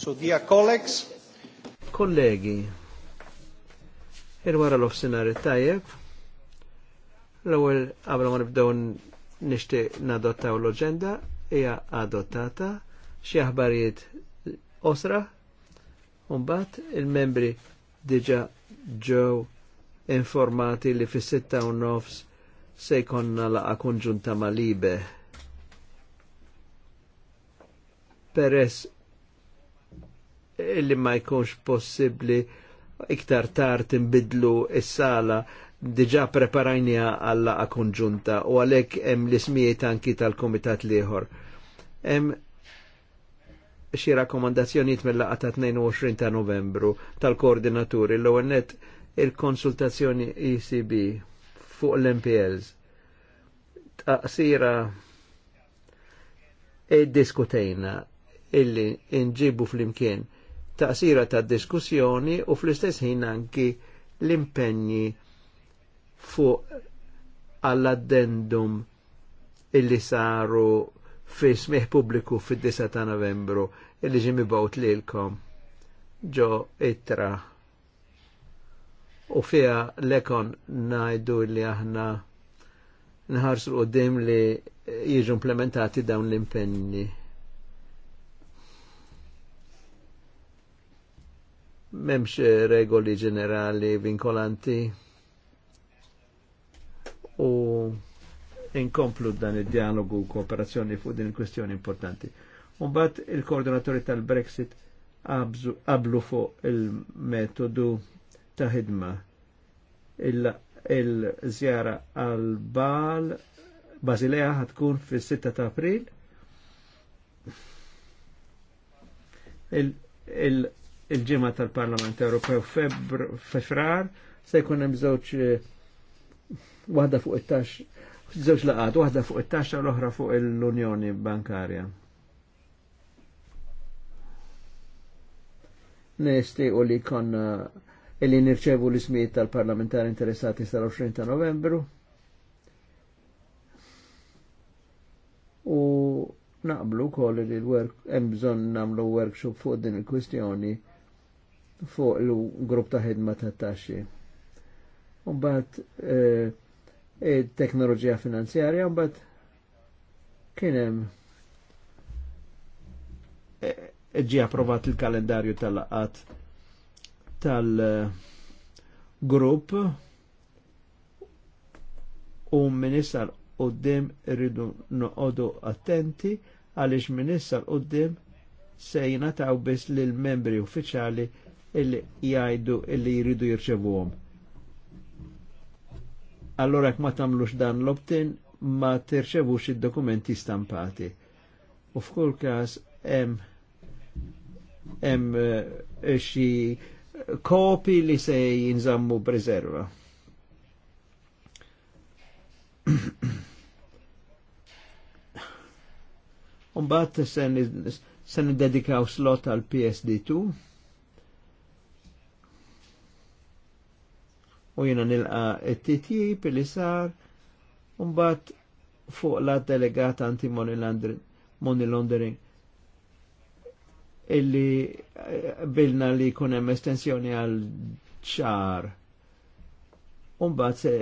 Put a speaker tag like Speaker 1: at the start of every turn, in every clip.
Speaker 1: So dear colleagues, kollegi, il-wara l ofsinar il tajjeb, l-ewel qabel ma nishti nadotta u l-oġenda ija adottata xieħbarijiet osra unbat il-membri diġa ġew informati li fis-sitta u nofs sejkonna la akunġunta konġunta ma' libe peress illi ma jkunx possibli iktar tard timbidlu is-sala diġa preparajnija għalla akunġunta u għalek hemm l-ismijiet anki tal-komitat liħor. Hemm xi rakkomandazzjonijiet mill-laqa ta' 22 ta' Novembru tal-koordinaturi l għennet il-konsultazzjoni ECB fuq l-MPLs. Taqsira e diskutejna illi nġibu fl-imkien taqsira ta' diskussjoni u fl-istess ħin anki l impegni fuq għall-addendum illi saru fi smieħ pubbliku fid-9 ta' novembru illi ġimmi bawt l-kom ġo itra u fija lekon najdu li aħna nħarsu l-qoddim li jiġu implementati dawn l-impenni. memx eh, regoli ġenerali vinkolanti u inkomplu dan il-dialogu u kooperazzjoni fuq din il-kwestjoni importanti. Umbat il-koordinatori tal-Brexit qablu fuq il-metodu ta' ħidma il-żjara il għal-bal Basilea ħatkun fis-6 ta' April. Il, il il-ġimgħa tal-Parlament Ewropew fefrar se jkun hemm żewġ eh, waħda fuq it-tax żewġ laqat, waħda fuq it-taxxa u l-oħra fuq l-Unjoni Bankarja. Nesti u li konna illi nirċevu l-ismijiet tal-parlamentari interessati sal-20 ta' novembru. U naqblu koll li l-work, hemm bżonn nagħmlu workshop fuq din il-kwistjoni fuq l-grupp ta' ħidma ta' taxxi. Umbat eh, teknoloġija finanzjarja, umbat kienem eh, ġi approvat il-kalendarju tal-laqat tal-grupp u minissar u d-dim irridu noqodu attenti għalix minissar u d-dim se jinataw bis l-membri uffiċali illi jgħidu illi jridu jirċevuhom. Allora jekk ma tagħmlux dan l-obtin ma tirċevux id-dokumenti stampati. U f'kull każ hemm hemm eh, xi kopi li se jinżammu preserva. Umbat sen, sen dedikaw slot għal PSD2 u jina nilqa t titji li sar un-bat fuq la delegata anti-money laundering illi eh, bilna li kunem estensjoni għal ċar. Umbat se,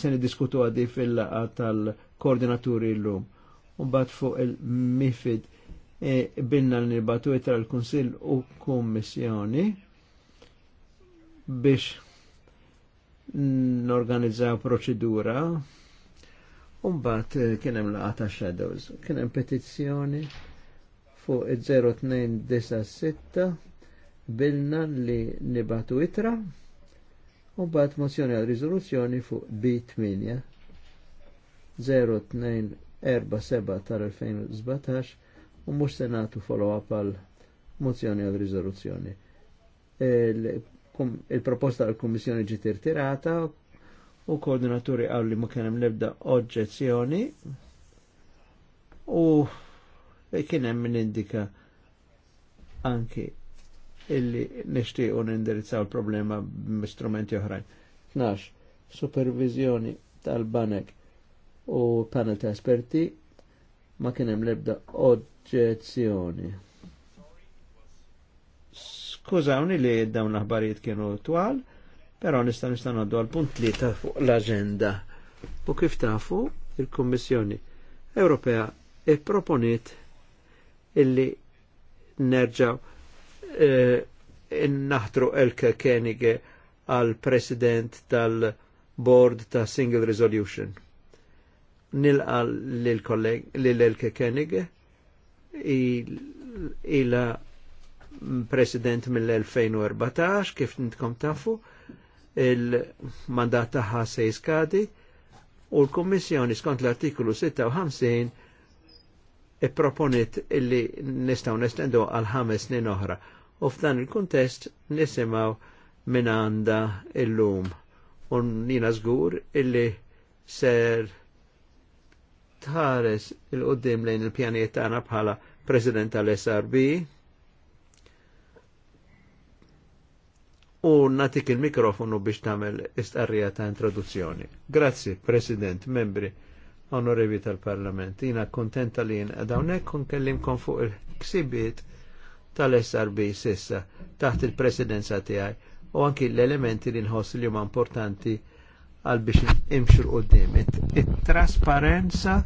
Speaker 1: se diskutu għaddi fil tal-koordinaturi l-lum. Umbat fuq il-mifid e, bilna l-nibatu tal konsil u Kommissjoni biex norganizzaw proċedura Umbat eh, kienem laqa ta' Shadows, kienem petizzjoni fuq 0296 bilna li nibatu itra, umbat mozzjoni għal rizoluzzjoni fuq B8 0247 tal-2017 u mux senatu follow-up għal mozzjoni għal rizoluzzjoni il-proposta tal kommissjoni ġiet irtirata u koordinaturi għaw li ma kien hemm l-ebda oġġezzjoni u kien hemm min indika anki illi nixtiequ nindirizzaw il-problema b-istrumenti oħrajn. 12. Supervizjoni tal-banek u panel ta' esperti ma kien hemm l-ebda oġġezzjoni. Kużawni li dawn l-aħbarijiet kienu twal, però nista' nista' ngħaddu għal punt ta' fuq l-aġenda. U kif tafu, il-Kummissjoni Ewropea ipproponiet illi nerġaw eh, innaħtru Elke Kenige għal president tal-Board ta' Single Resolution. Nilqa kolleg l-Elke Kenige ila president mill-2014 kif nintkom tafu il-mandat taħħa se jiskadi u l-Kommissjoni skont l artiklu 56 i-proponit illi nistaw nestendu għal ħames snin oħra u f'dan il-kontest nisimaw minn għanda il-lum u nina zgur illi ser tħares il-qoddim lejn il pjanietana tagħna bħala President tal-SRB u natik il-mikrofonu biex tamel istarrija ta' introduzzjoni. Grazzi, President, membri, onorevi tal-Parlament. Jina kontenta li jina dawnek kun kellimkom fuq il-ksibiet tal-SRB sissa taħt il-presidenza tiegħi u anki l-elementi li nħoss li huma importanti għal biex imxur u qoddim It-trasparenza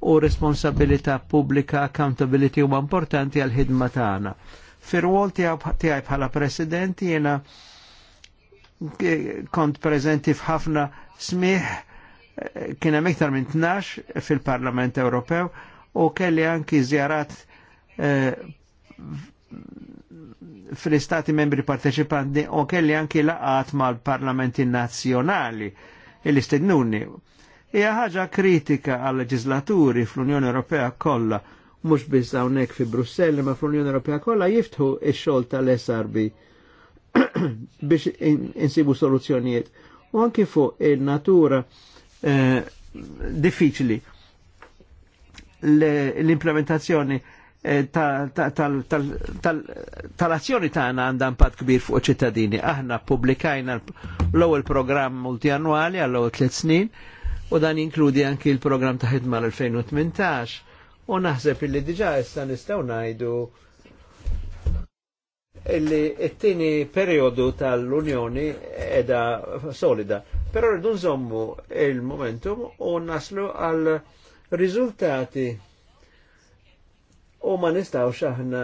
Speaker 1: u responsabilità pubblika, accountability huma importanti għal ħidma tagħna Fir-rwol tiegħi bħala president jiena eh, kont preżenti f'ħafna smih eh, kien hemm iktar minn tnax fil-Parlament Ewropew u kelli anki żjarat eh, fl-istati membri parteċipanti u kelli anki laqat mal-parlamenti nazzjonali il istednuni Hija ħaġa kritika għal leġislaturi fl-Unjoni Ewropea kollha mhux biss hawnhekk fi Brussell ma fl-Unjoni Ewropea kollha jiftħu x-xogħol tal-SRB biex insibu soluzzjonijiet u anki fuq il-natura eh, diffiċli l-implementazzjoni eh, tal-azzjoni ta' għana għanda tagħna għandha impatt kbir fuq ċittadini. Aħna publikajna l-ewwel programm multianwali għall ewwel tliet snin u dan jinkludi anki l-programm ta' ħidma l-2018 U naħseb illi diġa issa nistgħu ngħidu illi it-tini periodu tal-Unjoni edha solida. Però rridu nżommu il-momentum u naslu għal riżultati u ma nistgħux aħna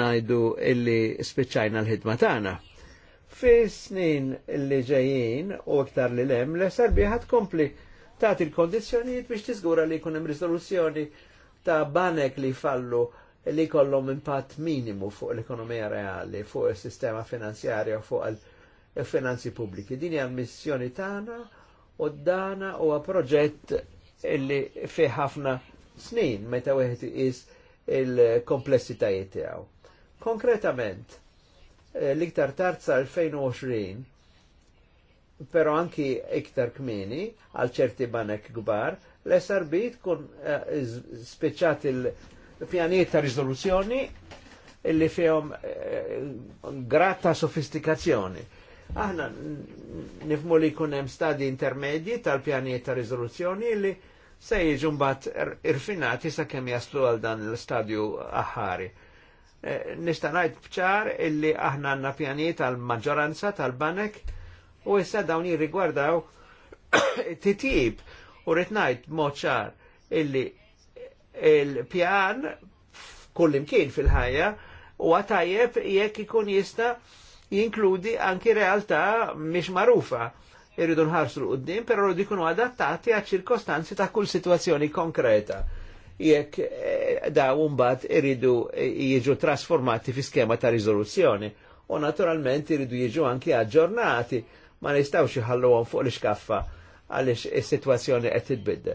Speaker 1: najdu illi spiċċajna l-ħidma tagħna. Fi snin li ġejjin u iktar li lem, l-SRB ħad kompli tagħti l-kondizzjonijiet biex tiżgura li jkun hemm riżoluzzjoni ta' banek li fallu li kollom impatt minimu fuq l-ekonomija reali, fuq il-sistema finanzjarja, fuq il-finanzi pubbliki. Dini għal missjoni tana u dana għal proġett li fi ħafna snin meta wieħed is il-komplessitajiet tiegħu. Konkretament, eh, l-iktar tarza 2020, pero anki iktar kmini għal ċerti banek gbar, l-SRB tkun eh, speċat il-pjaniet ta' rizoluzzjoni illi fihom eh, gratta sofistikazzjoni. Aħna nifmu li jkun hemm stadi intermedji tal-pjaniet ta' rizoluzzjoni illi se jiġu mbagħad er-, irfinati sakemm jaslu għal dan l-stadju aħari. Eh, nista' ngħid bċar illi aħna għandna pjanijiet tal-maġġoranza tal-banek u issa dawn jirrigwardaw titjib U ritnajt moċar illi il-pjan imkien fil-ħajja u għatajjeb jekk ikun jista jinkludi anki realtà mhix marufa. Irridu nħarsu l-qoddim, però rridu jkunu adattati għad ċirkostanzi ta' kull situazzjoni konkreta jekk eh, da umbat iridu eh, jiġu trasformati fi skema ta' rizoluzzjoni. U naturalment irridu jiġu anki aġġornati, ma nistawx jħalluhom fuq l-iskaffa għaliex is-sitwazzjoni qed titbidda.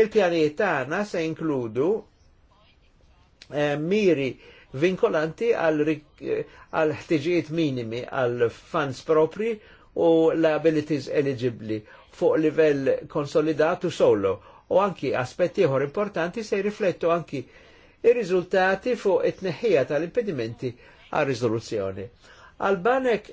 Speaker 1: Il-pjanijiet tagħna se inkludu eh, miri vinkolanti eh, għal ħtiġijiet minimi għal funds propri u liabilities eligibli fuq livell konsolidatu solo u anki aspetti ieħor importanti se riflettu anki ir-riżultati fuq it-tneħħija tal-impedimenti għal riżoluzzjoni. Għalbanek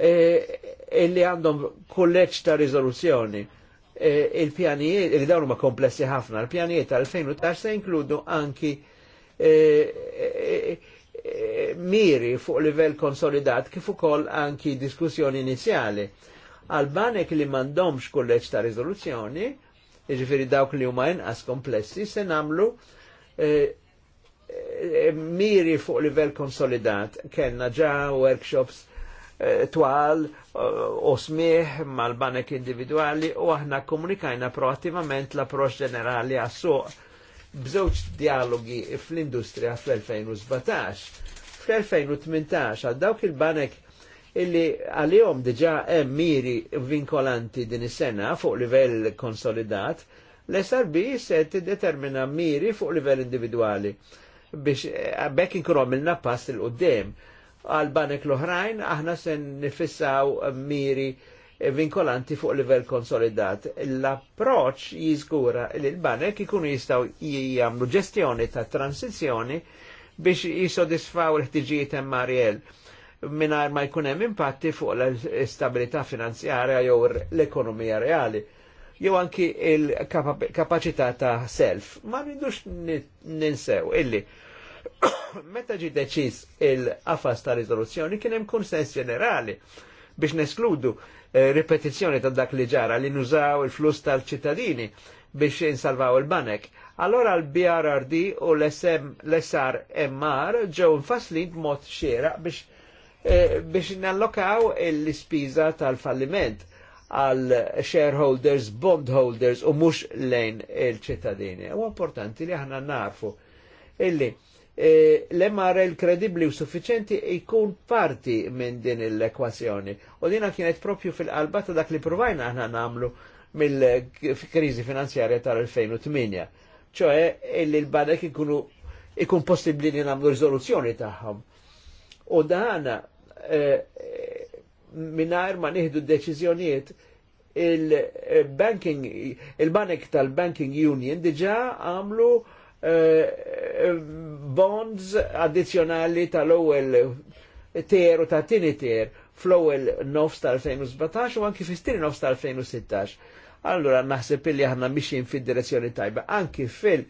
Speaker 1: e, li għandhom kolleġġ ta' riżoluzzjoni e, il-pjanijiet, li dawnu ma komplessi ħafna, il-pjanijiet tal-2012 se inkludu anki e, e, miri fuq livell konsolidat kif ukoll anki diskussjoni inizjali. Għalbanek li mandomx kolleġ ta' riżoluzzjoni, ġifiri dawk li huma inqas komplessi, se namlu miri fuq livell konsolidat. kellna ġa workshops twal u eh, smieħ mal-banek individuali u aħna komunikajna proattivament l-approċ ġenerali għas-suq bżewġ dialogi fl-industrija fl-2017. Fl-2018 għal dawk il-banek illi għalihom diġa hemm miri vinkolanti din is-sena fuq livell konsolidat, l-SRB se determina miri fuq livell individwali biex eh, bekk inkunu għamilna pass il qoddim għal banek l-oħrajn, aħna sen nifissaw miri vinkolanti fuq livell konsolidat. L-approċ jizgura li l-banek ikunu jistaw jgħamlu ġestjoni ta' transizjoni biex jisodisfaw l-ħtiġijiet MRL minar ma jkun hemm impatti fuq l-istabilità finanzjarja jew l-ekonomija reali jew anki il-kapacità ta' self. Ma rridux ninsew illi Meta ġi deċiż il-qafas ta' riżoluzzjoni kien hemm kunsens ġenerali biex neskludu eh, ripetizzjoni ta' dak li ġara li nużaw il-flus tal-ċittadini biex insalvaw il-banek. Allora l-BRRD u l-SRMR ġew infaslin b'mod xiera biex eh, biex nallokaw l-ispiża tal-falliment għal shareholders, bondholders u mux lejn il-ċittadini. U importanti li aħna narfu illi e, eh, l-MRL kredibli u suffiċenti ikun parti minn din l-ekwazzjoni. U dina kienet propju fil-qalba ta' dak li provajna aħna namlu mill-krizi finanzjarja tal-2008. ċoħe, illi l-banek ikunu ikun possibli li namlu rizoluzzjoni taħħom. U daħna e, eh, minnajr ma nieħdu deċiżjonijiet il-banking, il-banek tal-banking union diġa għamlu Eh, bonds addizjonali tal-ewwel ter u ta' tini ter fl-ewwel nofs tal-2017 u anki fis-tieni nofs tal-2016. Allura naħseb illi aħna mixin fid-direzzjoni tajba anki fil-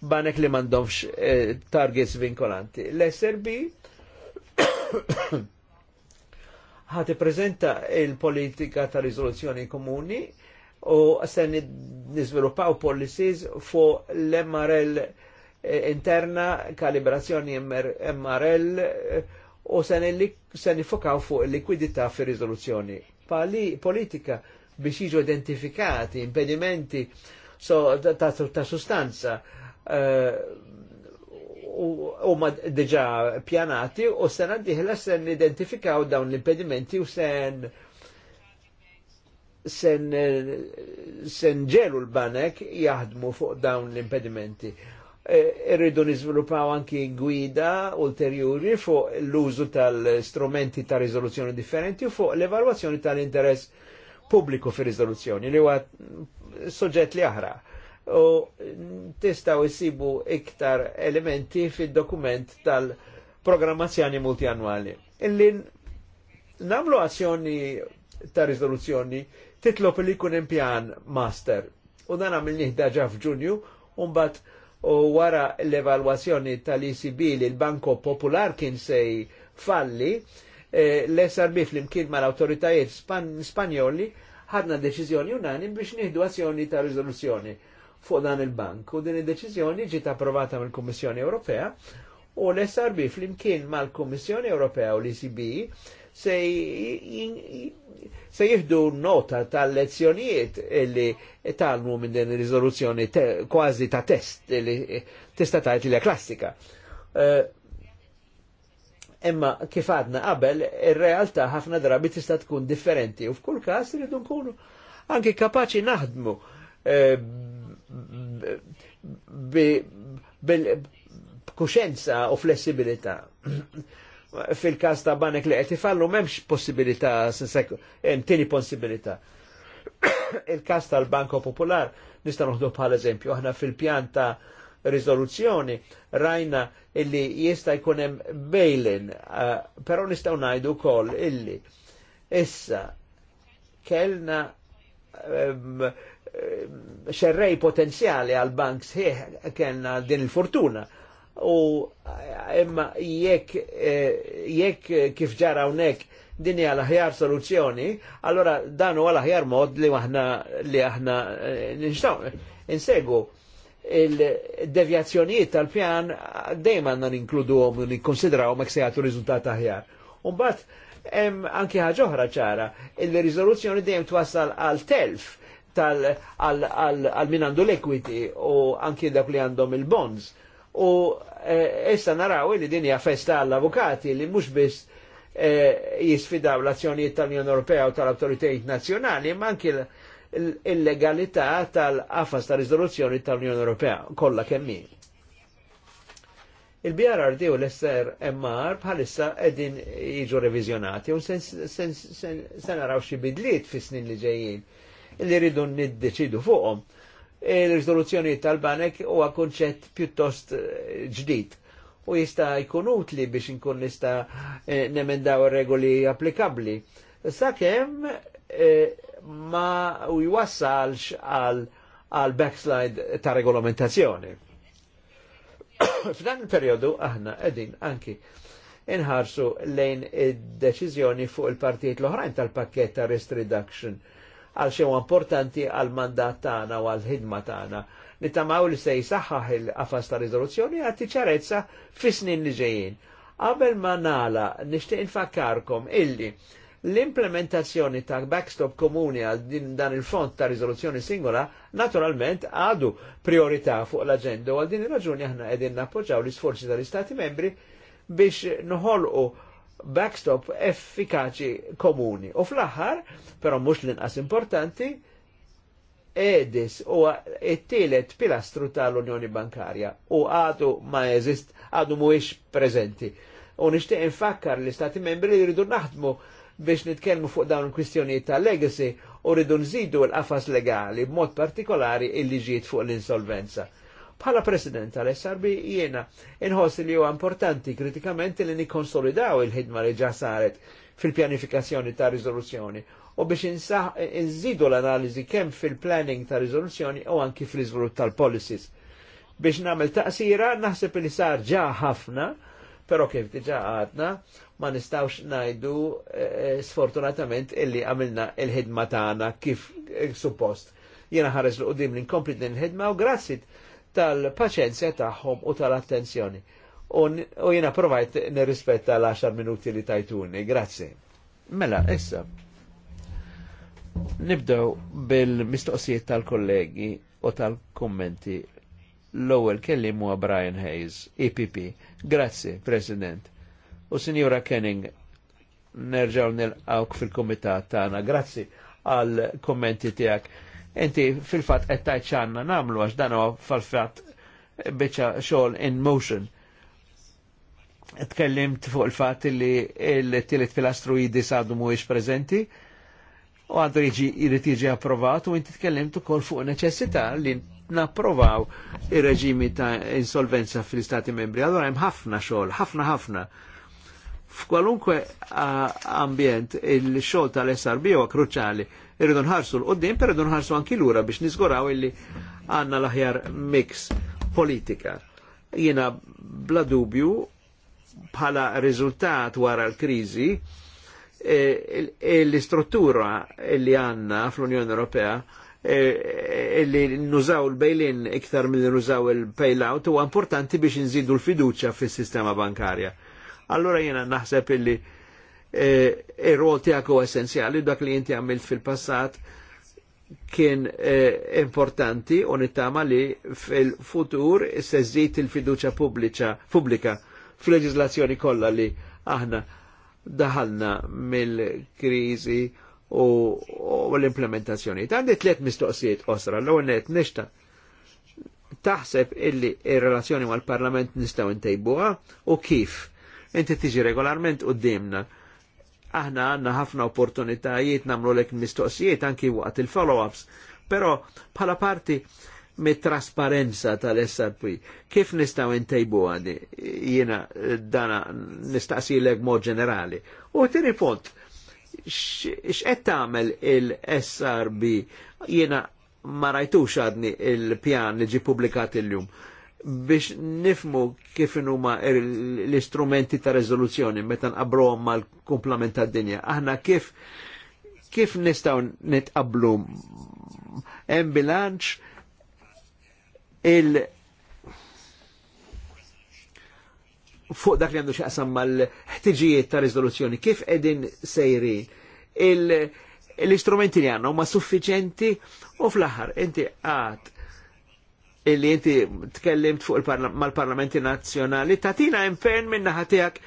Speaker 1: banek li mandomx eh, targets vinkolanti. L-SRB ħati prezenta il-politika ta' rizoluzzjoni komuni u se nizviluppaw policies fu l-MRL eh, interna, kalibrazzjoni MRL eh, u se nifokaw fuq il-likwidità fi rizoluzzjoni. Politika biex jiġu identifikati impedimenti so, ta, ta, ta sustanza eh, u ma deġa pjanati u sen għaddiħla sen identifikaw dawn l-impedimenti u sen uh, sen, sen ġelu l-banek jaħdmu fuq dawn l-impedimenti. E, irridu e, nizvilupaw anki gwida ulterjuri fuq l-użu tal-strumenti ta' rizoluzzjoni differenti u fuq l-evaluazzjoni tal-interess pubbliku fi rizoluzzjoni li huwa soġġett li aħra. U tistaw isibu iktar elementi fil-dokument tal-programmazzjoni multianwali. Illin namlu azzjoni ta' rizoluzzjoni titlob li jkun impjan master. U dan għamil ħdaġa f'Ġunju, u mbagħad u wara l-evalwazzjoni tal-ECB li l-Banko Popolar kien sej falli, eh, l-SRB fl-imkien ma l-autoritajiet spanjoli ħadna deċiżjoni unanim biex nieħdu azzjoni ta' riżoluzzjoni fuq dan il-bank. U din id-deċiżjoni ġiet approvata mill-Kummissjoni Ewropea u l-SRB fl-imkien mal-Kummissjoni Ewropea u l-ECB se jihdu nota tal-lezzjonijiet li talmu minn din rizoluzzjoni kważi ta' test li tista' ta' li klassika. Emma kif għadna qabel, ir-realtà ħafna drabi tista' tkun differenti u f'kull każ rridu nkunu anke kapaċi naħdmu b'kuxenza u flessibilità fil-kas ta' banek li għet ifallu m'hemmx possibilità tini possibilità. Il-kas tal-Banko Popolar nista' noħdu bħal eżempju, aħna fil-pjan ta' riżoluzzjoni rajna illi jista' jkun hemm bail uh eh, però nistgħu ngħidu wkoll illi issa kellna ehm, ehm, xerrej potenzjali għal bank sħiħ kellna din il-fortuna u imma jekk eh, jekk kif ġara hawnhekk din hija l-aħjar soluzzjoni, allora dan huwa l-aħjar mod li aħna li aħna eh, nixtaw Insegu il-devjazzjonijiet tal-pjan dejjem għandna ninkluduhom u nikkonsidrawhom jekk se jagħtu riżultat aħjar. Umbagħad hemm anke ħaġa oħra ċara, il-riżoluzzjoni dejjem twassal għal telf tal minandu min għandu l-equity u anke dak li għandhom il-bonds U eh, issa naraw li din hija festa għall-avukati li mhux biss eh, jisfidaw l-azzjonijiet tal-Unjoni Ewropea u tal-Awtoritajiet Nazzjonali, ma anki l-illegalità tal-qafas ta' riżoluzzjoni tal-Unjoni Ewropea kollha kemm Il-BRRD u l-SR MR bħalissa edin jiġu revizjonati u sen naraw xi bidliet fis snin li ġejjin li rridu niddeċidu fuqhom il-rizoluzzjoni tal-banek huwa konċett pjuttost eh, ġdid u jista' jkun utli biex inkun nista' eh, nemendaw regoli applikabli. Sakemm eh, ma u jwassalx għal backslide ta' regolamentazzjoni. F'dan il-periodu aħna edin anki inħarsu lejn id-deċiżjoni fuq il-partijiet l-oħrajn tal-pakket ta' risk reduction għal xew importanti għal mandat tagħna u għal ħidma tagħna. Nittamaw li se jisaħħaħ il-qafas ta' riżoluzzjoni għati ċarezza fis-snin li ġejjin. Qabel ma nala nixtieq infakkarkom illi l-implementazzjoni ta' backstop komuni għal din dan il-font ta' rizoluzzjoni singola naturalment għadu priorità fuq l-agenda u għal din ir raġuni aħna qegħdin nappoġġaw l-isforzi tal-Istati membri biex nħolqu backstop effikaċi komuni. U fl-aħħar, però mhux l-inqas importanti, edis u it-tielet pilastru tal-Unjoni Bankarja u għadu ma jeżist, għadu mhuwiex preżenti. U nixtieq infakkar li stati membri li jridu naħdmu biex nitkellmu fuq dawn il-kwistjonijiet ta' legacy u rridu nżidu l-qafas legali b'mod partikolari il-liġijiet fuq l-insolvenza. Bħala President tal-SRB jiena inħoss li huwa importanti kritikament li nikkonsolidaw il-ħidma li ġa saret fil-pjanifikazzjoni ta' riżoluzzjoni u biex nżidu l-analiżi kemm fil-planning ta' riżoluzzjoni u anki fil iżvolut tal-policies. Biex nagħmel taqsira naħseb li sar ġa ħafna, però kif diġa għadna ma nistawx najdu eh, eh, sfortunatament illi għamilna il-ħidma tagħna kif eh, suppost. Jiena ħares l qudim l-inkompli din il-ħidma u grazzi tal-paċenzja tagħhom u tal-attenzjoni. U jena provajt nirrispetta l-10 minuti li tajtuni, grazzi. Mela, issa. Nibdew bil-mistoqsijiet tal-kollegi u tal-kommenti l-ewwel kellim huwa Brian Hayes, EPP. Grazzi, President. U Sinjura Kenning, nerġaw nilqawk fil-komitat tagħna. Grazzi għal kommenti tiegħek Inti fil-fat għettajt tajt namlu nagħmlu għax dan fil fal-fatt biċċa xogħol in motion. Tkellimt fuq il-fatt li l-tielet pilastru jidis għadu mhuwiex prezenti u għandu jiġi jiġi approvat u inti tkellimt kol fuq neċessita li napprovaw ir-reġimi ta' insolvenza fil-Stati membri. Allora hemm ħafna xogħol, ħafna ħafna. F'kwalunkwe ambjent il-xogħol tal-SRB huwa kruċali. Irridu nħarsu l-qoddim, per nħarsu anki lura biex nizguraw illi għandna l-aħjar mix politika. Jiena bla dubju bħala rizultat wara l-kriżi e, e, l-istruttura li għanna fl-Unjoni Ewropea e, e li l-bail bejlin iktar mill nużaw il-paylout huwa importanti biex nżidu l-fiduċa fis-sistema bankarja allora jena naħseb illi eh, ir-rol tiegħek huwa essenzjali dak li inti għamilt fil-passat kien eh, importanti u nittama li fil-futur se żżid il-fiduċa pubblika fil-leġiżlazzjoni kollha li aħna daħalna mill-kriżi u, l-implementazzjoni. Għandi tliet mistoqsijiet osra, l-ewwel net nixta taħseb illi ir-relazzjoni mal-Parlament nistgħu ntejbuha u kif inti tiġi regolarment dimna. Aħna għandna ħafna opportunitajiet nagħmlu lek mistoqsijiet anki waqt il-follow-ups, però bħala parti mit-trasparenza tal-SRP, kif nistaw intajbu għadi, jina eh, dana l mod ġenerali. U tiri punt, x'qed tagħmel il-SRB jiena ma rajtux għadni il-pjan li ġi publikat il-lum. il pjan li ġi publikat il jum biex nifmu kif huma l-istrumenti ta' rezoluzzjoni meta nqabruhom mal-kumplament tad-dinja. Aħna kif kif nistgħu nitqablu hemm bilanċ il fuq dak li għandu xaqsam mal-ħtiġijiet ta' riżoluzzjoni, kif edin sejri l-istrumenti li għanna huma suffiċenti u fl-aħħar inti għat illi inti tkellimt fuq mal-parlamenti nazzjonali, tatina infern minna ħatijak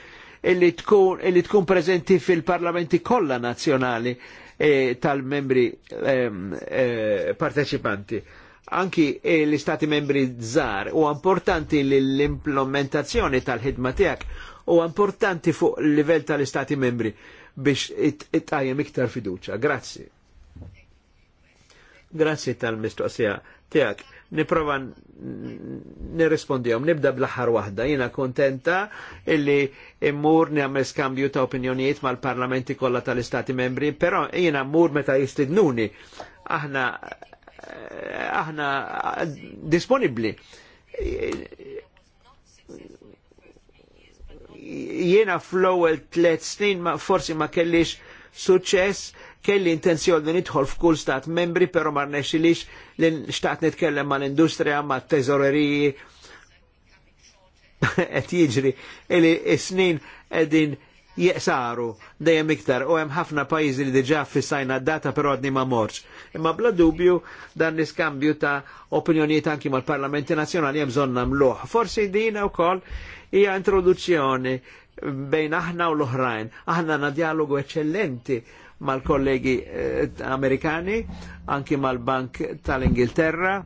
Speaker 1: illi tkun, illi tkun prezenti fil-parlamenti kollha nazzjonali e, tal-membri e, e, partecipanti. Anki l-istati membri żar u importanti l-implementazzjoni tal-ħidma tiegħek u importanti fuq il-livell tal-istati membri biex it-tajem it iktar fiduċa. Grazzi. Grazzi tal-mistoqsija tiegħek niprova nirrispondihom. Nibda bl-aħħar waħda. Jiena kontenta illi immur nagħmel skambju ta' opinjonijiet mal-parlamenti kollha tal-Istati membri, però jiena mmur meta jistidnuni. Aħna aħna disponibbli. Jiena fl-ewwel tliet snin ma forsi ma kellix suċċess kelli intenzjoni nidħol f'kull stat membri, pero ma li n xtaqt nitkellem mal-industrija, mat-teżoreriji, qed jiġri li s-snin qegħdin jeqsaru dejjem iktar u hemm ħafna pajjiżi li diġà fissajna data però għadni ma morx. Imma bla dubju dan l-iskambju ta' opinjonijiet anki mal-Parlamenti Nazzjonali hemm bżonn nagħmluh. Forsi din ukoll hija introduzzjoni bejn aħna u l-oħrajn. Aħna għandna dialogu eccellenti mal-kollegi eh, Amerikani, anki mal-Bank tal-Ingilterra,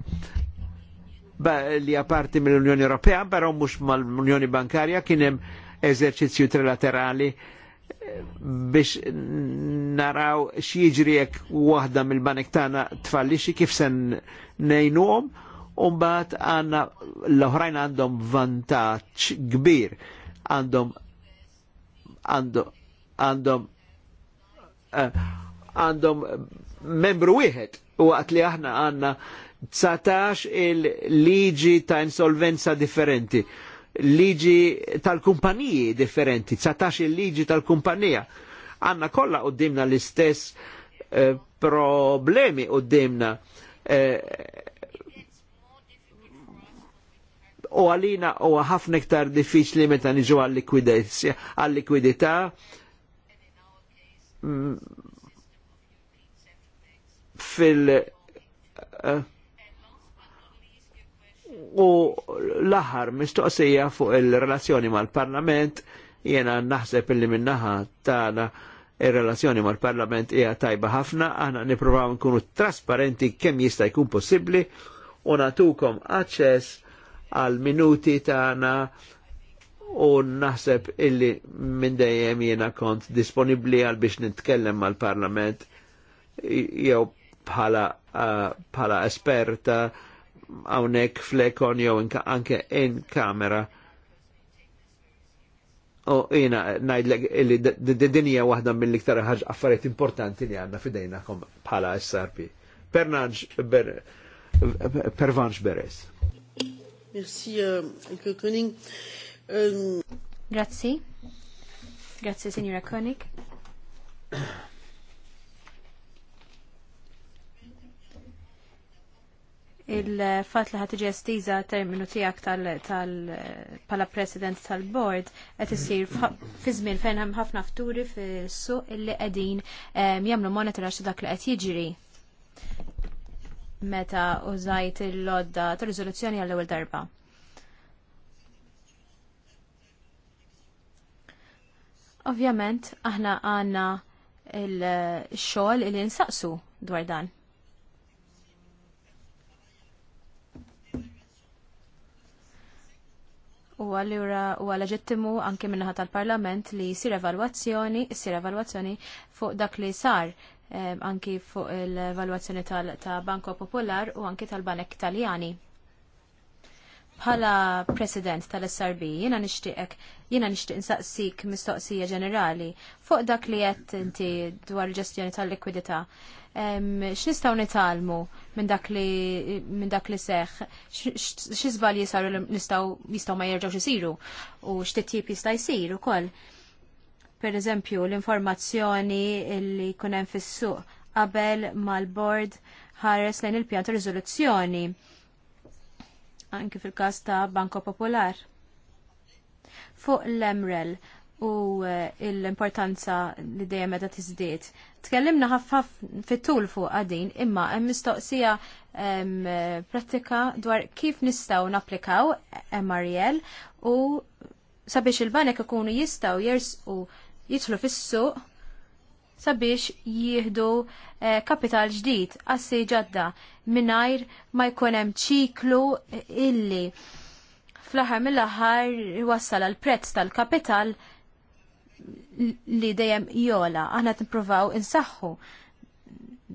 Speaker 1: li għaparti mill-Unjoni Ewropea, però mhux mal-Unjoni Bankarja kien hemm eżerċizzju trilaterali eh, biex naraw x'jiġri jekk wahda mill-banek tagħna tfallixi kif se ngħinuhom u mbagħad għanna l-oħrajn għandhom vantaġġ kbir għandhom għandhom għandhom membru wieħed u għat li aħna għanna 19 il-liġi ta' insolvenza differenti, liġi tal-kumpaniji differenti, 19 il-liġi tal-kumpanija. Għanna kolla u dimna l-istess eh, problemi qoddimna. Eh, u għalina u ħafna iktar diffiċli meta niġu għal-likwidità, Mm. fil- eh, u l-aħħar mistoqsija fuq il-relazzjoni mal-Parlament jena naħseb li minnaħa tagħna il relazzjoni mal-Parlament hija tajba ħafna, aħna nippruvaw nkunu trasparenti kemm jista' jkun possibbli u natukom aċċess għal minuti tagħna u naħseb illi minn dejjem jiena kont disponibli għal biex nitkellem mal parlament jew bħala eh, bħala esperta hawnhekk flekon jew anke in kamera. U jiena ngħidlek illi din hija waħda mill-iktar ħaġ affarijiet importanti li għandna fidejnakom bħala SRP. Pernanġ Pervanġ Beres.
Speaker 2: Merci, uh, Koning. Ehm, Grazzi. Grazzi, Signora Koenig. il-fat li ħatġi estiza terminu tijak tal-pala president tal-board għet jisir fi żmien fejn hemm ħafna fturi fis-suq illi qegħdin ehm, jagħmlu monitoraġġ dak li qed jiġri meta użajt il-lodda tar riżoluzzjoni għall-ewwel darba. Ovvjament, aħna għanna il-xol il insaqsu dwar dan. U għallura u għalleġittimu anke minnaħat tal-parlament li sir evalwazzjoni, sir evalwazzjoni fuq dak li sar eh, anki fuq il-evalwazzjoni ta' Banko Popolar u anki tal-Banek Taljani. Bħala President tal-SRB, jiena nixtieqek, jiena nixtieq insaqsik mistoqsija ġenerali fuq dak li jett inti dwar il-ġestjoni tal-likwidità. X'nistgħu nitalmu minn dak li minn dak li seħħ, x'iżbalji saru li nistgħu jistgħu ma jerġgħux isiru u x'titjib jista' jsir ukoll. Per eżempju, l-informazzjoni li jkun hemm fis-suq qabel mal-bord ħares lejn il-pjan riżoluzzjoni anki fil-kas ta' Banko Popolar. Fuq l-Emrel u eh, l-importanza li dejjem meta tiżdied. Tkellimna ħafna fit-tul fuq għadin, imma hemm mistoqsija pratika dwar kif nistgħu napplikaw MRL u sabiex il-banek ikunu jistgħu jersqu jidħlu fis-suq sabiex jieħdu eh, kapital ġdid għassi ġadda mingħajr ma jkun hemm ċiklu illi fl-aħħar mill-aħħar wassal għal prezz tal-kapital li dejjem jola. Aħna tippruvaw insaħħu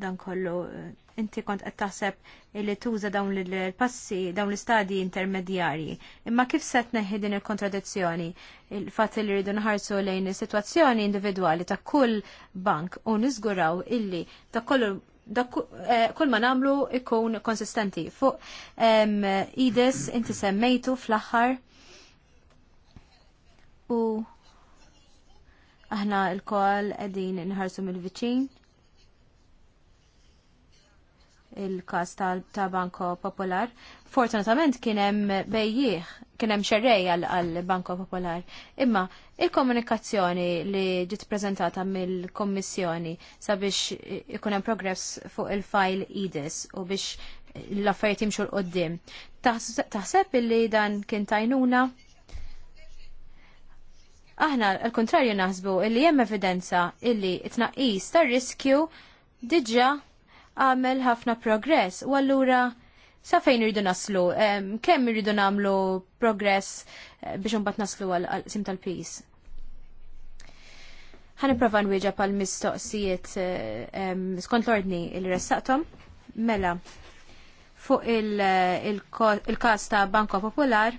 Speaker 2: dan kollu eh, inti kont qed taħseb li tuża dawn il passi dawn l-istadji intermedjarji. Imma kif se tneħħi din il-kontradizzjoni? Il-fatt li rridu nħarsu lejn is-sitwazzjoni individwali ta' kull bank u niżguraw illi ta' kollu da eh, kull ma namlu ikun konsistenti. Fuq IDES inti semmejtu fl-aħħar u aħna l-kol qegħdin nħarsu mill-viċin il-kas ta' Banko Popolar. Fortunatament kienem bejjieħ, kienem xerrej għal Banko Popolar. Imma il-komunikazzjoni li ġiet prezentata mill-Kommissjoni sabiex ikunem progress fuq il-fajl ides u biex l-affarijiet jimxu l-qoddim. Taħseb li dan kien tajnuna? Aħna, al-kontrarju naħsbu illi jem evidenza illi it-naqis tar-riskju diġa għamel ħafna progress u allura sa fejn irridu naslu, kemm irridu nagħmlu progress eh, biex imbagħad naslu għal sim tal-pis. Ħanipprova nwieġa pal mistoqsijiet eh, skont l-ordni li ressaqthom. Mela, fuq eh, il-kas ta' Banko Popolar,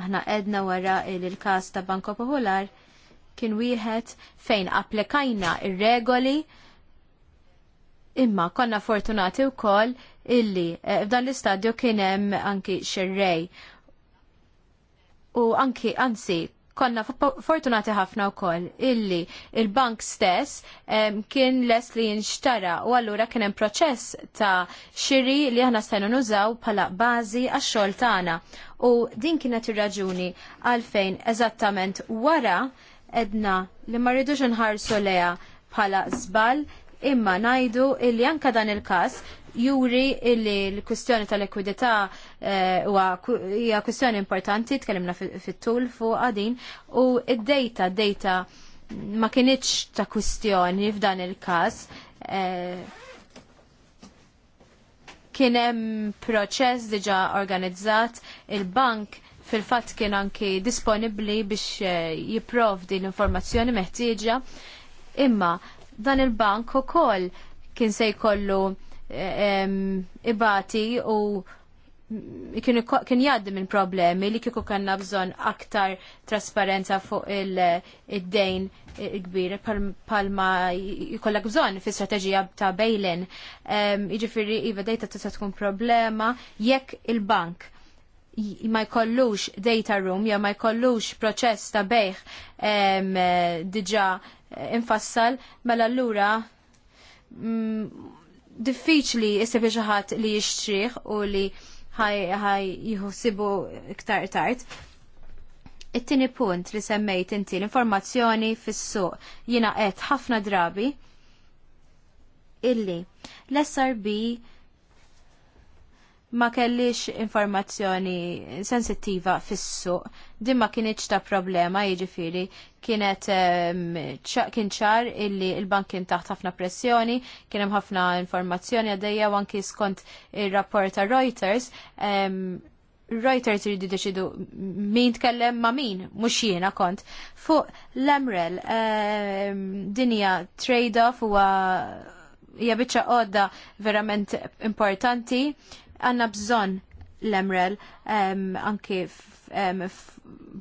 Speaker 2: aħna edna wara il-kas ta' Banko Popolar kien wieħed fejn applikajna ir il regoli Imma konna fortunati wkoll illi eh, f'dan l-istadju kien hemm anki xerrej. U anki anzi konna fortunati ħafna wkoll illi il-bank stess eh, kien les li jinxtara u allura kien hemm proċess ta' xiri li aħna stajnu nużaw bħala bażi għax-xogħol tagħna. U din kienet ir-raġuni għalfejn eżattament wara edna li ma rridux nħarsu leha bħala żball imma najdu illi anka dan il-kas juri illi l-kwistjoni tal-ekwidità eh, hija kwistjoni importanti, tkellimna fit-tul fuq għadin, u id-data, data ma kienieċ ta' kwistjoni f'dan il-kas. Eh, kien hemm proċess diġa organizzat il-bank fil-fatt kien anki disponibbli biex eh, jipprovdi l-informazzjoni meħtieġa imma dan il-bank ukoll kien se jkollu ibati u kien jgħaddi minn problemi li kieku kanna bżon aktar trasparenza fuq il-dejn kbir palma jikollak bżon fi strategija ta' bejlin. Iġifiri, iva dejta tista' tkun problema jekk il-bank ma jkollux data room, jew ma jkollux proċess ta' bejħ diġa infassal, mela allura mm, diffiċli jisib ħadd li jixtrih u li ħaj jħusibu iktar tard. It-tieni punt li semmejt inti l-informazzjoni fis-suq jiena qed ħafna drabi illi l-SRB ma kellix informazzjoni sensittiva fis-suq. Din ma kienieċ ta' problema, jiġifieri kienet kien ċar illi il-bank kien taħt ħafna pressjoni, kien hemm ħafna informazzjoni għaddejja u anki skont ir-rapport ta' Reuters. Reuters jridu deċidu min tkellem ma' min, mhux jiena kont. Fuq l-Emrel, dinja trade-off huwa hija biċċa għodda verament importanti għanna bżon l-emrel um, anki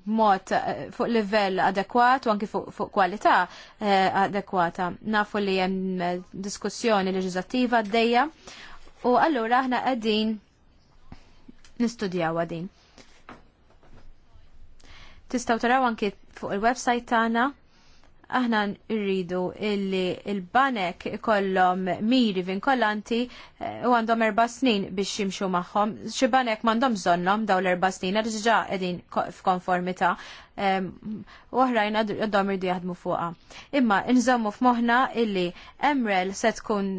Speaker 2: mod eh, fuq livell adekwat u anki fuq kwalità eh, adekwata. Nafu li hemm eh, diskussjoni leġislattiva għaddejja u allura aħna qegħdin nistudjaw għadin. Tistaw taraw anki fuq il-website tagħna aħna rridu illi il-banek kollom miri kollanti eh, u għandhom erba snin biex jimxu maħħom. Xi banek m'għandhom bżonnhom daw l-erba snin għal edin qegħdin f'konformità u oħrajn għadhom irdu jaħdmu fuqha. Imma nżommu f'moħħna illi Emrel se tkun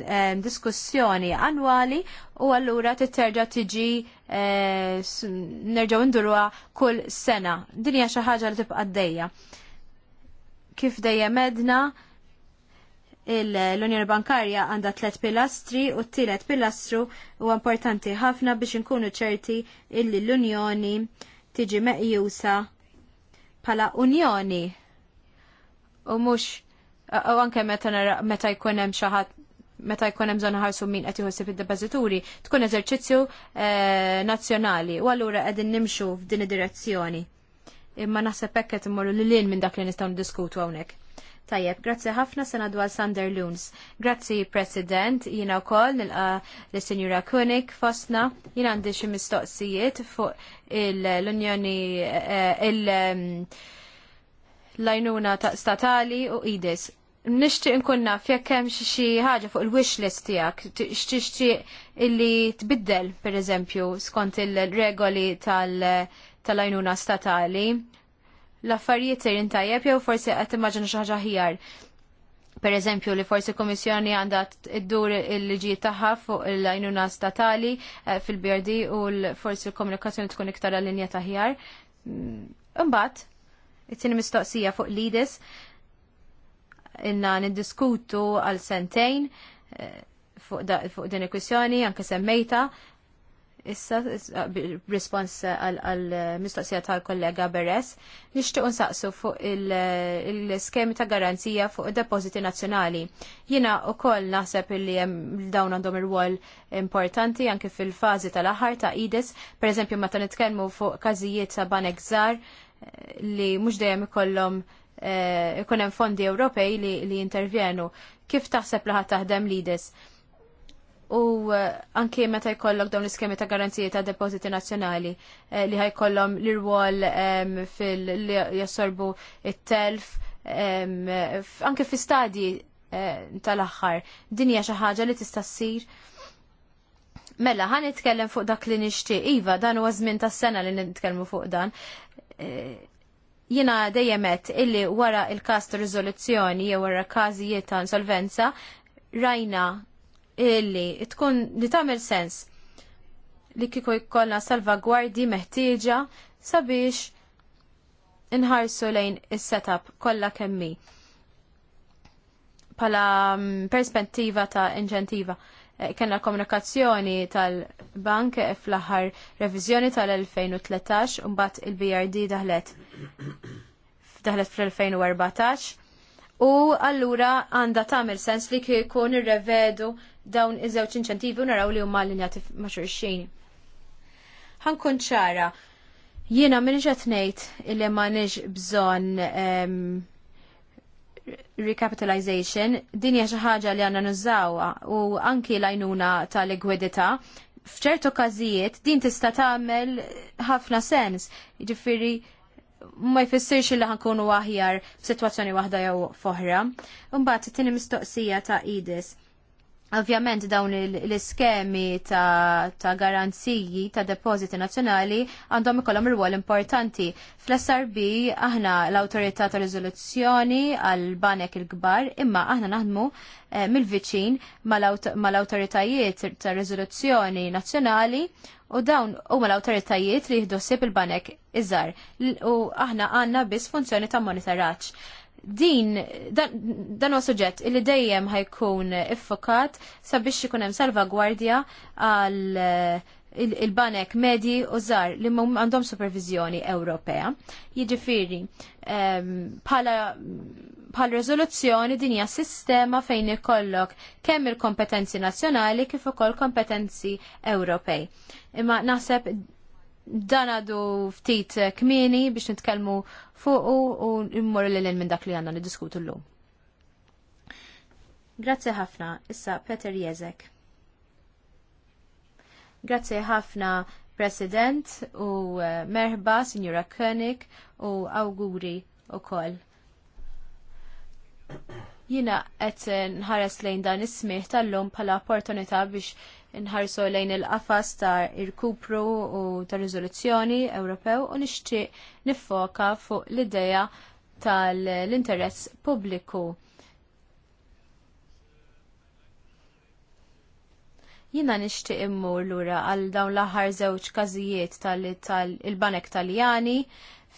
Speaker 2: diskussjoni annwali u allura titterġa' tiġi eh, nerġgħu indurwa kull sena. Dinja xi ħaġa li tibqa' d Kif dejjem edna, l-Unjoni Bankarja għandha tlet pilastri u t-tielet pilastru u importanti ħafna biex inkunu ċerti illi l-Unjoni tiġi meqjusa pala Unjoni u mhux u anke meta jkun hemm meta jkun hemm bżonn ħarsu min qed iħossib fid depożituri tkun eżerċizzju eh, nazzjonali u allura qegħdin nimxu f'din id-direzzjoni imma naħseb hekk qed immorru lil minn dak li nistgħu ndiskutu hawnhekk. Tajjeb, grazzi ħafna sena dwar Sander Lunes. Grazzi, President, jina u koll nilqa l-Senjura Kunik fosna. Jina għandi xi mistoqsijiet fuq l-Unjoni, eh, l-lajnuna mm, statali u IDIS. Nishtiq inkun naf jekk hemm xi ħaġa fuq il-wish list tiegħek tixtieq illi tbiddel pereżempju skont il-regoli tal lajnuna statali l-affarijiet serin tajjeb jew forsi qed immaġinu xi ħaġa ħjar. Per eżempju li forsi kummissjoni għandha iddur il-liġijiet tagħha fuq il-għajnuna statali eh, fil-BRD u forsi l-komunikazzjoni tkun iktar linja ta' ħjar. Mm, imbagħad, it-tieni mistoqsija fuq l-IDIS inna niddiskutu għal sentejn eh, fuq din il-kwissjoni anke semmejta Issa, b'rispons għal-mistoqsija tal-kollega Beres, nishtiq unsaqsu fuq il-skemi ta' garanzija fuq depoziti nazjonali. Jina u koll naħseb li dawn għandhom il wol importanti anke fil-fazi tal-aħħar ta' IDES, per eżempju meta nitkellmu fuq każijiet ta' banek Zar li mhux dejjem ikollhom eh, ikun hemm fondi Ewropej li, jintervjenu. Kif taħseb li taħdem l-IDES? u eh, anke meta jkollok dawn l-iskemi ta' garanzija ta' depositi nazzjonali eh, li ħajkollhom l-irwol ehm, fil li jassorbu it-telf ehm, anke fi stadji eh, tal-aħħar. Din hija xi ħaġa li tista' ssir. Mela, ħan nitkellem fuq dak li nixtieq. Iva, dan huwa żmien tas-sena li nitkellmu fuq dan. Jiena dejjem illi wara il-każ ta' riżoluzzjoni jew wara każijiet ta' insolvenza rajna illi tkun li tagħmel sens li kieku jkollna salvagwardi meħtieġa sabiex inħarsu lejn is-setup kollha kemmi pala mm, perspettiva ta' inċentiva. Eh, Kenna komunikazzjoni tal-bank fl-aħħar reviżjoni tal-2013 u mbagħad il-BRD daħlet daħlet fl-2014 U allura għandha tagħmel sens li kikun irrevedu dawn iż-żewġ inċentivi u naraw li huma allinjati ma' xurxin. Ħankun ċara, jiena minn qed ngħid li ma nix bżonn ehm, recapitalization, din hija xi ħaġa li għandna nużawha u anki l-għajnuna tal-igwedità f'ċertu każijiet din tista' tagħmel ħafna sens. Jiġifieri ma jfissirx li ħankunu aħjar f'sitwazzjoni waħda jew foħra. Imbagħad it-tieni mistoqsija ta' Idis. Ovvjament dawn l-iskemi ta', ta garanziji ta' depositi nazzjonali għandhom ikollhom rwol importanti. Fl-SRB aħna l-Awtorità ta' Riżoluzzjoni għal banek il-kbar imma aħna naħdmu eh, mill-viċin mal-awtoritajiet ta' riżoluzzjoni nazzjonali u dawn huma l-awtoritajiet li jieħdu ssib il-banek iżgħar u aħna għandna biss funzjoni ta' monitoraġġ din dan huwa suġġett li dejjem ħajkun iffokat sabiex ikun hemm salvagwardja għal eh, il-banek medji u żgħar li għandhom supervizjoni Ewropea. Jiġifieri bħala bħal rezoluzzjoni din hija sistema fejn ikollok kemm il-kompetenzi nazzjonali kif ukoll kompetenzi Ewropej. Imma naħseb dan għadu ftit kmini biex nitkellmu fuq u immur l minn dak li għanna niddiskutu l-lum. Grazie ħafna, issa Peter Jezek. Grazie ħafna President u eh, merħba Signora Koenig u awguri u kol. Jina għet nħares lejn dan ismiħ tal-lum pala opportunità biex nħarsu lejn il-qafas ta' irkupru u ta' rizoluzzjoni Ewropew u nixtieq niffoka fuq l-idea tal-interess pubbliku. Jina nixtieq immur lura għal dawn l-aħħar żewġ każijiet tal-banek taljani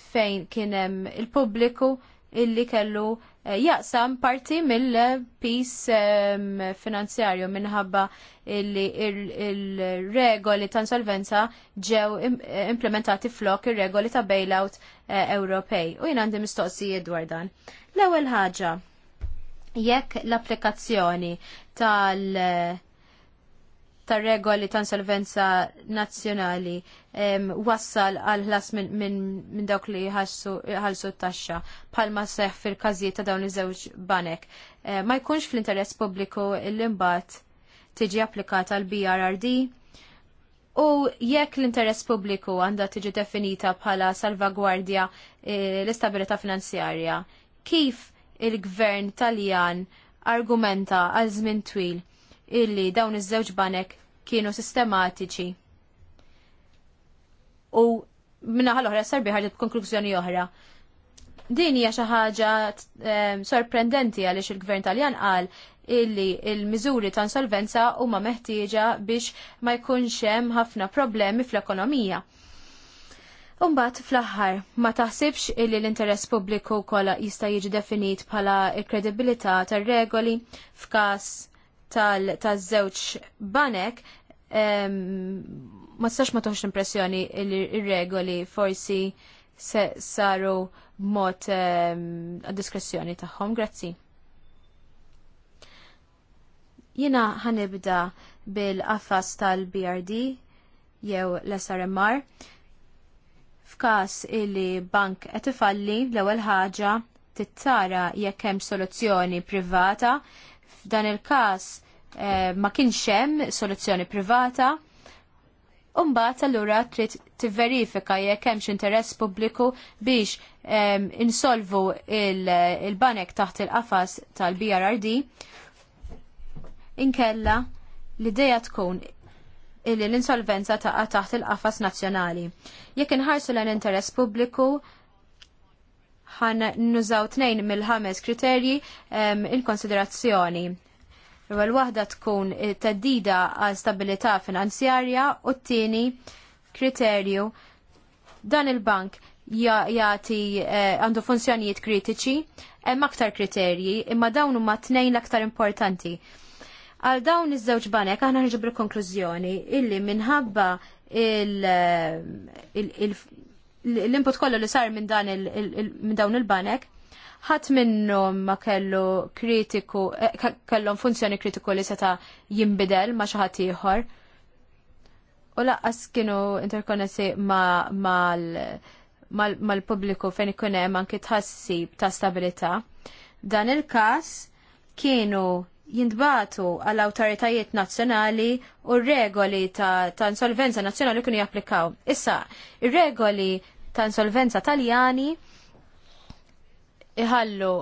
Speaker 2: fejn kien hemm il-pubbliku illi kellu Eh, jaqsam parti mill-pis finanzjarju minħabba li il-regoli ta' insolvenza ġew eh, implementati flok il-regoli ta' bailout eh, Ewropej. U jien għandi mistoqsijiet dwar dan. L-ewwel ħaġa, jekk l-applikazzjoni tal- ta' regoli ta' insolvenza nazzjonali wassal għal ħlas minn dawk li ħalsu t-taxxa bħalma seħ fil-każijiet ta' dawn iż-żewġ banek. Eh, ma jkunx fl-interess pubbliku l-imbat tiġi applikata l-BRRD u jekk l-interess pubbliku għandha tiġi definita bħala salvagwardja eh, l-istabilità finanzjarja, kif il-gvern taljan argumenta għal żmien twil illi dawn iż-żewġ banek kienu sistematiċi. U minna ħal-oħra sarbiħar konklużjoni oħra. Din hija xi ħaġa ehm, sorprendenti għaliex il-Gvern Taljan qal illi il-miżuri ta' insolvenza huma meħtieġa biex ma jkunx hemm ħafna problemi fl-ekonomija. Umbat fl-aħħar, ma taħsibx illi l-interess pubbliku kolla jista' jiġi definit bħala l kredibilità tar-regoli f'każ tal-żewġ banek ma stax ma toħx impressjoni il-regoli forsi se saru mot għad-diskrezzjoni tagħhom. Grazzi. Jina ħanibda bil-qafas tal-BRD jew l-SRMR f'każ illi bank qed ifalli l-ewwel ħaġa tittara jekk hemm soluzzjoni privata f'dan il-każ eh, ma kienx hemm soluzzjoni privata, Umbat allura trid tivverifika jekk hemmx interess pubbliku biex insolvu il-banek il taħt il-qafas tal-BRRD. Inkella l-ideja tkun l-insolvenza taqa' taħt il-qafas nazzjonali. Jekk inħarsu l-interess pubbliku ħan nużaw tnejn mill-ħames kriterji il-konsiderazzjoni. l waħda tkun teddida għal stabilità finanzjarja u t-tieni kriterju dan il-bank jagħti eh, għandu funzjonijiet kritiċi hemm aktar kriterji imma dawn huma tnejn l-aktar importanti. Għal dawn iż-żewġ banek aħna ħarġu bil-konklużjoni illi minħabba il eh, l-input kollu li sar minn dawn il-banek, ħadd minnhom ma kellu kritiku, eh, kellhom funzjoni kritiku li seta jinbidel ma xi ħadd ieħor. U laqqas kienu interkonnessi mal-pubbliku fejn ikun hemm anke tħassib ta' stabilità. Dan il-każ kienu jindbatu għall awtoritajiet nazzjonali u r regoli ta', ta insolvenza nazzjonali kienu japplikaw. Issa, ir-regoli ta' insolvenza taljani iħallu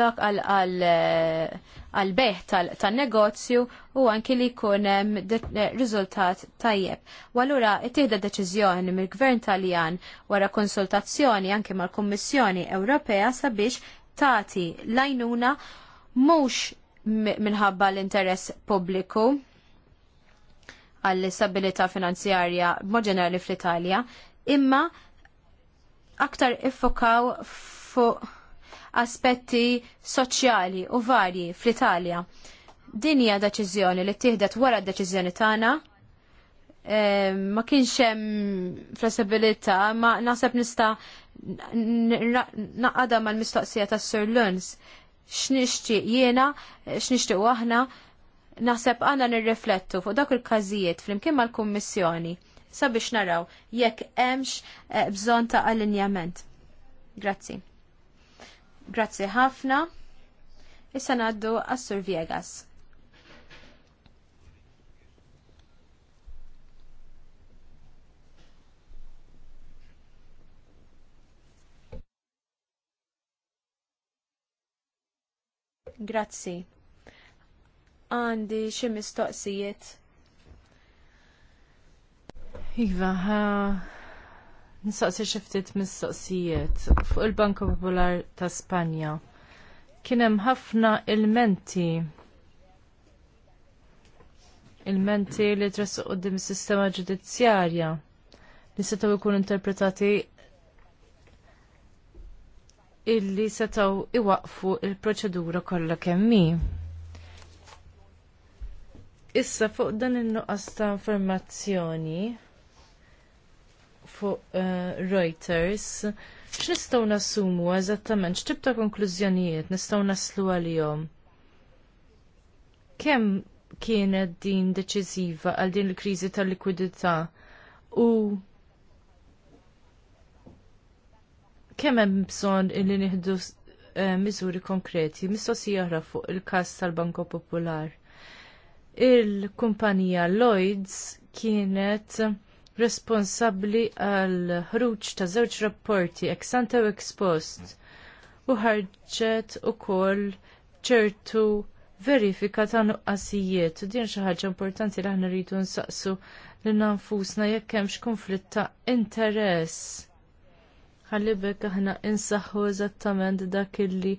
Speaker 2: lok għal beħ tal-negozju u anki li jkun riżultat tajjeb. Walura, it-tihda deċiżjoni mill-Gvern Taljan wara konsultazzjoni anki mal-Kummissjoni Ewropea sabiex tati lajnuna mhux minħabba l-interess pubbliku għall-istabilità finanzjarja b'mod ġenerali fl-Italja, imma aktar iffokaw fuq aspetti soċjali u varji fl-Italja. Din hija deċiżjoni li ttieħdet wara d-deċiżjoni tagħna ma kienx hemm flessibilità, ma naħseb nista' naqada mal-mistoqsija tas-Sur Luns x'nixtieq jiena, x'nixtieq aħna, naħseb għandna nirriflettu fuq dak il-każijiet flimkien mal-Kummissjoni sabiex naraw jekk hemmx eh, bżonn ta' allinjament. Grazzi. Grazzi ħafna. Issa ngħaddu għas-Sur Viegas. Grazzi. Għandi xi mistoqsijiet.
Speaker 3: Iva, ha... nistaqsi xi ftit mistoqsijiet fuq il-Banka Popolar ta' Spanja. Kien hemm ħafna ilmenti ilmenti li trassu qoddim is-sistema ġudizzjarja li setgħu jkunu interpretati illi setaw iwaqfu il-proċedura kollha kemmi. Issa fuq dan il-nuqqas ta' informazzjoni fuq uh, Reuters, x'nistgħu nassumu eżattament x'tib ta' konklużjonijiet nistgħu naslu għalihom? Kemm kienet din deċiżiva għal din il-kriżi tal-likwidità u kemm hemm bżonn li nieħdu eh, miżuri konkreti, mistoqsija jaħra fuq il-każ tal-Banko Popolar. Il-kumpanija Lloyds kienet responsabbli għal ħruġ ta' żewġ rapporti ex ante u ex post u ħarġet ukoll ċertu verifika ta' nuqqasijiet u din xi ħaġa importanti li aħna rridu nsaqsu li nanfusna jekk hemmx konflitt ta' interess ħalli bekk aħna insaħħu eżattament dak illi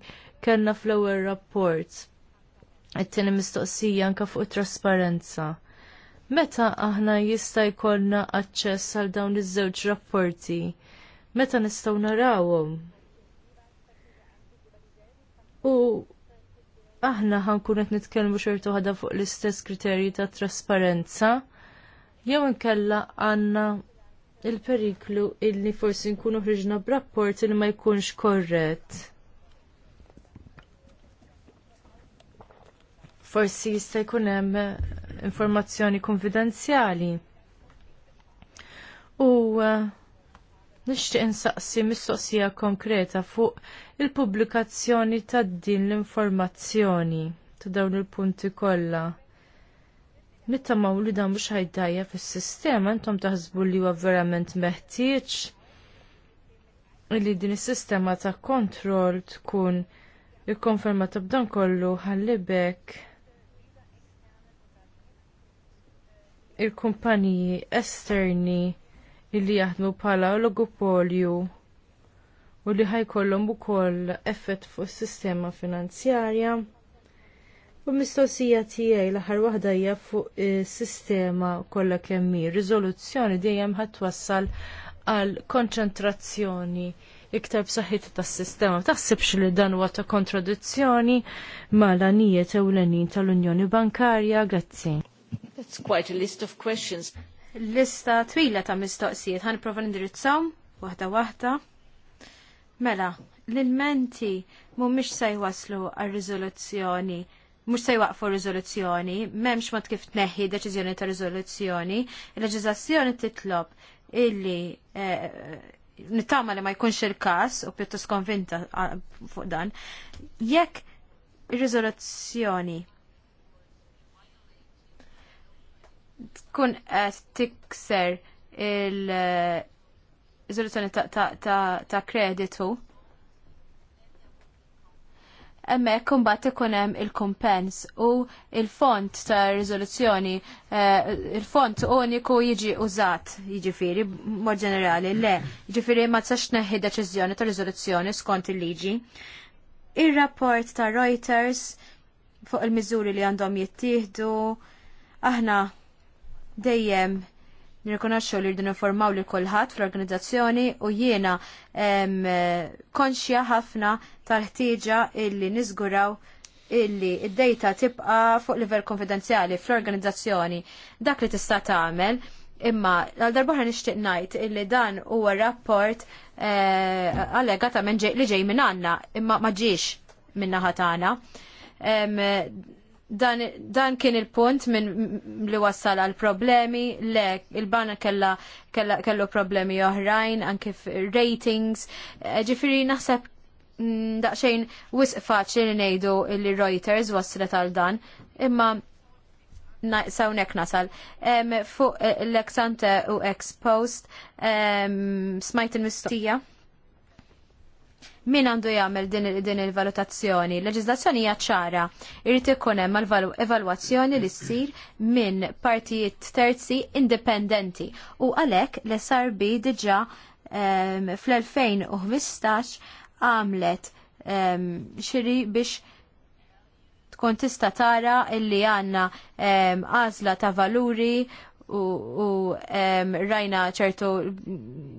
Speaker 3: kellna fl-ewwel rapport. it tieni mistoqsija anke fuq it trasparenza. Meta aħna jista' jkollna aċċess għal dawn iż-żewġ rapporti? Meta nistgħu narawhom? U aħna ħankun qed nitkellmu xorta waħda fuq l-istess kriterji ta' trasparenza jew inkella għandna il-periklu illi forsi nkunu ħriġna b'rapport li ma jkunx korrett. Forsi jista' jkun hemm informazzjoni konfidenzjali. U eh, nixtieq insaqsi mistoqsija konkreta fuq il-pubblikazzjoni ta' din l-informazzjoni ta' dawn il-punti kollha Mitta mawli dan biex ħajdajja fis-sistema intom taħsbu li huwa verament meħtieġ li din is-sistema ta' kontroll tkun ikkonfermata b'dan kollu ħallibek il-kumpaniji esterni illi jaħdmu bħala oligopolju u li ħajkollhom ukoll effett fuq is-sistema finanzjarja. U mistoqsija tiegħi l-aħħar waħda hija fuq is-sistema kollha kemm hi. Riżoluzzjoni dejjem ħadd wassal għal konċentrazzjoni iktar b'saħħit tas-sistema. Taħsibx li dan huwa ta' kontradizzjoni mal-anijiet ewlenin tal-Unjoni Bankarja Grazzi.
Speaker 2: That's quite a list of questions. Lista twila ta' mistoqsijiet prova nindirizzawm waħda waħda. Mela, l-ilmenti mhumiex se jwaslu għar-riżoluzzjoni mux se jwaqfu rizoluzzjoni, memx mod kif tneħħi deċiżjoni ta' rizoluzzjoni, il-leġizazzjoni titlob illi eh, nittama li ma jkunx il-kas u pjuttos konvinta fuq dan, jekk rizoluzzjoni tkun qed tikser il-rizoluzzjoni eh, ta' kreditu, emmek kumbat ikunem il-kumpens u il-font ta' rizoluzzjoni, eh, il-font uniku jiġi użat, jiġifieri mod ġenerali, le, jiġifiri ma tsax neħi deċizjoni ta' rizoluzzjoni skont il-liġi. Il-rapport ta' Reuters fuq il miżuri li għandhom jittieħdu, aħna dejjem nirrikonoxxu li rridu informaw li kulħadd fl-organizzazzjoni u jiena konxja ħafna tal-ħtieġa illi niżguraw illi id-data tibqa fuq livell konfidenzjali fl-organizzazzjoni dak li tista' tagħmel imma għal darbaħra nixtieq ngħid illi dan huwa rapport eh, allegata minn li ġej minn għandna imma ma ġiex minn naħa tagħna dan, dan kien il-punt minn li wassal għal problemi, le il-bana kella, kella, kellu problemi oħrajn, anke ratings, eh, ġifiri naħseb mm, daqxejn wisq faċli li ngħidu li Reuters wasslet għal dan, imma sawnek nasal. fuq eh, l exante u ex post, smajt il mistija Min għandu jagħmel din il-valutazzjoni? L-leġislazzjoni hija ċara. Irid ikun hemm evalwazzjoni li ssir minn partijiet terzi indipendenti. U għalhekk l-SRB diġà fl-2015 għamlet xiri biex tkun tista tara illi għanna għazla ta' valuri u, u um, rajna ċertu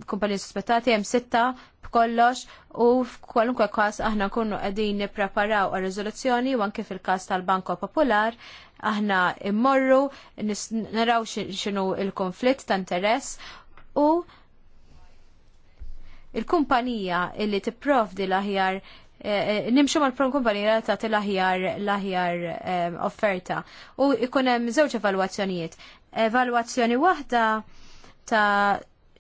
Speaker 2: kumpani suspettati hemm sitta f'kollox u f'kwalunkwe każ aħna nkunu qegħdin nippreparaw għar-riżoluzzjoni u anke fil-każ tal-Banko Popolar aħna immorru naraw x'inhu il-konflitt ta' interess u il-kumpanija illi tipprovdi l-aħjar eh, eh, nimxu mal prom kumpanija ta' l-aħjar l-aħjar eh, offerta u ikun hemm żewġ evalwazzjonijiet. Evalwazzjoni waħda ta'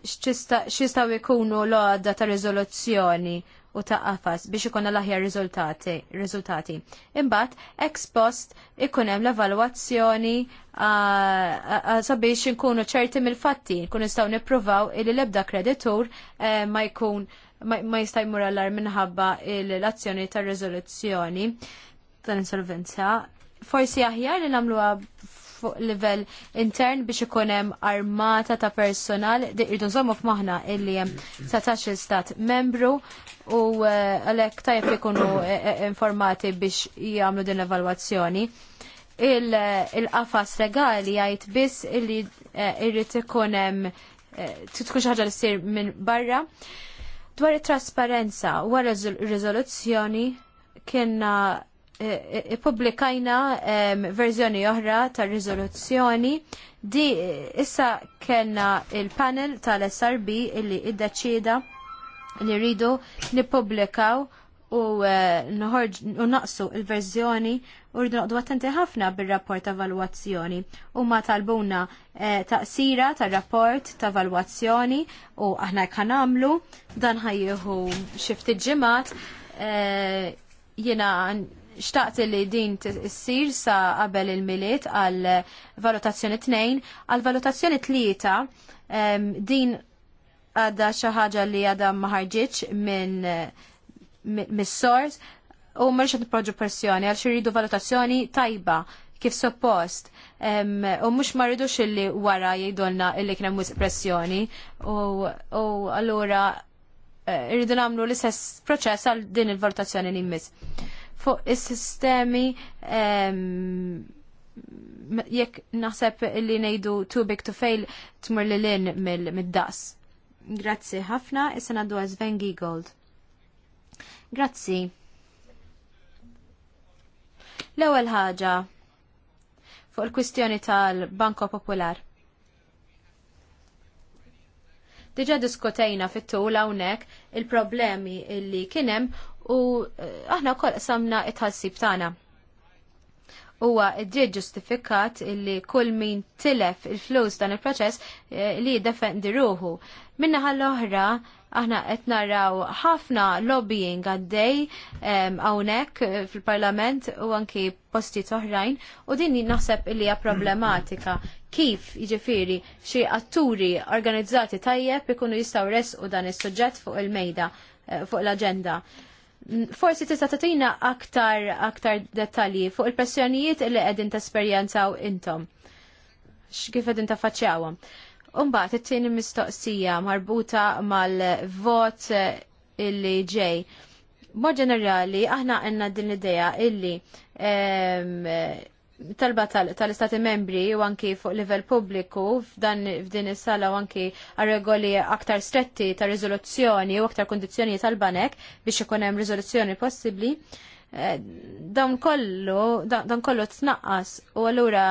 Speaker 2: x'jistgħu jkunu l għadda ta' riżoluzzjoni u ta' qafas biex ikun l-aħjar riżultati. Imbagħad ex post ikun hemm l-evalwazzjoni sabiex inkunu ċerti mill-fatti, nkun nistgħu nippruvaw li l-ebda kreditur eh, ma jkun ma jista' jmur allar minħabba l-azzjoni ta' rizoluzzjoni tal-insolvenza. Forsi aħjar li nagħmluha fuq livell intern biex ikun hemm armata ta' personal di irdu nżommu f'maħna illi satax il-stat membru u eh, għalhekk tajjeb ikunu eh, eh, informati biex jagħmlu din l-evalwazzjoni. Il-qafas legali jgħid biss illi irrid ikun hemm tkun xi ħaġa li ssir minn barra. Dwar it-trasparenza wara riżoluzzjoni kienna ippubblikajna verżjoni oħra tar riżoluzzjoni di issa kellna il-panel tal-SRB illi iddeċida li rridu nippubblikaw eh, u naqsu il-verżjoni u rridu naqdu attenti ħafna bir-rapport ta' valwazzjoni. U ma talbuna eh, taqsira ta' rapport ta' valwazzjoni u aħna kan għamlu dan ħajjuhu xifti ġimat eh, jena xtaqt li din t-sir sa qabel il-miliet għal valutazzjoni 2 għal valutazzjoni 3 din għadda xi ħaġa li għadha ma ħarġitx minn mis-sors u mhux qed proġu pressjoni għal xiridu valutazzjoni tajba kif suppost. U mhux ma rridux illi wara jgħidolna illi kena hemm pressjoni u allura eh, rridu nagħmlu l-istess proċess għal din il-valutazzjoni li jmiss fuq is-sistemi ehm, jekk naħseb li nejdu too big to fail tmur li lin mid-daqs. Grazzi ħafna, issa naddu Vengi Gold. Grazzi. L-ewwel ħaġa fuq il-kwistjoni tal-Banko Popolar. Diġa diskutejna fit-tul hawnhekk il-problemi illi kienem u eh, aħna kol samna it-ħassib tagħna. Huwa ġie ġustifikat li kull min tilef il-flus dan il-proċess eh, li jiddefendi ruħu. Minna ħall-oħra aħna qed naraw ħafna lobbying għaddej hawnhekk eh, fil-Parlament u anki postijiet oħrajn u din naħseb li hija problematika kif jiġifieri xi atturi organizzati tajjeb ikunu jistgħu resqu dan is-suġġett fuq il-mejda fuq l-aġenda. Forsi tista' tagħtina aktar aktar dettalji fuq il-pressjonijiet li qegħdin tesperjenzaw intom. X'kif qegħdin taffaċċjawhom. Umbagħad it-tieni mistoqsija marbuta mal-vot eh, illi ġej. Mod ġenerali aħna għandna din l-idea illi ehm, talba tal-istati tal membri u anki fuq livell pubbliku f'dan f'din is-sala u anki regoli aktar stretti ta' riżoluzzjoni u aktar kondizjoni tal-banek biex ikun hemm riżoluzzjoni possibbli. Eh, dan kollu, dawn kollu tnaqqas u allura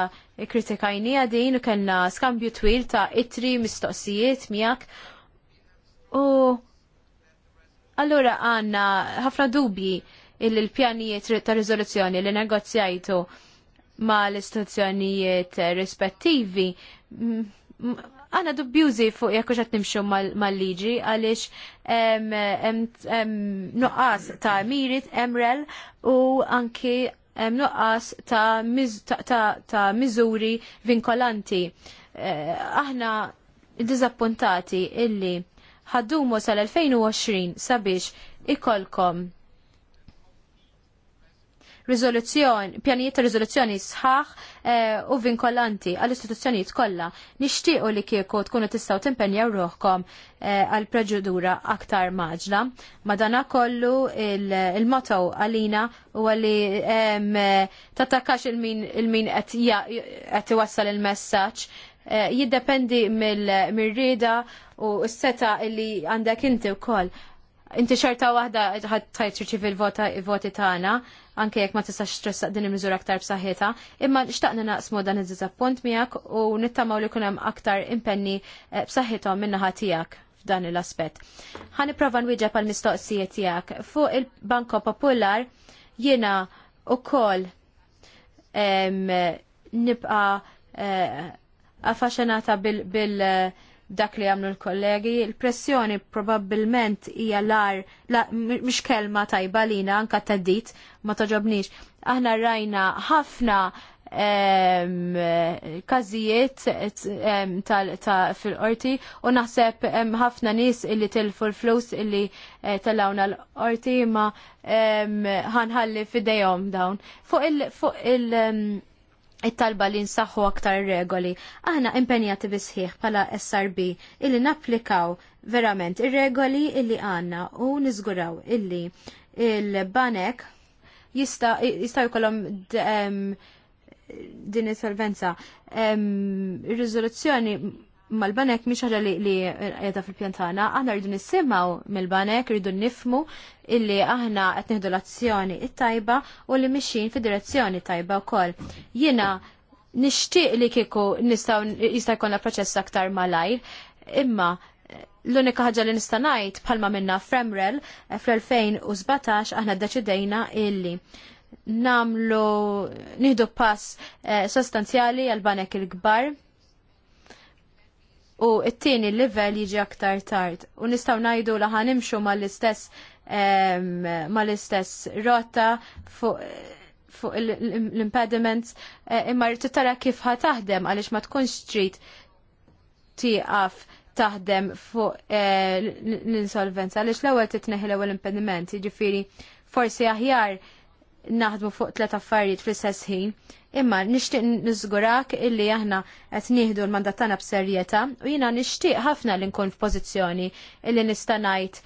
Speaker 2: kritikajni għadin u kellna skambju twil ta' itri mistoqsijiet miegħek u allura għandna ħafna dubji il-pjanijiet ta' riżoluzzjoni li negozjajtu ma l-istituzzjonijiet rispettivi. Għana dubjużi fuq jekk xat nimxu mal-liġi għaliex nuqqas ta' mirit, emrel u anki nuqqas ta' miżuri vinkolanti. Eh, aħna dizappuntati illi ħaddumu sal-2020 sabiex ikolkom riżoluzzjoni, pjanijiet ta' riżoluzzjoni sħaħ eh, u vinkolanti għall-istituzzjonijiet kollha. Nixtiequ li kieku tkunu tistgħu timpenjaw ruħkom eh, għal proċedura aktar maġla. Madana kollu il motow għalina u għalli tattakax il-min qed iwassal il-messaġġ eh, jiddependi mill-rida u s-seta li għandek inti u koll. Inti xorta waħda ħad tajt ċirċiv fil voti tagħna, anke jekk ma tistax tressaq din il-miżura aktar b'saħħitha, imma xtaqna naqsmu dan iż diżappunt miegħek u nittamaw li kunem hemm aktar impenni eh, b'saħħithom min-naħa tiegħek f'dan l-aspett. Ħa nipprova nwieġeb għal mistoqsijiet tiegħek. Fuq il-Banko Popolar jiena ukoll nibqa' eh, affaxxinata bil-, bil, bil dak li għamlu l-kollegi, il-pressjoni probabbilment hija l la, mish kelma tajba lina, anka taddit, ma toġobnix. Aħna rajna ħafna kazijiet fil-qorti u naħseb ħafna nis illi tilfu l-flus illi eh, talawna l-qorti ma ħanħalli fidejom dawn. Fuq il- it-talba li nsaħħu aktar regoli. Aħna impenjati bisħiħ pala SRB illi napplikaw verament ir-regoli illi għanna u nizguraw illi il-banek jista, jista jkollhom din is-solvenza. Ir-riżoluzzjoni mal-banek mi ħaġa li qiegħda fil-pjantana, aħna rridu nissimaw mill-banek, rridu nifmu illi aħna qed nieħdu l-azzjoni tajba u li mixin fid-direzzjoni tajba wkoll. Jiena nixtieq li kieku nistgħu jista' jkollna proċess aktar malajr, imma l-unika ħaġa li nista' ngħid bħalma minna Fremrel fl-2017 aħna ddeċidejna illi namlu nieħdu pass eh, sostanzjali għal banek il-kbar u it-tieni livell jiġi aktar tard. U nistgħu ngħidu li ħanimxu mal-istess mal-istess rotta fuq l-impediments eh, imma rrid tara kif ħa taħdem għaliex ma tkunx trid tieqaf taħdem fuq eh, l-insolvenza għaliex l-ewwel titneħi l-ewwel impediment, jiġifieri forsi aħjar naħdmu fuq tlet affarijiet fl-istess ħin, imma nixtieq niżgurak illi aħna qed nieħdu l-mandat tagħna b'serjetà u jiena nixtieq ħafna li nkun f'pożizzjoni illi nista' ngħid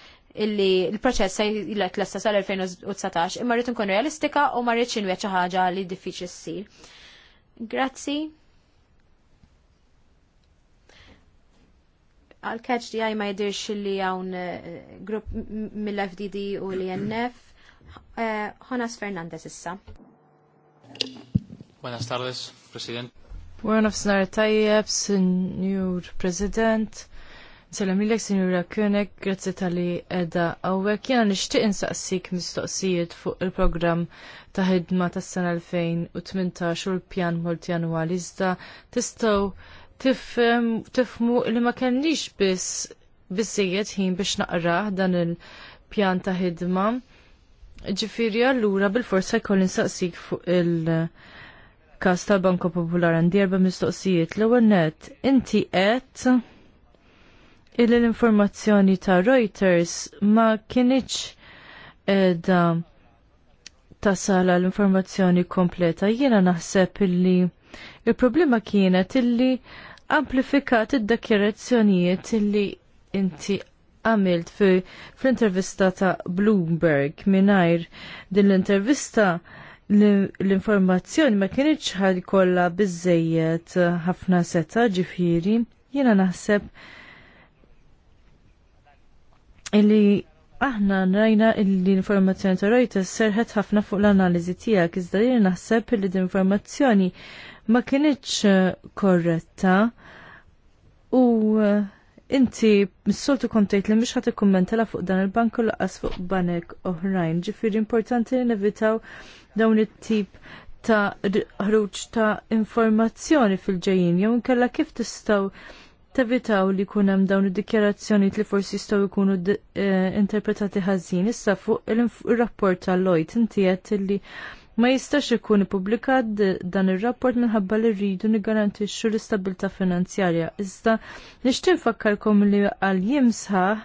Speaker 2: illi l-proċess se jilek l-essa sal-2019 imma rrid nkun realistika u ma rridx inweċ xi ħaġa li diffiċli ssir. Grazzi. Għal-catch di għaj ma jidirx li għawn eh, grupp mill-FDD u l-INF Eh,
Speaker 3: Jonas Fernandez issa.
Speaker 4: Buenas tardes, President.
Speaker 3: Buenas nar tajjeb, Senjur President. Salam lilek, Senjura Kunek, grazzi tal-li edha għawek. Jena nishtiq insaqsik mistoqsijiet fuq il-program ta' ħidma tas sena 2018 u l-pjan multianwali iżda tistaw tifmu li ma kellniex biss bizzejiet ħin biex naqra dan il-pjan ta' ħidma Ġifiri allura bil-forsa jkolli nsaqsik fuq il-kas tal-Banko Popolar għandi erba mistoqsijiet. L-ewwel net, inti qed il l-informazzjoni ta' Reuters ma kienieċ edha ta' sala l-informazzjoni kompleta. Jiena naħseb illi il-problema kienet illi amplifikat id-dakjerazzjonijiet illi inti għamilt fl-intervista ta' Bloomberg mingħajr din l-intervista l-informazzjoni ma kienieċ ħal kolla biżejjed ħafna seta' ġifieri jiena naħseb illi aħna rajna l-informazzjoni ta' Reuters serħet ħafna fuq l-analiżi tiegħek iżda jien naħseb li l-informazzjoni ma kienitx korretta u Inti mis-soltu kontejt li mhux ħadd la fuq dan il-bank u laqas fuq banek oħrajn. Ġifieri importanti li nevitaw dawn it-tip ta' ħruġ ta' informazzjoni fil-ġejjin jew inkella kif tistgħu tevitaw li kun hemm dawn id dikjarazzjoni li forsi jistgħu jkunu eh, interpretati ħażin issa fuq il rapport tal-Lloyd inti qed li Ma jistax ikun ippubblikat dan ir-rapport minħabba li rridu nigarantixxu l-istabilità finanzjarja. Iżda nixtieq nfakkarkom li għal jimsħaħ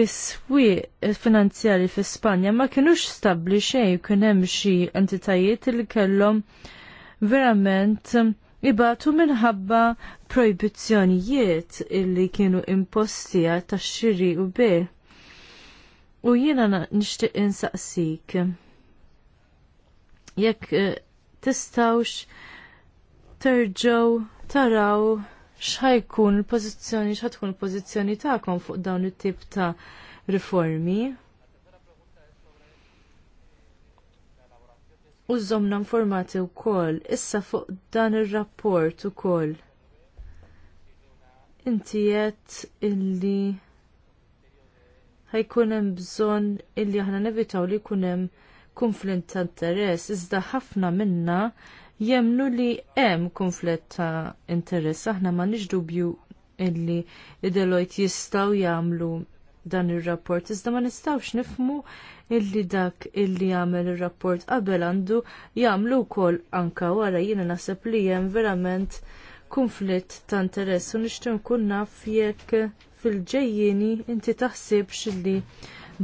Speaker 3: is-swieq finanzjarji fi Spanja ma kinux stabbli xejn kien hemm xi entitajiet li kellhom verament ibatu minħabba projbizzjonijiet illi kienu imposti għal tax-xiri u bej U jiena nixtieq insaqsik jekk eh, tistawx terġgħu taraw x'ħajkun l-pożizzjoni x'ħatkun il-pożizzjoni tagħkom fuq dawn it-tip ta' riformi. Użomna informati wkoll issa fuq dan ir-rapport ukoll. Inti Intijet illi ħajkun hemm bżonn illi aħna nevitaw li jkun hemm konflitt ta' interess, iżda ħafna minna jemnu li hemm konflitt ta' interess, aħna ma nix dubju illi id-Deloitte jistaw jagħmlu dan ir-rapport, iżda ma nistawx nifmu illi dak illi jagħmel ir-rapport qabel għandu jagħmlu wkoll anka wara jiena naħseb li hemm verament konflitt ta' interess u nixtieq nkun naf jekk fil-ġejjieni inti taħsibx illi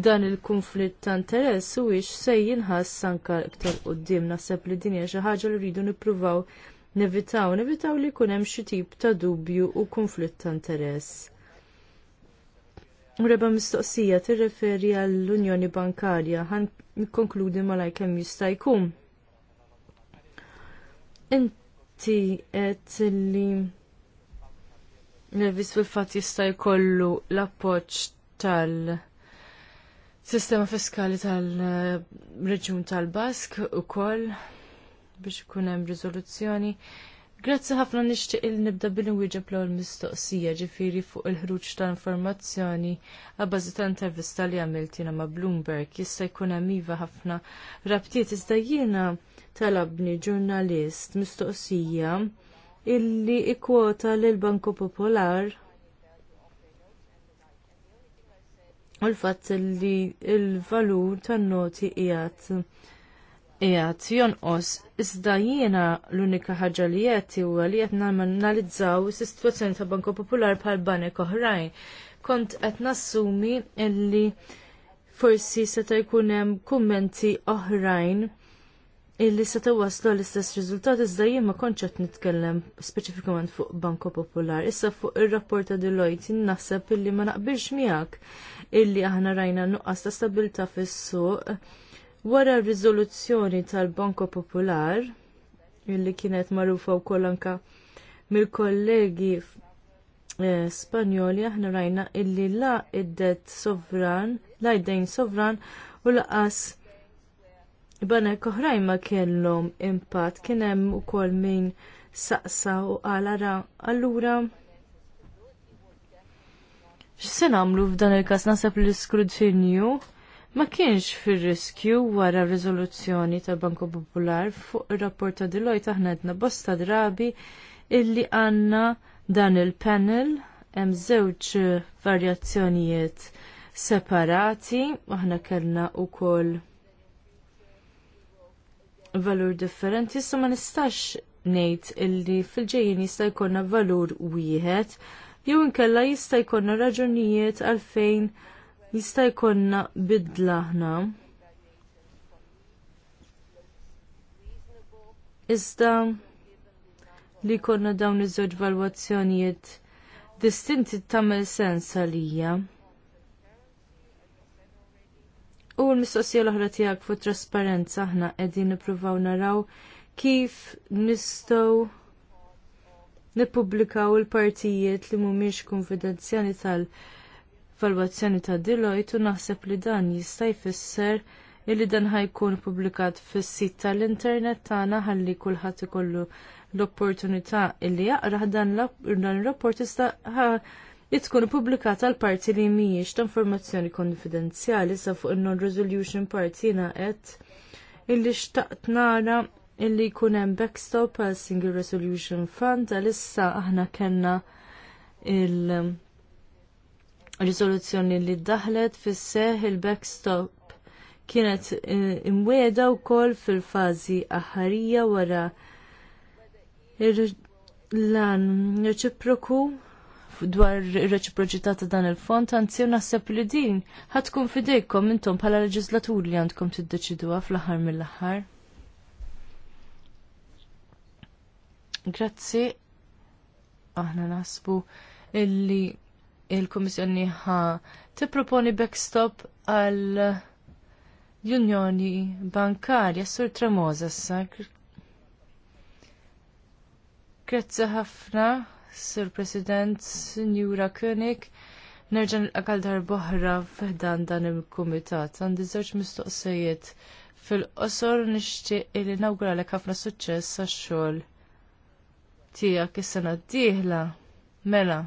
Speaker 3: dan il-konflitt ta' interess huwiex se jinħas sanka iktar quddiem naħseb li din hija xi ħaġa li rridu nippruvaw nevitaw, nevitaw li jkun hemm xi tip ta' dubju u konflitt ta' interess. Reba mistoqsija tirreferi għall-Unjoni Bankarja, ħan nikkonkludi malaj kemm jista' jkun. Inti qed li Nervis fil-fatt jista' jkollu l-appoġġ tal- sistema fiskali tal-reġjun tal-Bask ukoll biex ikun hemm riżoluzzjoni. Grazzi ħafna nixtieq il nibda bil-inwieġeb l-ewwel mistoqsija ġifieri fuq il-ħruġ ta' informazzjoni għabbażi ta' intervista li għamilt jiena ma' Bloomberg jista' jkun hemm iva ħafna rabtiet iżda jiena talabni ġurnalist mistoqsija illi ikwota lill-Banku Popolar u l fat li l-valur tan-noti ijat qiegħed jonqos. Iżda jiena l-unika ħaġa li qed huwa li qed nanalizzaw is-sitwazzjoni ta' Banko Popolar bħal banek oħrajn. Kont qed nassumi li forsi seta' jkun hemm kummenti oħrajn illi se tawaslu l-istess riżultat iżda jien ma kontx qed nitkellem speċifikament fuq Banko Popolar. Issa fuq ir-rapport ta' Deloitte naħseb illi ma naqbilx miegħek illi aħna rajna nuqqas ta' stabilta fis-suq wara r-riżoluzzjoni tal-Banko Popolar illi kienet magħrufa wkoll anke mill-kollegi eh, Spanjoli aħna rajna illi la id-det sovran, la id-dejn sovran u laqas banek oħrajn ma kellhom impatt kien hemm ukoll min saqsa u qal ara allura x'se nagħmlu f'dan il-każ naħseb l-iskrutinju ma kienx fir-riskju wara r-riżoluzzjoni tal-Banku Popolar fuq ir-rapport ta' Deloitte aħna qedna bosta drabi illi għandna dan il-panel hemm żewġ varjazzjonijiet separati aħna kellna wkoll valur differenti, issa ma nistax ngħid illi fil-ġejjin jista' jkollna valur wieħed jew inkella jista' jkollna raġunijiet għalfejn jista' jkollna bidla Iżda li jkollna dawn iż-żewġ valwazzjonijiet distinti tagħmel sens għalija. U l-mistoqsija l-oħra tiegħek fuq trasparenza aħna qegħdin nippruvaw naraw kif nistgħu nippubblikaw il-partijiet li mhumiex konfidenzjali tal-valwazzjoni ta' Deloitte u naħseb li dan jista' jfisser illi dan ħajkun publikat fis-sit tal-internet tagħna ħalli kulħadd ikollu l-opportunità illi jaqrah dan l-rapport iżda li tkun pubblikata għal parti li mhijiex ta' informazzjoni konfidenzjali sa fuq il-non-resolution parti jiena qed illi xtaqt nara illi jkun hemm backstop għal Single Resolution Fund għalissa aħna kellna il- risoluzzjoni li daħlet fis seħħ il-backstop kienet u eh, wkoll fil-fażi aħarija wara l-lan reċiproku dwar reċiproċità ta' dan il-fond, anzi naħseb li din ħatkun fidejkom intom bħala leġislatur li għandkom tiddeċiduha fl-aħħar mill-aħħar. Grazzi, aħna naħsbu illi il-Komissjoni ħa tipproponi backstop għal l-Unjoni Bankarja Sur Tremosa Grazzi ħafna. Sur President, Signora König, Nerġan għakal boħra f'dan dan il-komitat, għandi zewġ mistoqsijiet fil-qosor nixtieq li nawgura lek ħafna suċċess għax-xogħol tiegħek is-sena d-dieħla. Mela.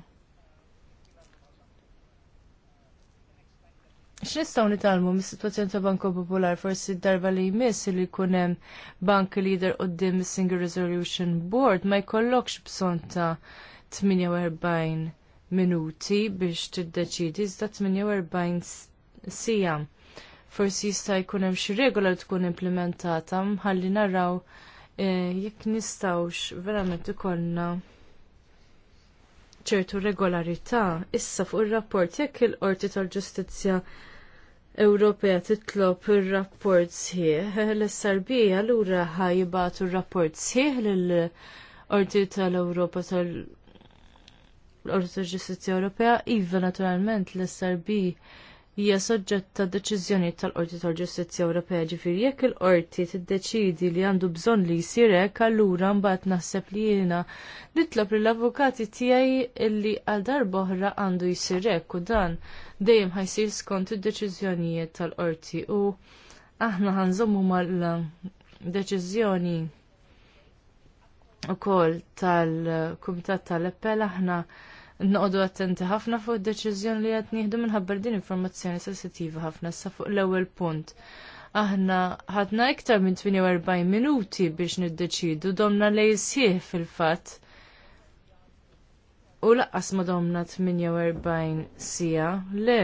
Speaker 3: X'nistgħu nitalmu mis-sitwazzjoni ta' Banko Popolar forsi d-darba li jmiss li jkun hemm bank leader qudiem is-Single Resolution Board ma jkollokx bżonn ta' 48 minuti biex tiddeċidi iżda 48 sija. Forsi jista' jkun hemm xi regola li tkun implementata mħalli naraw eh, jekk nistgħux verament ikollna ċertu regolarità issa fuq ir-rapport jekk il-Qorti tal-Ġustizzja Ewropea titlob ir-rapport sħiħ, l-SRB allura ħajbatu r-rapport sħiħ lill qorti tal-Ewropa tal l-Qorti Ġustizzja Ewropea, iva naturalment l-SRB hija soġġett ta' deċiżjoni tal-Qorti tal-Ġustizzja Ewropea ġifieri jekk il-qorti tiddeċidi li għandu bżonn li jsir hekk allura mbagħad naħseb li jiena nitlob lill-avukati tiegħi li għal darba oħra għandu jsir hekk u dan dejjem ħajsir skont id-deċiżjonijiet tal-qorti u aħna ħanżommu mal-deċiżjoni ukoll tal-Kumitat tal appell aħna noqogħdu attenti ħafna fuq id-deċiżjoni li qed nieħdu minħabba din informazzjoni sensittiva ħafna sa fuq l-ewwel punt. Aħna ħadna iktar minn 48 minuti biex niddeċidu domna li jisih fil-fatt. U laqqas ma domna 48 sija, le,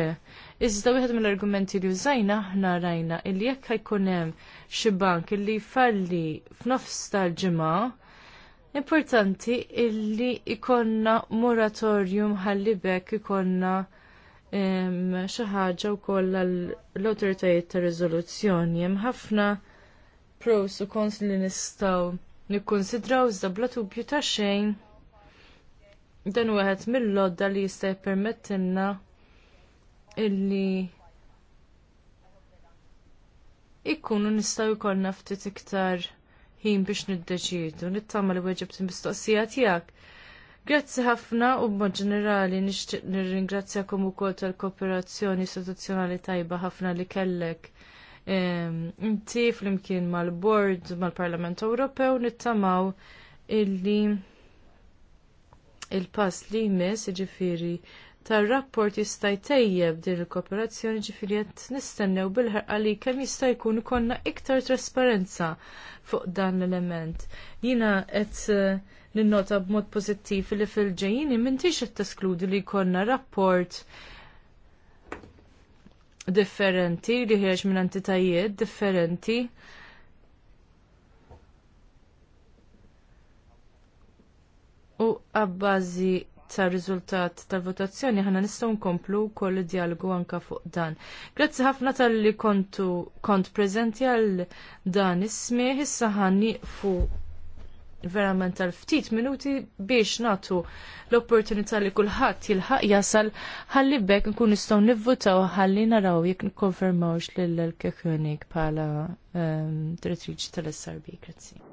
Speaker 3: Iżda wieħed mill-argumenti li użajna aħna rajna illi jekk ħajkunem hemm xi bank illi jfalli f'nofs tal-ġimgħa Importanti illi ikonna moratorium ħalli bekk ikonna xi ħaġa wkoll l-awtoritajiet ta' riżoluzzjoni hemm ħafna pros u kons li nistgħu nikkonsidraw iżda bla dubju ta' xejn dan wieħed mill-lodda li jista' jippermettilna illi ikunu nistgħu jkollna ftit iktar ħin biex niddeċiedu, nittama li weġib mistoqsija tiegħek. Grazzi ħafna u b'mod ġenerali nixtieq nirringrazzjakom ukoll tal-kooperazzjoni istituzzjonali tajba ħafna li kellek inti flimkien mal-Bord mal-Parlament Ewropew nittamaw illi il-pass li jmiss ġifiri tar-rapport jista' jtejjeb din il-kooperazzjoni ġifieri qed nistennew bil-ħerqa li kemm jista' jkun ikollna iktar trasparenza fuq dan l-element. Jiena qed eh, ninnota b'mod pożittiv li fil-ġejjini m'intix qed teskludi li jkollna rapport differenti li ħireġ minn entitajiet differenti. U abbażi tar riżultat tal-votazzjoni ħana nistgħu nkomplu wkoll id dialogu anka fuq dan. Grazzi ħafna tal-li kontu kont preżenti għal dan ismi issa ħani fuq verament tal-ftit minuti biex natu l-opportunità li kulħadd jilħaq jasal ħalli bekk nkun nistgħu nivvutaw ħalli naraw jekk nikkonfermawx l kekunik bħala trittriċ ehm, tal-SRB. Grazzi.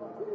Speaker 4: Thank you.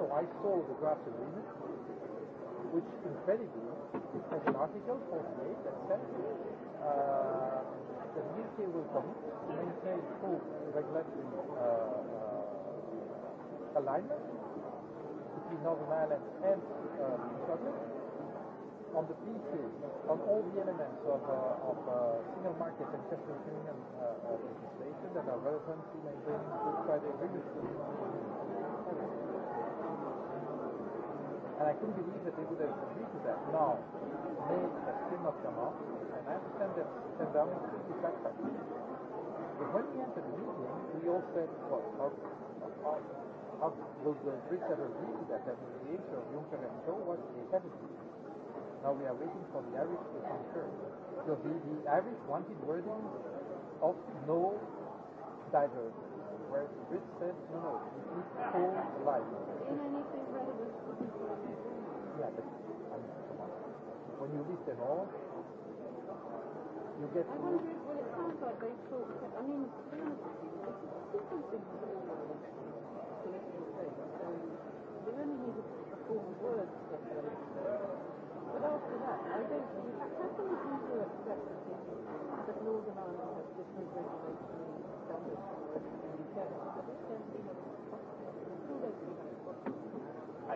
Speaker 4: So I saw the draft agreement, which incredibly has an article 48 that says uh, that the UK will come to maintain full regulatory uh, uh, alignment between Northern Ireland and uh, Scotland on the pieces, on all the elements of, uh, of uh, single market and customs union uh, legislation that are relevant to maintaining the agreement. And I couldn't believe that they would have agreed to that. Now, May has still not come out, and I understand that Sam Downing is completely backtracking. But when we entered the meeting, we all said, well, how, how, how will the Brits have agreed to that? That the age of Juncker and so was they haven't. Now we are waiting for the Irish to concur. So the, the Irish wanted wording of no divergence, whereas the Brits said, no, no, we need full alignment. In anything Yeah, but um, come on. When you read them all, you get. I wonder if, well, it sounds like they talk. I mean, it's different they only need a, a form of words to But after that, I don't think. How can you come to accept that, that Northern Ireland has different regulatory standards for everything you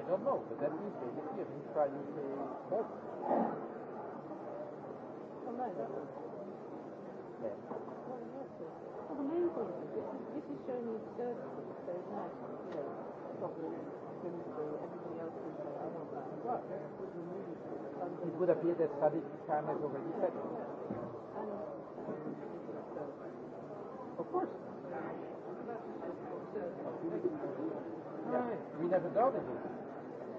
Speaker 4: don't know, but that means they if you haven't to say both. Oh, no, that Yeah. this is, showing you it's It would appear that Sadiq Khan has already said it. And, of course. Right. We never doubted it.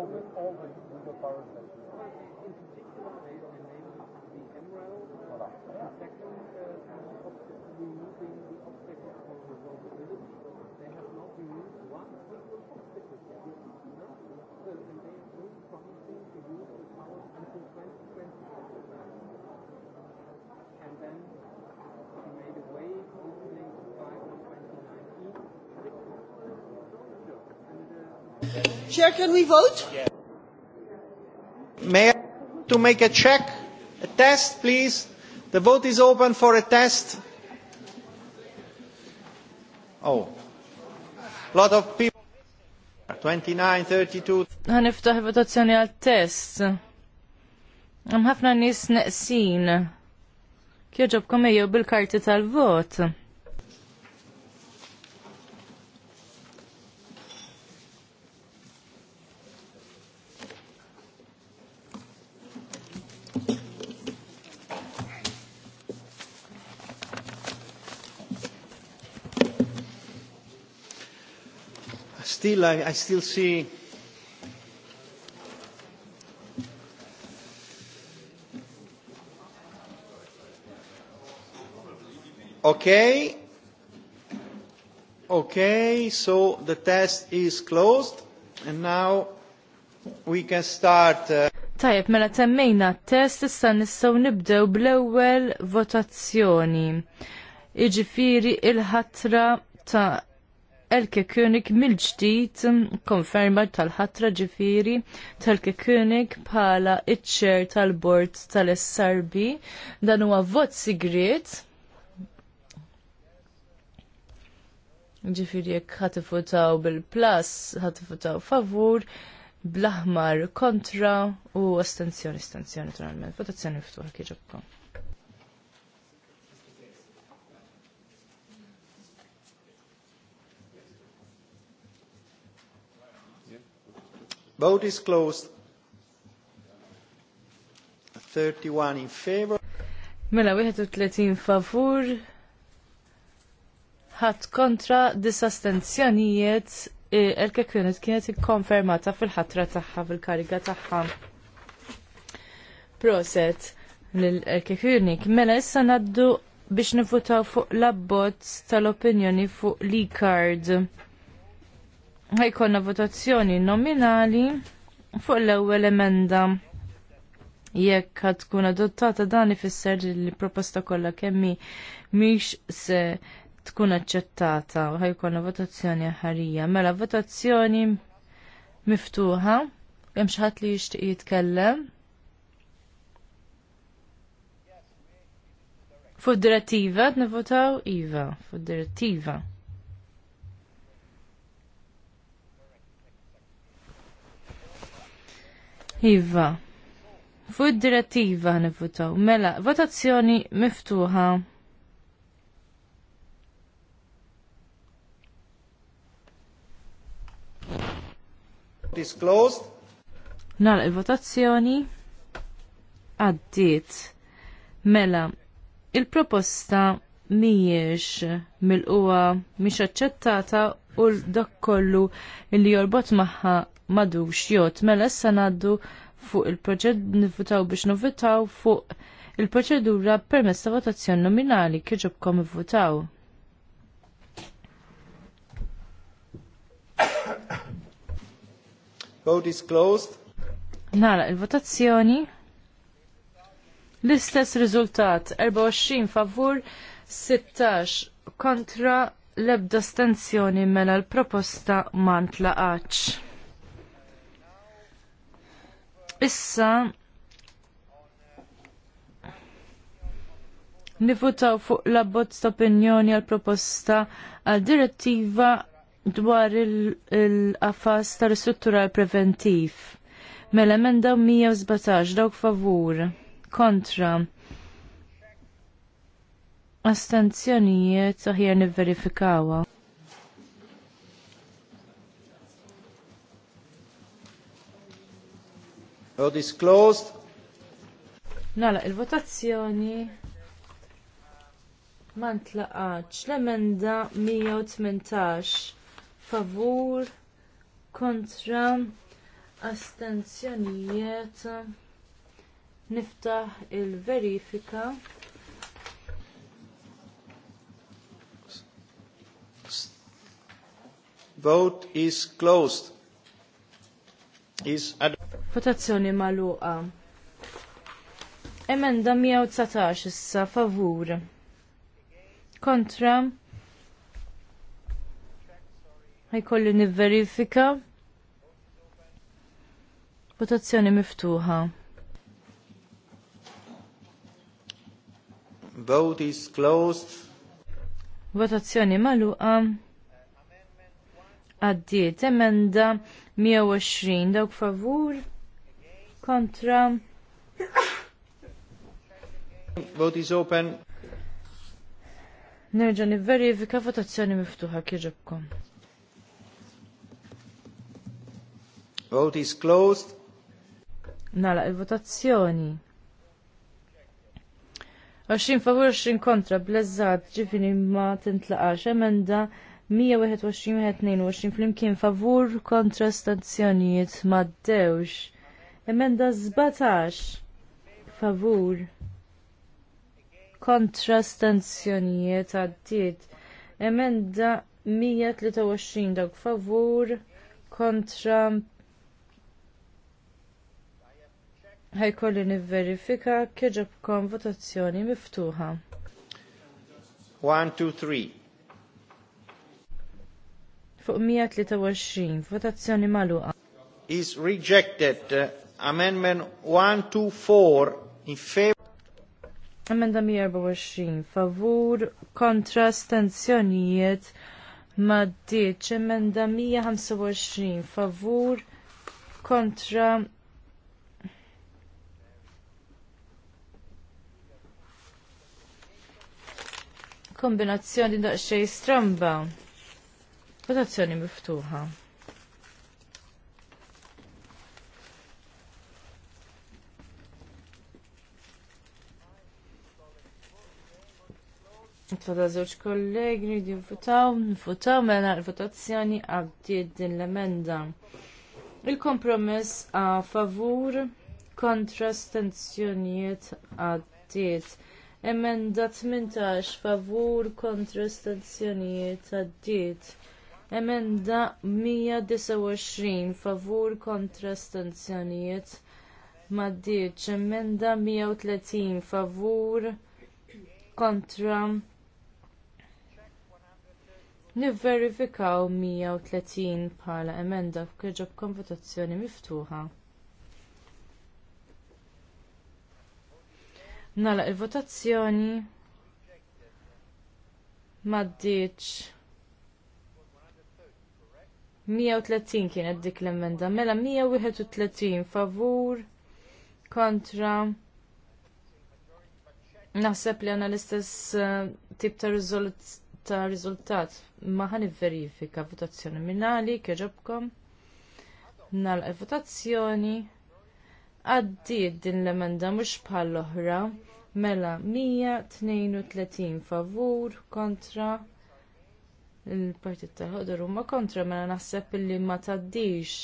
Speaker 4: all all the power powers you In particular, they the yeah. second, uh, removing the obstacles for resolvability. They have not removed one single obstacle yet. No. So, and they are still promising to use the powers until 2020. And then Chair, can we vote? May I to make a check? A test, please. The vote is open for a test. Oh. A lot of people. 29, 32.
Speaker 3: Għan Għaniftaħ votazzjoni għal test. Għam ħafna nis neqsin. Kjoġob ejo bil-karti tal-vot.
Speaker 4: still, I, I still see Okay. Okay, so the test is closed and now we can start. Uh...
Speaker 3: Tajjeb, mela temmejna t-test issa nistgħu nibdew bl-ewwel votazzjoni. Iġifieri il-ħatra ta' Elke König mill-ġdid konferma tal-ħatra ġifiri tal ke König bħala iċ tal-bord tal-SRB dan huwa vot sigriet ġifiri jek ħatifutaw bil-plus, ħatifutaw favur, bl-aħmar kontra u astenzjoni, astenzjoni naturalment, votazzjoni ftuħa kieġabkom.
Speaker 4: Vote is closed. 31 in favor.
Speaker 3: Mela 31 favur. Ħadd kontra disastenzjonijiet erke kienet kienet ikkonfermata fil-ħatra tagħha fil-kariga tagħha. Proset l-erke kienik. Mela issa naddu biex nifutaw fuq l-abbozz tal-opinjoni fuq l e ħajkonna votazzjoni nominali fuq l-ewwel emenda jekk ħad tkun adottata dan ifisser li l-proposta kollha kemmi mhix se tkun aċċettata u ħajkonna votazzjoni ħarija. Mela votazzjoni miftuħa, hemm xi ħadd li jixtieq jitkellem. Fuq direttiva, nivotaw Iva, fuq direttiva. Iva. Fuq id-direttiva nifutaw. Mela, votazzjoni miftuħa.
Speaker 4: Disclosed.
Speaker 3: Nara il-votazzjoni għaddiet. Mela, il-proposta miex mil uwa miex aċċettata u dak kollu li jorbot maħħa madux jot. Mela issa ngħaddu fuq il-proġett nifutaw biex nifutaw fuq il-proċedura permess ta' votazzjoni nominali kieġobkom ivvutaw.
Speaker 4: Vote is closed.
Speaker 3: Nara, il-votazzjoni. L-istess riżultat 24 favur, 16 kontra l-ebda stanzjoni mela l-proposta ma ntlaqax. Issa nifutaw fuq l-abbozz ta' opinjoni għal proposta għal direttiva dwar il-qafas ta' ristruttural preventiv. Mela emenda 117 dawk favur kontra astenzjonijiet aħjar nivverifikawa.
Speaker 4: Vote is closed.
Speaker 3: Nala, il-votazzjoni ma tlaqax l-emenda 118 favur kontra astenzjonijiet niftaħ il-verifika
Speaker 4: Vote is closed is
Speaker 3: Votazzjoni maluqa. Emenda 119 issa favur. Kontra. Ħajkolli nivverifika. Votazzjoni miftuħa.
Speaker 4: Vote is closed.
Speaker 3: Votazzjoni maluqa. Għaddiet emenda 120 dawk favur kontra
Speaker 4: Vote is open.
Speaker 3: Nerġa' nivverifika votazzjoni miftuħa kieġobkom.
Speaker 4: Vote is closed.
Speaker 3: Nala il-votazzjoni. 20 favur 20 kontra blezzat ġifini ma tintlaqax emenda 121-122 flimkien favur kontra stazzjonijiet maddewx. Emenda 17 favur kontra stazzjonijiet għaddiet. Emenda 123 dog favur kontra ħajkolli nivverifika kon votazzjoni miftuħa.
Speaker 4: 1, 2, 3
Speaker 3: fuq 123, votazzjoni maluqa.
Speaker 1: Is rejected uh, amendment
Speaker 3: 124 in favor. Amenda 124, favur, kontra, stenzjonijiet, maddiċ. Amenda 125, favur, kontra, kombinazzjoni daqsxejn stramba. Votazzjoni miftuħa. Tfada żewġ kollegi rridu jivvutaw, nifutaw mela l-votazzjoni għaddiet din l-emenda. Il-kompromess a favur kontra stenzjonijiet għaddiet. Emenda 18 favur kontra stenzjonijiet għaddiet. Emenda 129 favur kontra stanzjonijiet maddiċ. Emenda 130 favur kontra Nivverifikaw 130 bħala emenda f'kirġob konvotazzjoni miftuħa. Nala il-votazzjoni maddiċ 130 kienet dik l-emenda, mela 131 favur kontra naħseb li għana l-istess eh, tip ta' ta' rizultat maħan verifika votazzjoni minnali kieġobkom nal eh, votazzjoni Għaddi din l-emenda mux bħal l-oħra mela 132 favur kontra il-partit tal ħodur huma kontra mela naħseb illi ma taddix.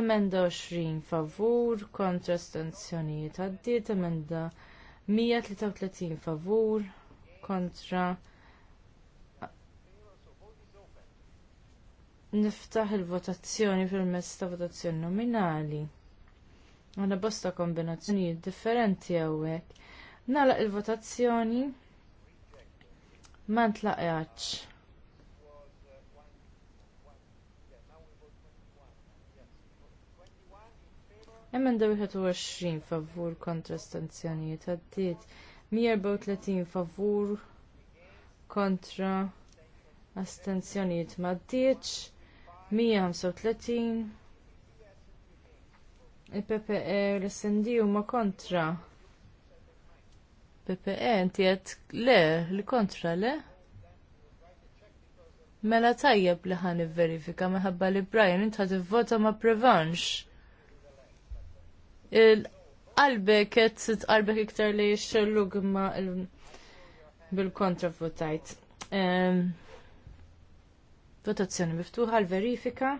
Speaker 3: Emenda 20 favur kontra astenzjonijiet għaddiet, emenda 133 favur kontra niftaħ il-votazzjoni fil ta' votazzjoni nominali. Għana bosta kombinazzjonijiet differenti hawnhekk. Nagħlaq il-votazzjoni ma ntlaqgħax. Emenda 21 favur kontra stanzjonijiet għaddiet. 134 favur kontra astenzjonijiet maddiċ. 135 il-PPE l-SND huma kontra. PPE inti qed le, li kontra le? Mela tajjeb li ħan verifika meħabba li Brian inta tivvota ma prevanx qalbek qed tqarbek iktar li xellug ma bil-kontra votajt. Votazzjoni miftuħa l-verifika.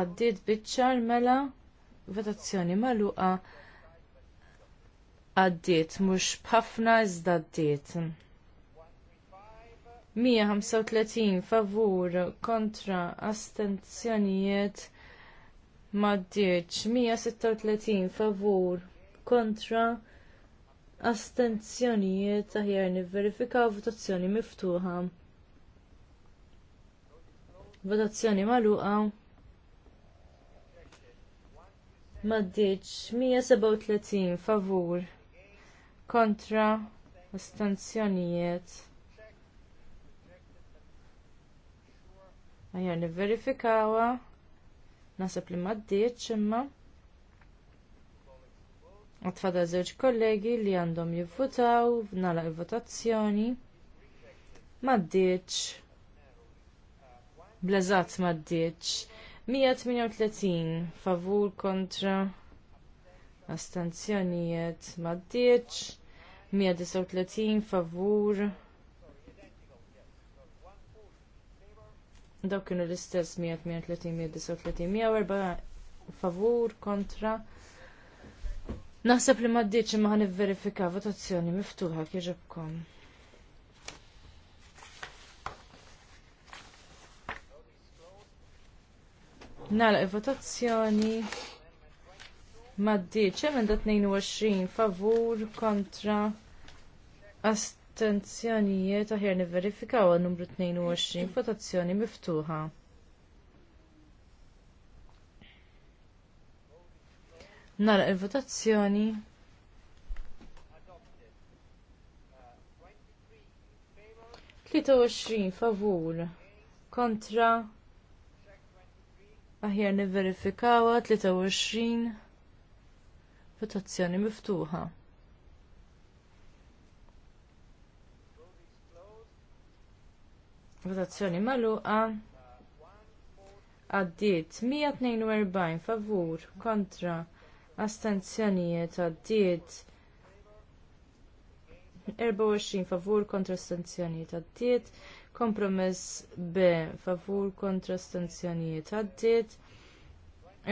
Speaker 3: Għaddit bitċar mela votazzjoni maluqa għaddit, mhux bħafna iżda għaddiet. 135 favur kontra astenzjonijiet maddiċ 136 favur kontra astenzjonijiet aħjar nivverifikaw votazzjoni miftuħa. Votazzjoni magħluqa. Maddiċ 137 favur kontra astenzjonijiet. Għajar niverifikawa. Nasab li maddiet imma. Għatfada żewġ kollegi li għandhom jivvutaw, nala il-votazzjoni. Maddiċ. Blazat maddiċ. 138 favur kontra astanzjonijiet maddiċ. 139 favur daw kienu l-istess 138-139 favur kontra. Naħseb li maddiċ imma ħan verifika votazzjoni miftuħa kieġibkom. Nala votazzjoni maddiċ emenda 22 favur kontra ast Astenzjonijiet aħjar niverifikaw għal numru 22 votazzjoni miftuħa. Nara il-votazzjoni. Tlieta 23 favur kontra aħjar niverifikawa 23 votazzjoni miftuħa. Votazzjoni maluqa. Għaddiet 142 favur kontra astenzjonijiet għaddiet 24 favur kontra astenzjonijiet għaddiet kompromess B favur kontra astenzjonijiet għaddiet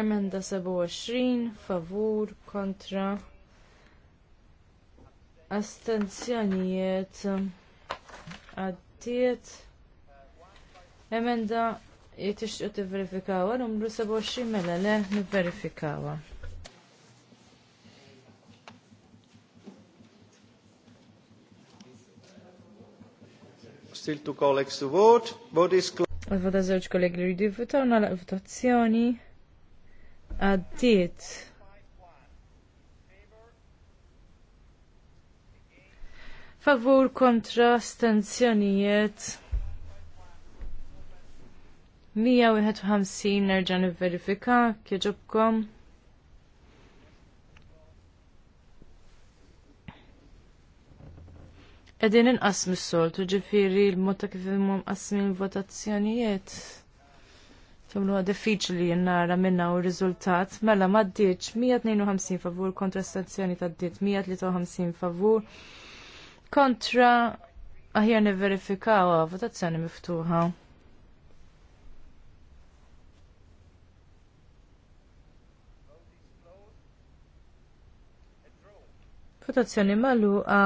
Speaker 3: emenda 27 favur kontra astenzjonijiet għaddiet Emenda li t-verifikawa, numru 27 mela le n-verifikawa.
Speaker 4: Still colleagues to vote. Vote is closed.
Speaker 3: vota zewġ kollegi li rridu jivvotaw nagħlaq votazzjoni. Favur kontra stenzjonijiet. 151 nerġa' nivverifika kieġobkom. Qegħdin inqas mis-soltu ġifieri l-motta kif imma mqasmin votazzjonijiet. Jamlu għad diffiċli nara minna u riżultat, mela maddiċ 152 favur kontra stazzjoni ta' d 153 favur kontra aħjar niverifikaw votazzjoni miftuħa. votazzjoni magħluqa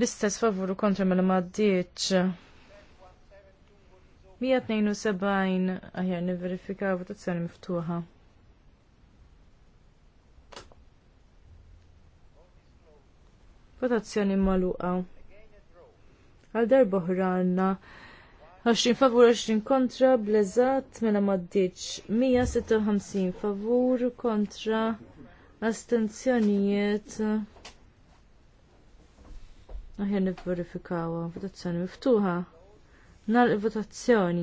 Speaker 3: l-istess favuru kontra mela ddiċ. 172 aħjar niverifika votazzjoni miftuħa. Votazzjoni magħluqa. Għal darba oħra għandna 20 favur 20 kontra, blezzat mela maddiċ 156 favur kontra astenzjonijiet aħjar nivverifikawa votazzjoni miftuħa nal votazzjoni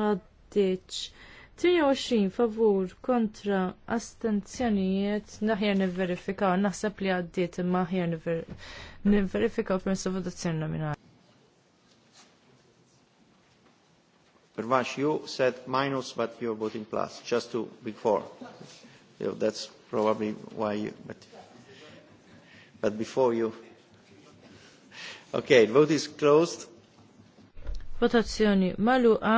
Speaker 3: ma 23 favur kontra astenzjonijiet naħjar nivverifikaw naħseb li għaddiet imma aħjar nivverifikaw permezz votazzjoni nominali
Speaker 4: Pervash, you said minus, but you are voting plus, just to before. You know, that's probably why you, but, but before you. Okay, vote is closed.
Speaker 3: Votazioni maluqa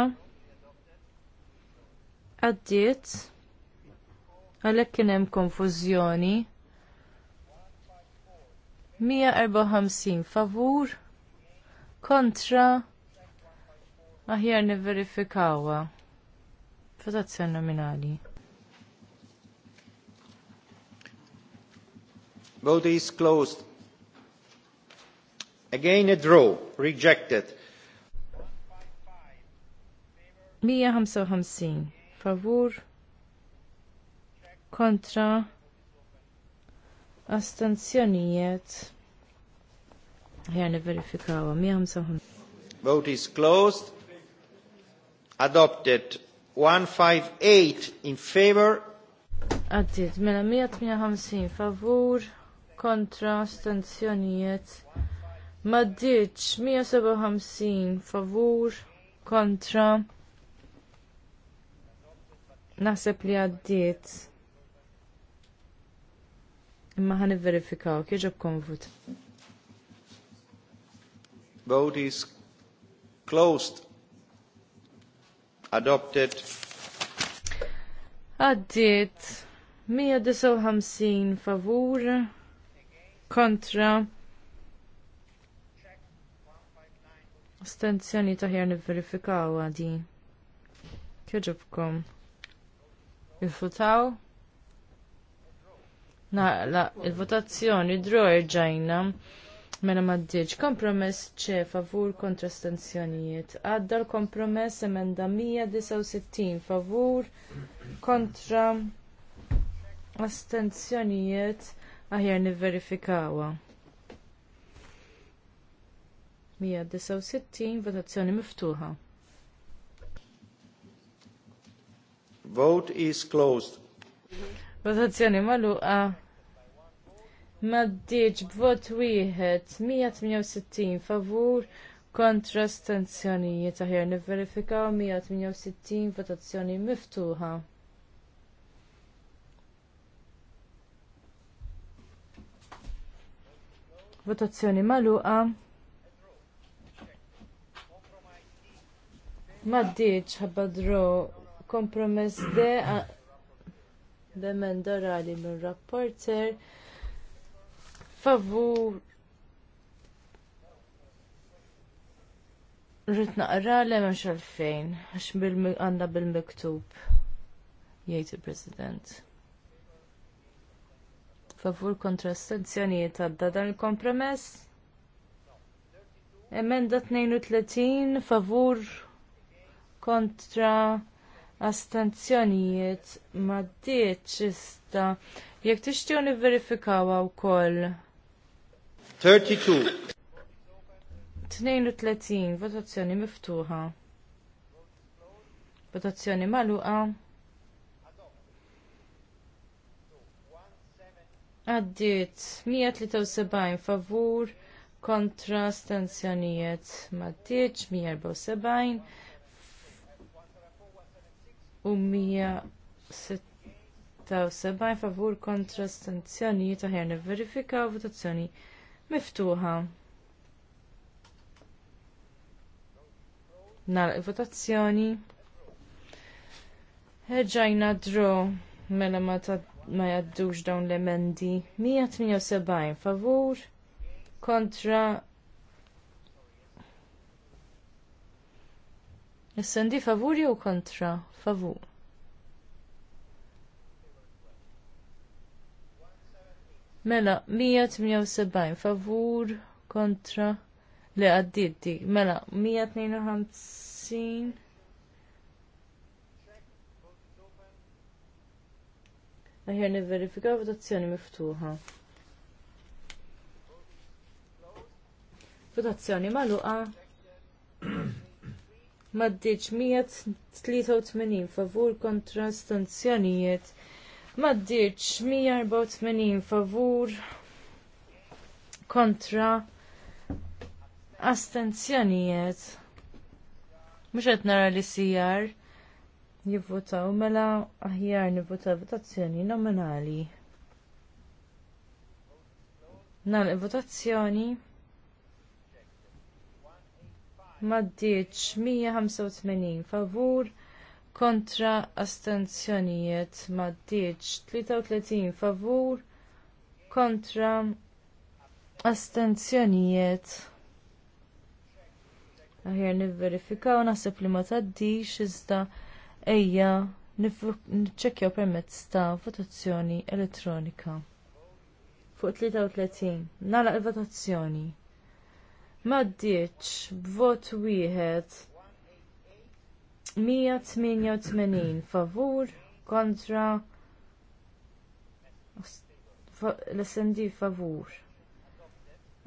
Speaker 3: Addiet. għalhekk kien hemm 154 favur kontra aħjar niverifikawa. Votazzjoni nominali.
Speaker 4: Vote is closed. Again a draw. Rejected.
Speaker 3: 155. Favur. Kontra. Astenzjonijiet. Ħjar niverifikawa. 155.
Speaker 4: Vote is closed adopted 158
Speaker 3: in favor Għaddit, mela 158 favur kontra stanzjonijiet maddiċ 157 favur kontra naħseb li għaddiet imma ħan verifikaw kieġob konvut
Speaker 4: vote is closed adopted
Speaker 3: għaddiet 159 favur kontra Stenzjoni taħjar nifverifikaw għadi. Kjoġobkom. Il-futaw? la, il-votazzjoni drojġajna. Mela maddiġ kompromess ċe favur kontra stanzjonijiet. Għadda l-kompromess emenda 169 favur kontra astenzjonijiet aħjar niverifikawa. 169 votazzjoni miftuħa.
Speaker 1: Vote is closed.
Speaker 3: Votazzjoni maluqa maddiġ b'vot wieħed 168 favur kontra stenzjonijiet aħjar nivverifikaw 168 votazzjoni miftuħa. Votazzjoni magħluqa. Maddiġ ħabadro kompromess de demenda rali mir rapporter favur Rrit naqra le mhux għalfejn, għax għandha bil-miktub, jgħid il-President. Favur kontra stazzjonijiet għadda dan il-kompromess. Emenda 32 favur kontra astanzjonijiet ma' jek ista jekk verifikawa u wkoll.
Speaker 4: 32.
Speaker 3: votazzjoni miftuħa. Votazzjoni maluqa. Għaddit 173 favur kontra stanzjonijiet maddiċ 174 u 176 favur kontra stanzjonijiet aħjar verifika votazzjoni miftuħa. Nara votazzjoni Ħeġajna dro mela ma jaddux dawn l-emendi. 178 favur kontra Is-sendi favur jew kontra favur? Mela, 178 favur kontra li għadditti. Mela, 152 Aħjar niverifika votazzjoni miftuħa. Votazzjoni maluqa. Maddiċ 183 favur kontra stanzjonijiet Maddirċ 184 favur kontra astenzjonijiet. Mux għet nara li sijar jivvotaw mela aħjar nivvotaw votazzjoni nominali. Nal votazzjoni maddirċ 185 favur kontra astenzjonijiet maddiċ 33 favur kontra astenzjonijiet aħjar nivverifikaw naħseb li ma taddix iżda ejja niċċekkjaw permezz ta' votazzjoni elettronika fuq 33 nagħlaq l votazzjoni maddiċ b'vot wieħed 188 favur kontra l-SND favur.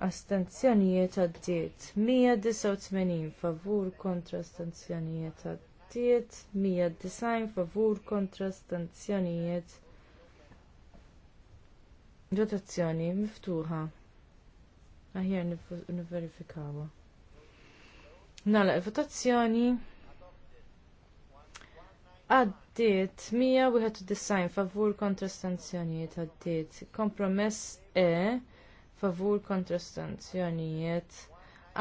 Speaker 3: Astenzjonijiet għaddiet 189 favur kontra astenzjonijiet għaddiet 190 favur kontra astenzjonijiet. Votazzjoni miftuħa. Aħjar niverifikawa. Nala, votazzjoni għaddiet 191 favur kontra stanzjonijiet għaddiet kompromess E favur kontra stanzjonijiet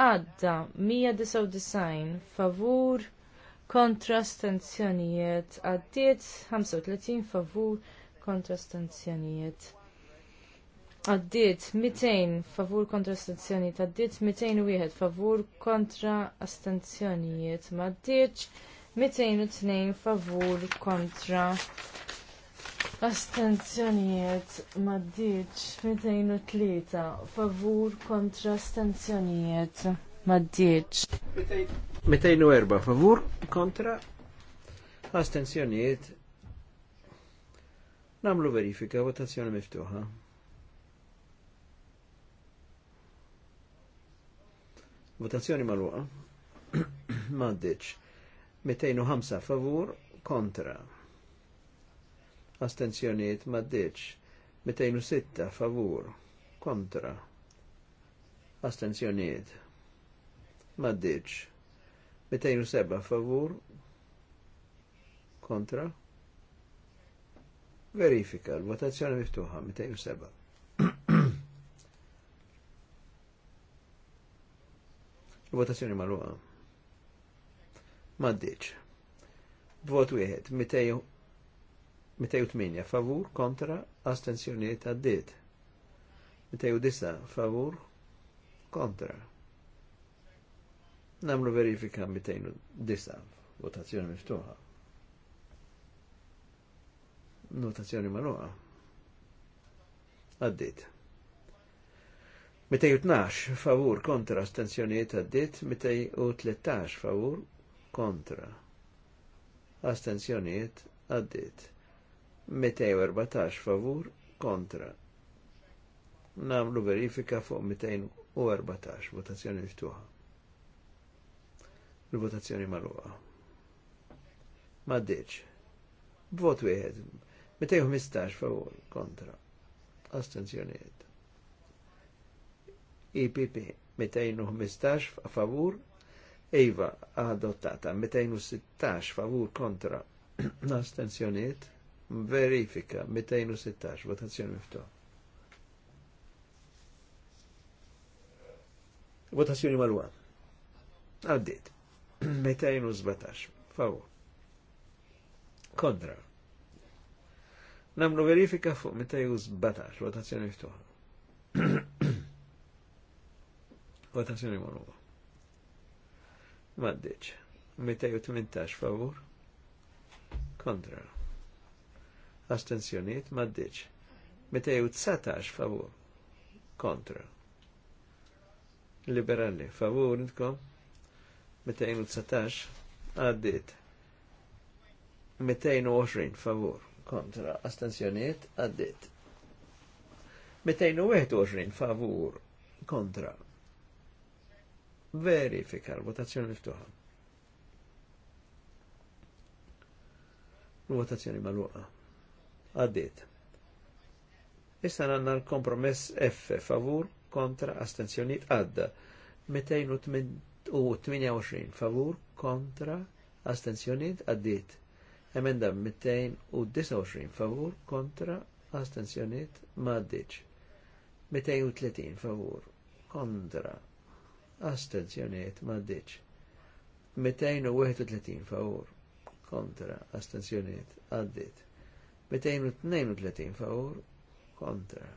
Speaker 3: għadda 199 favur kontra stanzjonijiet għaddiet 35 favur kontra stanzjonijiet għaddiet 200 favur kontra stanzjonijiet għaddiet 201 favur kontra astenzjonijiet ma għaddiet 202 favur kontra astenzjonijiet ddiċ 203 favur kontra astenzjonijiet ddiċ
Speaker 1: 204 favur kontra astenzjonijiet namlu verifika votazzjoni miftuħa votazzjoni mal ma ddiċ 205 favur kontra. Astenzjoniet maddiċ 206 favur kontra. Astenzjoniet maddiċ 207 favur kontra. Verifika l-votazzjoni miftuħa 207. Votazzjoni maluqa maddiċ. Vot wieħed, 208 favur kontra astensjoniet għaddit. 209 favur kontra. Namlu verifika 209 votazzjoni miftuħa. Notazzjoni manuqa. Għaddit. 212 favur kontra astensjoniet għaddit, 213 favur kontra astenzjoniet għaddit 214 favur kontra namlu verifika fuq 214 votazzjoni miftuħa l-votazzjoni marruqa ma ddiċ vot wieħed 215 favur kontra astenzjoniet IPP 215 favur Iva adottata 216 favur kontra astensjoniet verifika 216 votazzjoni miftuħ. Votazzjoni malwa. Għaddit. 217. Favur. Kontra. Namlu verifika fuq 217. Votazzjoni miftuħa. votazzjoni malwa. Maddiċ. 218 favur. Kontra. Astenzjoniet maddiċ. 219 favur. Kontra. Liberali favur nitkom. 219 għaddit. 220 favur. Kontra. Astenzjoniet għaddit. 221 favur. Kontra verifika l-votazzjoni miftuħa. L-votazzjoni maluqa. Għaddiet. Issa għanna l-kompromess F favur kontra astenzjoniet għadda. 228 favur kontra astenzjoniet għaddiet. Emenda 229 favur kontra astenzjoniet maddiċ. 230 favur kontra astenzjoniet maddiċ. 231 favur kontra astenzjoniet għaddit. 232 favur kontra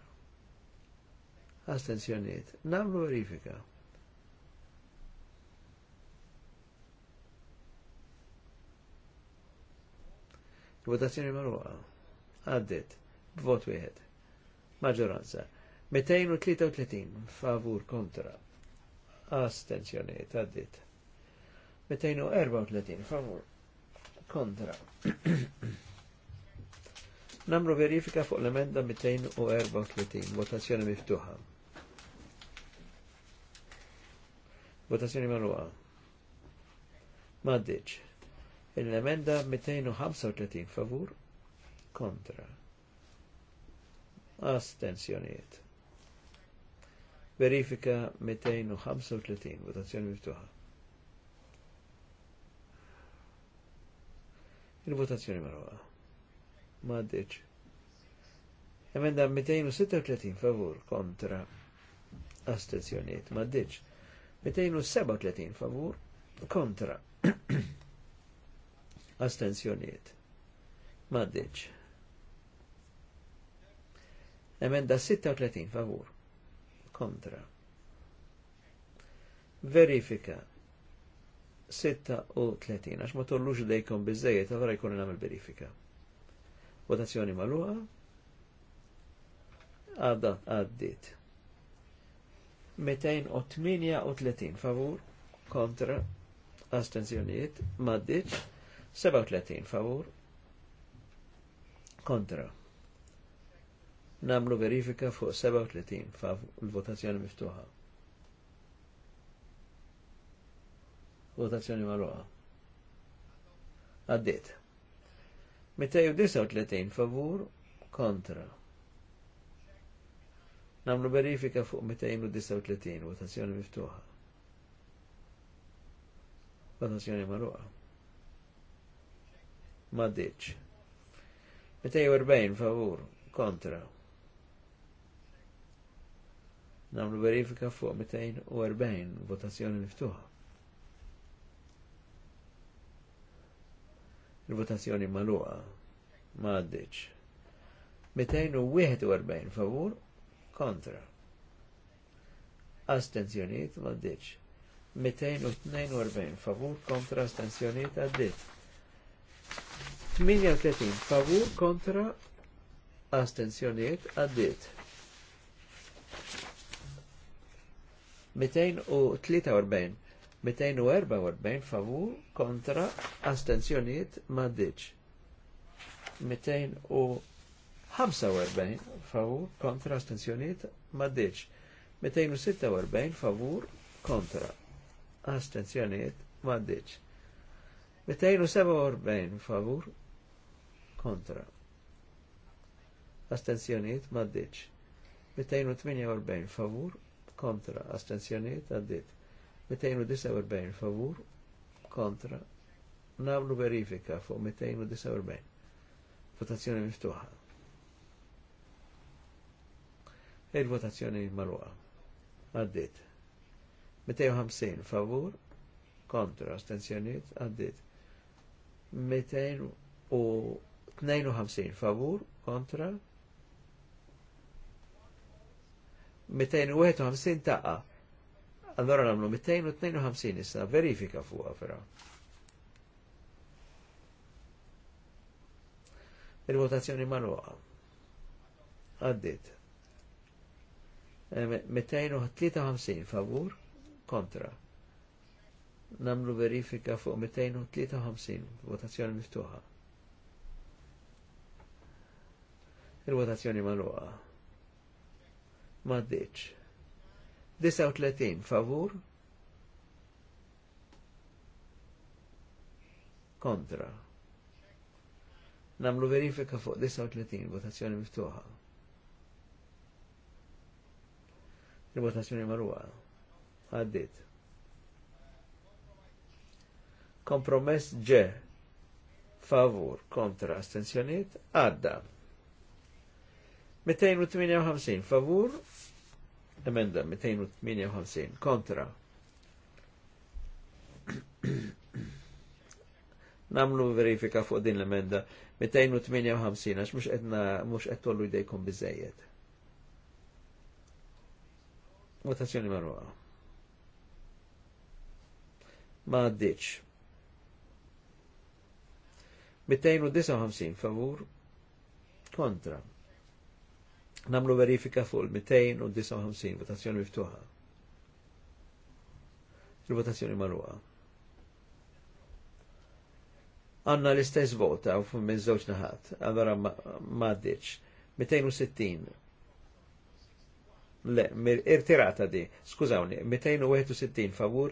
Speaker 1: astenzjoniet. Namlu verifika. Votazzjoni marruqa. Għaddit. Vot wieħed. Maġġoranza. 233 favur kontra astenzjoniet għaddit. 234 favur kontra. Namru verifika fuq l-emenda 234, votazzjoni miftuħa. Votazzjoni marruqa. Maddiċ. L-emenda 235 favur kontra. Astenzjoniet verifika 235, votazzjoni miftuħa. Il-votazzjoni marwa. Maddeċ. Emenda 236 favur kontra astenzjoniet. Maddeċ. 237 favur kontra astenzjoniet. Maddeċ. Emenda 36 favur kontra. Verifika 36, għax ma tollux dejkom bizzejiet, għavra jkun namel verifika. Votazzjoni maluħa. għadda għaddit. 238 favur kontra astenzjonijiet maddiċ 37 favur kontra namlu verifika fuq 37 fa' l-votazzjoni miftuħa. Votazzjoni marruħa. Għaddit. 239 favur kontra. Namlu verifika fuq 239 votazzjoni miftuħa. Votazzjoni marruħa. Ma' ditx. 240 favur kontra namlu verifika fuq 240 votazzjoni miftuħa. Il-votazzjoni maluqa ma għaddiċ. 241 favur kontra. Astenzjoniet ma għaddiċ. 242 favur kontra astenzjoniet għaddiċ. 38 favur kontra astenzjoniet għaddiċ. 243, 244 favur kontra astenzjoniet maddiċ. 245 favur kontra astenzjoniet maddiċ. 246 favur kontra astenzjoniet maddiċ. 247 favur kontra. Astenzjoniet maddiċ. 248 favur kontra astenzjoniet għaddit 249 favur kontra namlu verifika fuq 249 votazzjoni miftuħa e il-votazzjoni marwa għaddit 250 favur kontra astenzjoniet għaddit 252 favur kontra 251 taqqa. Allora namlu 252 issa, verifika fuqa fera. Il-votazzjoni manuqa. Għaddit. 253 eh, favur kontra. Namlu verifika fuq 253 votazzjoni miftuħa. Il-votazzjoni manuqa maddiċ. 39 favur kontra. Namlu verifika fuq 39 votazzjoni miftuħa. Il-votazzjoni marwa. Għaddit. Kompromess ġe. Favur kontra astensjoniet għadda. 258 favur, emenda 258 kontra. Namlu verifika fuq din l-emenda 258 għax mux etna mux ettollu jdejkom bizzejiet. Votazzjoni marwa. Ma għaddiċ. 259 favur kontra namlu verifika fuq il-259 votazzjoni miftuħa. Il-votazzjoni marruqa. Għanna l-istess vota u minn żewġ naħat, għavera maddiċ. 260. Le, irtirata di, skużawni, 261 favur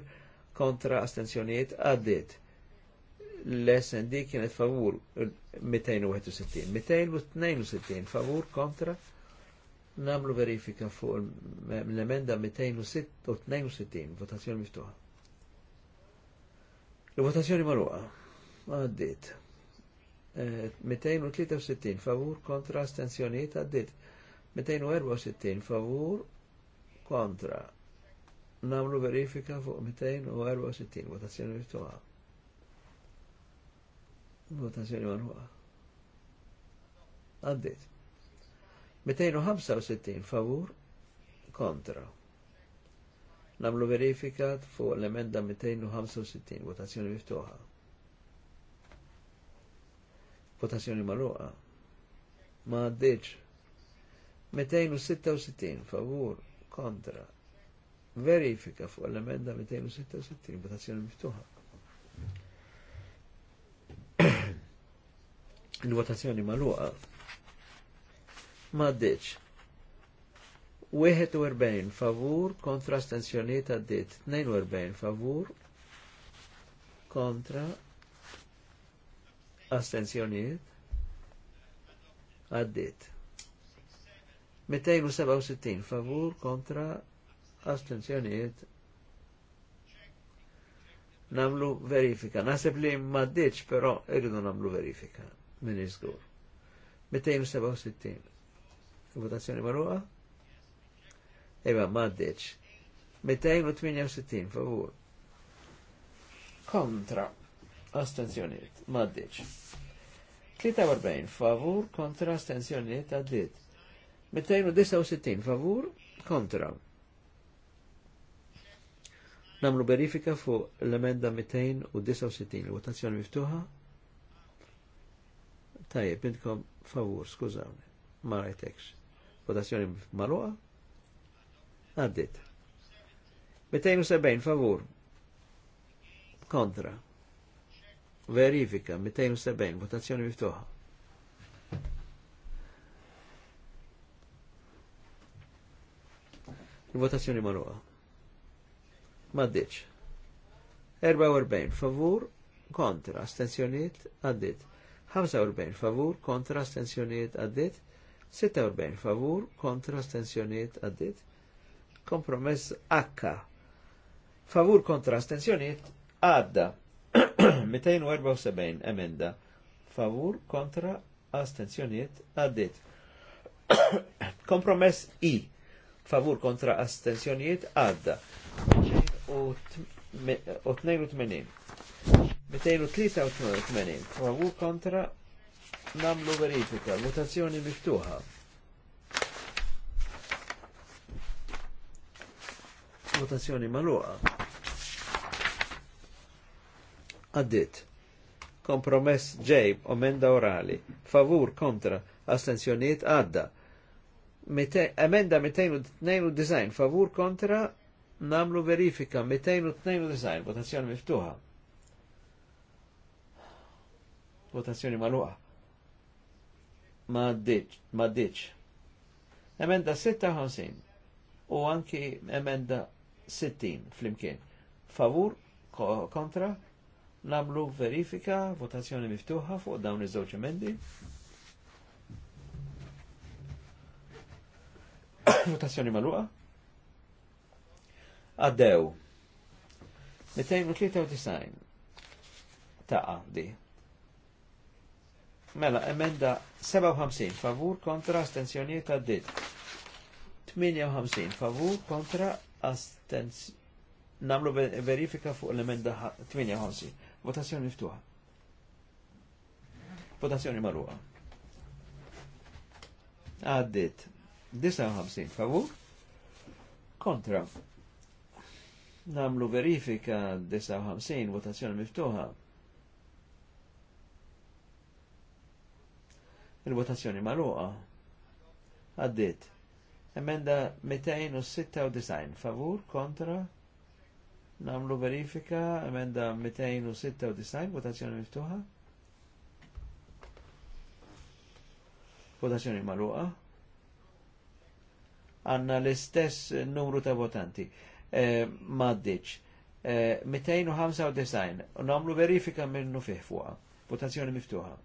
Speaker 1: kontra astenzjoniet għaddit. L-SND kienet favur 261, 262 favur kontra namlu verifika fuq l-emenda 262, votazzjoni miftuħa. L-votazzjoni marruqa, għaddit. 263 eh, favur kontra astensjoniet għaddit. 264 favur kontra. Namlu verifika fuq 264, votazzjoni miftuħa. Votazzjoni marruqa. Għaddit. 265 favur kontra. Namlu verifikat fuq l-emenda 265, votazzjoni miftuħa. Votazzjoni maluqa. Ma għaddiċ. 266 favur kontra. Verifika fuq l-emenda 266, votazzjoni miftuħa. Il-votazzjoni maluqa ma ddeċ. 41 favur kontra ta' għaddit. 42 favur kontra astensjoniet għaddit. 267 favur kontra astensjoniet namlu verifika. Nasib li maddiċ, pero irridu namlu verifika. Min izgur. 267 votazzjoni marruqa. Iva, maddeċ. 268 favur. Kontra. Astenzjoniet. Maddeċ. 43 favur kontra astenzjoniet għaddit. 269 favur kontra. Namlu verifika fu l-emenda 269 l-votazzjoni miftuħa. Tajjeb, bintkom favur, skużawni, ma rajtekx. Votazzjoni maluqa. Għaddit. 270 favur. Kontra. Verifika 270 votazzjoni miftuħa. votazzjoni marruqa. Maddiċ. 44 favur kontra astensjoniet għaddit. 45 favur kontra astensjoniet għaddit. 46 favur kontra astensjoniet għaddit. Kompromess H. Favur kontra astensjoniet għadda. 274 emenda. Favur kontra astensjoniet għaddit. Kompromess I. Favur kontra astensjoniet għadda. 283. favur kontra namlu verifika, votazzjoni miftuħa. Votazzjoni maluqa. Għaddit. Kompromess ġejb, omenda orali, favur kontra, astensjoniet għadda. Emenda 292, favur kontra, namlu verifika, 292, votazzjoni miftuħa. Votazzjoni maluqa ma ddiċ. Emenda 56 u anki emenda 60 flimkien. Favur kontra namlu verifika, votazzjoni miftuħa fuq dawn iż-żewġ emendi. votazzjoni maluqa. Addew. 293 taqa di. Mela, emenda 57 favur kontra astenzjoniet għaddit. 58 favur kontra astenzjoniet. Namlu verifika fuq l-emenda 58. Votazzjoni ftuħa. Votazzjoni marruqa. Għaddit. 59 favur kontra. Namlu verifika 59 votazzjoni miftuħa. Il-votazzjoni maluqa. Għaddit. Emenda 296 favur kontra namlu verifika emenda 296 votazzjoni miftuħa. Votazzjoni maluqa għanna l-istess numru ta' votanti. Eh, Maddiċ. Eh, 295. Namlu verifika minnu fiħfuqa. Votazzjoni miftuħa.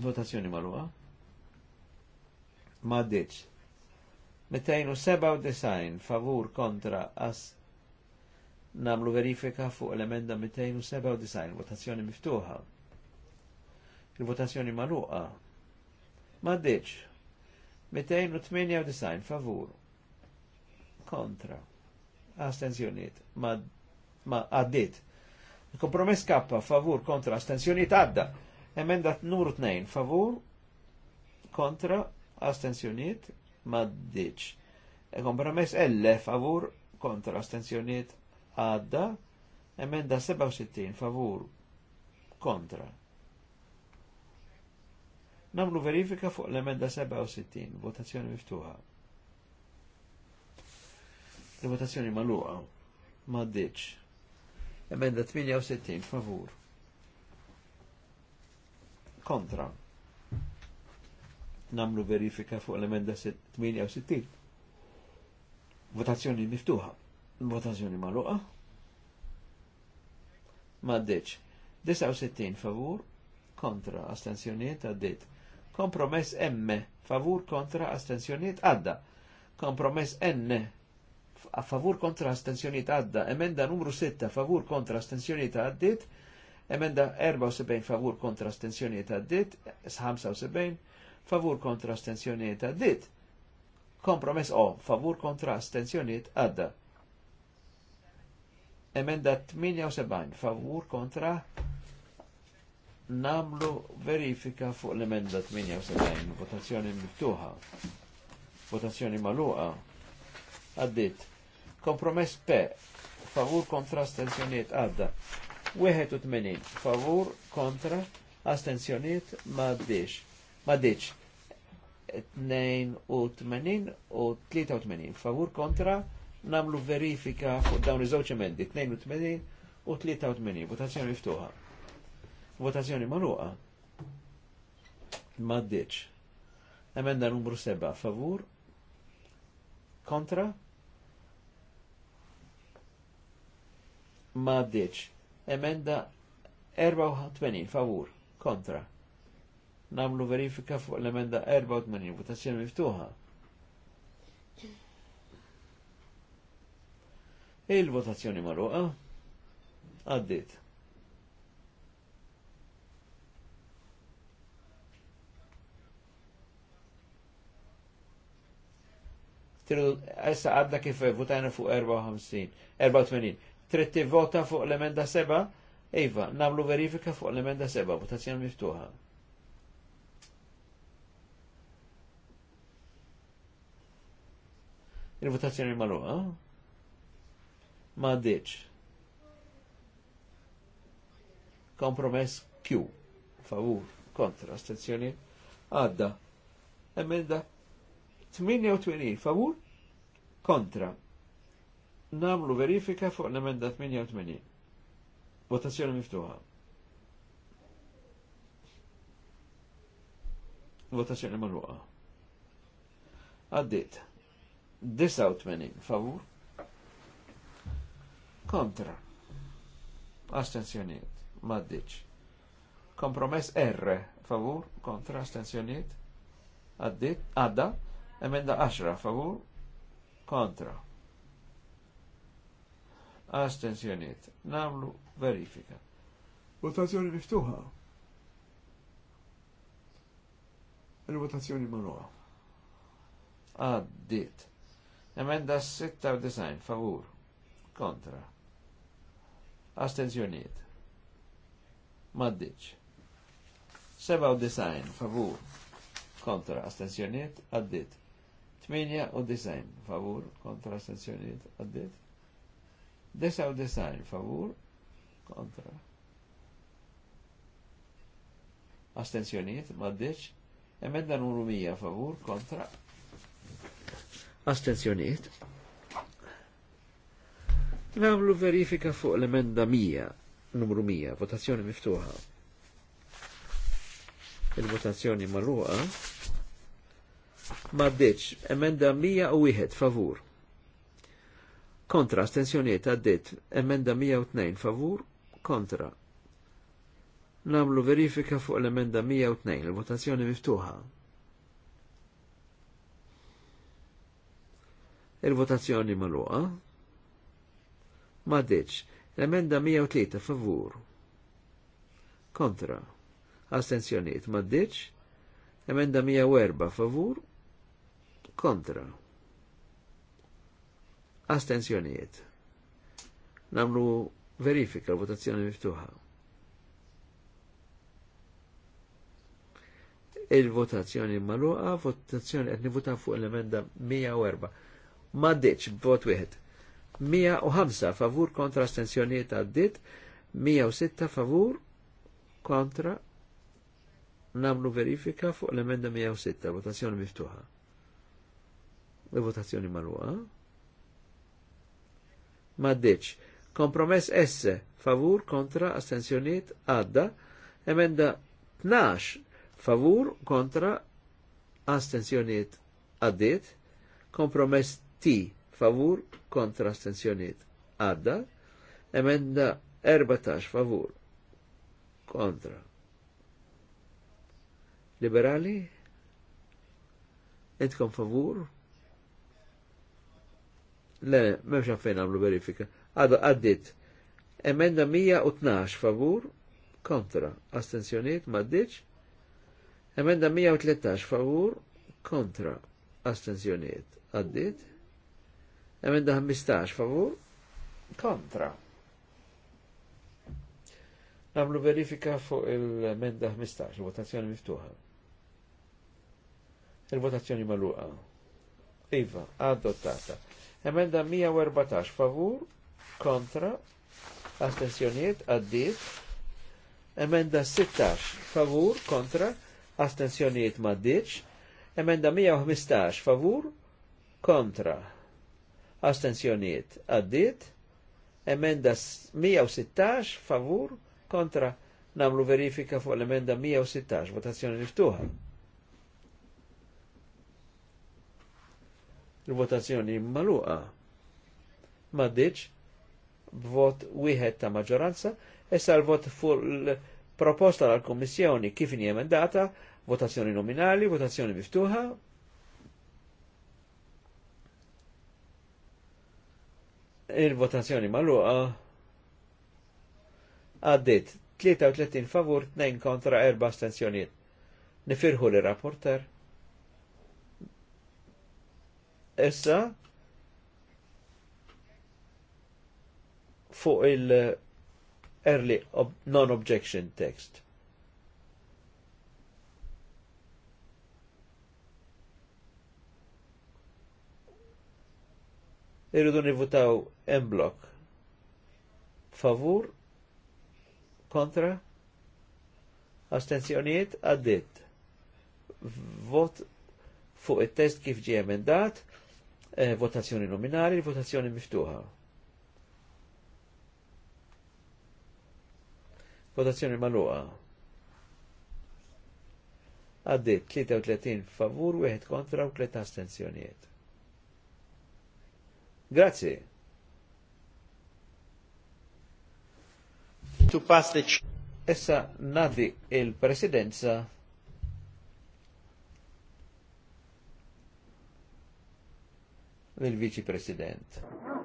Speaker 1: Votazzjoni marwa. Ma u 297 favur kontra as namlu verifika fuq l-emenda 297 votazzjoni miftuħa. Il-votazzjoni marwa. Ma ddiċ. 298 favur kontra astenzjoniet ma, ma il Kompromess kappa favur kontra astenzjoniet għadda. Emenda numru 2, favur, kontra, astensjoniet, maddiċ. E kompromess L, favur, kontra, astensjoniet, għadda. Emenda 67, favur, kontra. Namlu verifika fuq l-emenda 67, votazzjoni miftuħa. l votazzjoni maluqa, maddiċ. Emenda 68, favur kontra. Namlu verifika fuq l-emenda 68. Votazzjoni miftuħa. Votazzjoni maluqa. Maddeċ. 69 favur kontra astensjoniet għaddit. Kompromess M favur kontra astensjoniet għadda. Kompromess N a favur kontra astensjoniet għadda. Emenda numru 6 favur kontra astensjoniet għaddit Emenda 74 favur kontra astensjonijiet dit, 75 favur kontra astensjonijiet dit. Kompromess O, favur kontra astensjonijiet għadda. Emenda 78 favur kontra namlu verifika fuq l-emenda 78, votazzjoni miftuħa, votazzjoni maluqa, għaddit. Kompromess P, favur kontra stenzjoniet għadda. 81 favur kontra astenzjoniet maddiċ. Maddiċ. 82 u 83 favur kontra namlu verifika fuq dawn iż-żewġ emendi 82 u 83 votazzjoni miftuħa. Votazzjoni magħluqa. Maddiċ. Emenda numru 7 favur kontra ma maddiċ. Emenda 84 favur kontra. Namlu verifika fuq l-emenda 84 votazzjoni miftuħa. Il-votazzjoni marruqa għaddit. Essa għadda kif votajna fuq 54, 84 trid tivvota fuq l-emenda seba', Iva, namlu verifika fuq l-emenda seba', votazzjoni miftuħa. Il-votazzjoni magħluqa? Ma ddiċ. Kompromess Q. Favur, kontra, stazzjoni għadda. Emenda 28, favur, kontra, namlu verifika fuq l-emenda 88. Votazzjoni miftuħa. Votazzjoni marruqa. Għaddit. 89 favur. Kontra. Astenzjoniet. Maddiċ. Kompromess R. Favur. Kontra. Astenzjoniet. Għaddit. Għadda. Emenda 10 favur. Kontra astensjoniet. Namlu verifika. Votazzjoni miftuħa. Il-votazzjoni manuqa. Għaddit. Emenda 96 favur. Kontra. Astenzjoniet. Maddiċ. 97 favur. Kontra astenzjoniet. Għaddit. 98 favur. Kontra astenzjoniet. Għaddit il favur kontra. Astenzjoniet, maddeċ. Emenda numru 100 favur kontra. Astenzjoniet. Namlu verifika fuq l-emenda mija, numru 100, votazzjoni miftuħa. Il-votazzjoni marruqa. Maddeċ, emenda Mija u wieħed, favur kontra astensjoniet għaddit emenda 102 favur kontra. Namlu verifika fuq l-emenda 102, il-votazzjoni miftuħa. Il-votazzjoni maluqa. Ma ditx, l-emenda 103 favur. Kontra. Astenzjoniet maddiċ, emenda 104 favur. Kontra Astenzjonijiet. Namlu verifika l votazzjoni miftuħa. Il-votazzjoni maluqa, votazzjoni qed nivuta fuq l-emenda 104. Ma ditx vot wieħed. 105 favur kontra astenzjonijiet għaddit, 106 favur kontra namlu verifika fuq l-emenda 106, votazzjoni miftuħa. Il-votazzjoni maluqa maddeċ. Kompromess S, favur kontra astensjoniet għadda. Emenda 12, favur kontra astensjoniet għaddit. Kompromess T, favur kontra astensjoniet għadda. Emenda 14, favur kontra. Liberali? Edkom favur? Le, memx għaffin għamlu verifika. Għadu, għaddit. Emenda 112 favur, kontra. Astenzjoniet, maddiċ. Emenda 113 favur, kontra. Astenzjoniet, għaddit. Emenda 15 favur, kontra. Għamlu verifika fuq il-emenda 15, il-votazzjoni miftuħa. Il-votazzjoni maluqa. Iva, adottata. Emenda 114 favur kontra astensjoniet għaddiet. Emenda 16 favur kontra astensjoniet maddiċ. Emenda 115 favur kontra astensjoniet għaddiet. Emenda 116 favur kontra namlu verifika fuq l-emenda 116 votazzjoni niftuħa. il-votazzjoni maluqa maddiċ b'vot wieħed ta' maġġoranza, issa l-vot fuq il proposta tal kommissjoni kif inhi emendata, votazzjoni nominali, votazzjoni miftuħa. Il-votazzjoni maluqa għaddit 33 favur, 2 kontra, 4 astenzjoniet. Nifirħu l-rapporter essa fuq il-early ob non-objection text. irridu nivutaw en block Favur, kontra, astenzjoniet, għaddit. Vot fuq il-test kif ġie emendat, Eh, votazzjoni nominali, votazzjoni miftuħa. Votazzjoni maluqa. Għaddit 33 favur, 1 kontra u 3 astenzjonijiet. Grazie. To pass the... Essa nadi il-presidenza il-Viċi President. Eh,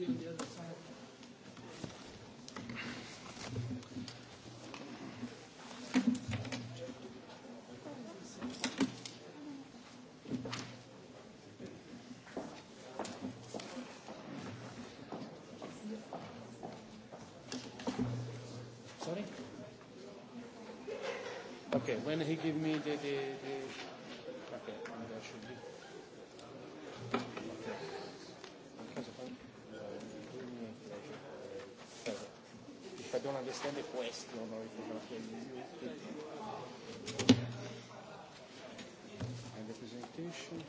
Speaker 4: Okay, when he give me the, the, the understand a question or if you can use And the presentation.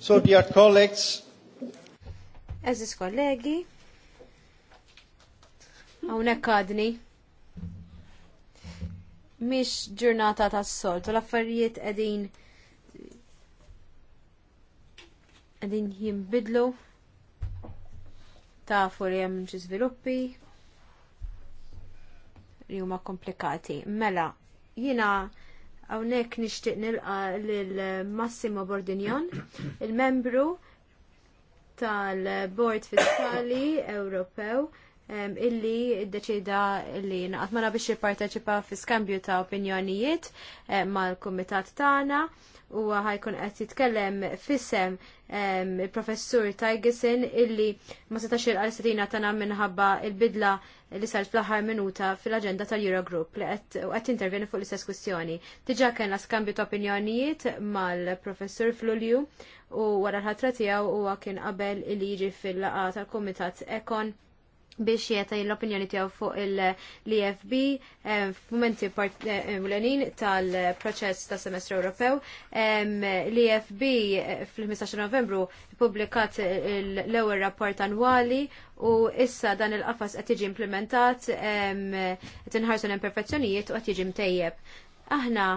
Speaker 4: So, dear colleagues,
Speaker 2: eżis kollegi, għawnek għadni. Mish ġurnata ta' s-solt, u l-affarijiet edin edin jimbidlu ta' fur jem ġi sviluppi li huma komplikati. Mela, jina għawnek nishtiq nilqa l-Massimo Bordignon, il-membru tal-Bord Fiskali Ewropew illi id-deċida illi naqatmana biex jipparteċipa fi skambju ta' opinjonijiet eh, mal-kumitat tagħna u ħajkun qed jitkellem fissem il-professur Tajgisen illi ma setax il srina minħabba il-bidla li sar fl-aħħar minuta fil-aġenda tal-Eurogroup li qed intervjeni fuq l-istess kwistjoni. Diġà kellna skambju ta' opinjonijiet mal-professur Flulju u wara l-ħatra tiegħu huwa kien qabel illi jiġi fil-laqgħa tal-Kumitat Ekon biex jeta l-opinjoni tiegħu fuq l-EFB eh, f'mumenti mlenin eh, tal-proċess ta' semestru Ewropew. L-EFB eh, fil-15 Novembru publikat l-ewwel rapport annwali u issa dan il-qafas qed jiġi implementat qed inħarsu l-imperfezzjonijiet u qed jiġi mtejjeb. Aħna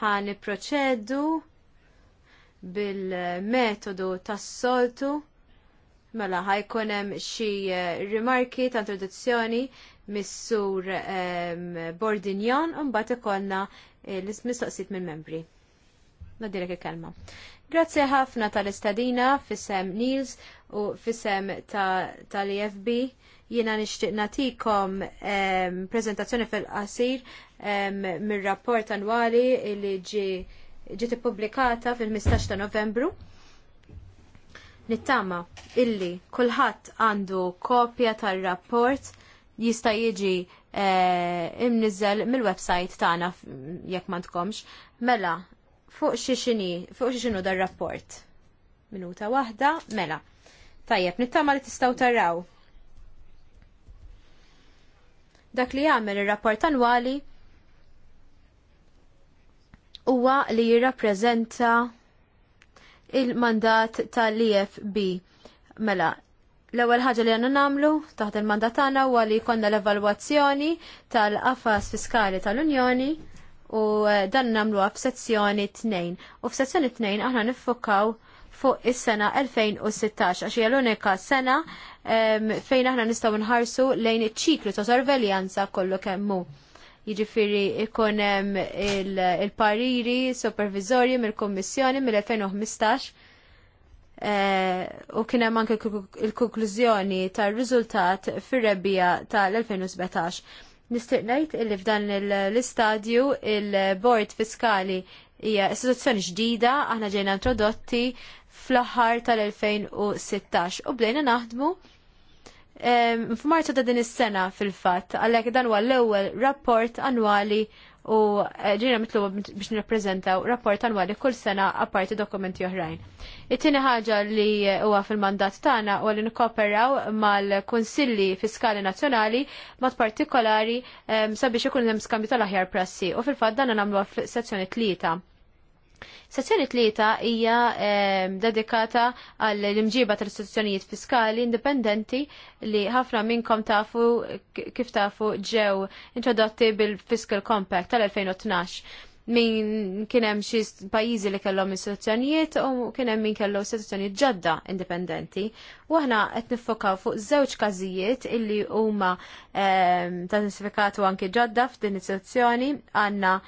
Speaker 2: ħan proċedu bil-metodu tas-soltu Mela ħajkun hemm xi eh, rimarki ta' introduzzjoni mis-sur ehm, Bordinjon u mbagħad ikollna eh, l-mistoqsijiet mill-membri. Nadilek il-kelma. Grazzi ħafna tal-istadina fissem Nils u fissem tal-EFB. Jiena nixtieq natikom ehm, prezentazzjoni fil-qasir ehm, mir-rapport annwali li ġi ġiet ippubblikata fil-15 ta' Novembru Nittama illi kulħadd għandu kopja tar-rapport jista' jiġi e, imniżel mill-website tagħna jekk ma tkomx. Mela, fuq xi xini, fuq xi xinu dar-rapport. Minuta waħda, mela. Tajjeb, nittama li tistgħu taraw. Dak li jagħmel ir-rapport annwali huwa li jirrappreżenta il-mandat tal-IFB. Mela, l-ewwel ħaġa li għandna nagħmlu taħt il-mandat tagħna huwa li jkollna l-evalwazzjoni tal-qafas fiskali tal-Unjoni u eh, dan nagħmluha f'sezzjoni tnejn. U f'sezzjoni tnejn aħna niffukaw fuq is-sena 2016 għax hija l-unika sena ehm, fejn aħna nistgħu nħarsu lejn iċ-ċiklu ta' sorveljanza kollu kemm hu jiġifieri ikun hemm il-pariri il mill-Kummissjoni mill-2015 eh, u kien hemm anke il-konklużjoni tar-riżultat fir-rebbija tal-2017. Nistieq ngħid illi f'dan l-istadju il-Bord Fiskali hija istituzzjoni ġdida aħna ġejna introdotti fl-aħħar tal-2016 u bdejna naħdmu f'Marzu ta' din is-sena fil-fatt, għalhekk dan huwa l-ewwel rapport annwali u eh, ġina mitluba biex nirrappreżentaw rapport annwali kull sena apparti dokumenti oħrajn. It-tieni ħaġa li huwa fil-mandat tagħna u li nikkoperaw mal-Kunsilli Fiskali Nazzjonali mat partikolari sabiex ikun hemm skambju tal-aħjar prassi u fil-fatt dan nagħmluha f'sezzjoni tlieta. Sezzjoni tlieta hija ehm, dedikata għall imġiba tal-istituzzjonijiet fiskali indipendenti li ħafna minnkom tafu kif tafu ġew introdotti bil-Fiscal Compact tal-2012 min kien hemm xi pajjiżi li kellhom istituzzjonijiet u kien hemm min kellu istituzzjonijiet ġodda indipendenti. U aħna qed niffokaw fuq żewġ każijiet illi huma ehm, ta' anki ġodda f'din istituzzjoni għandna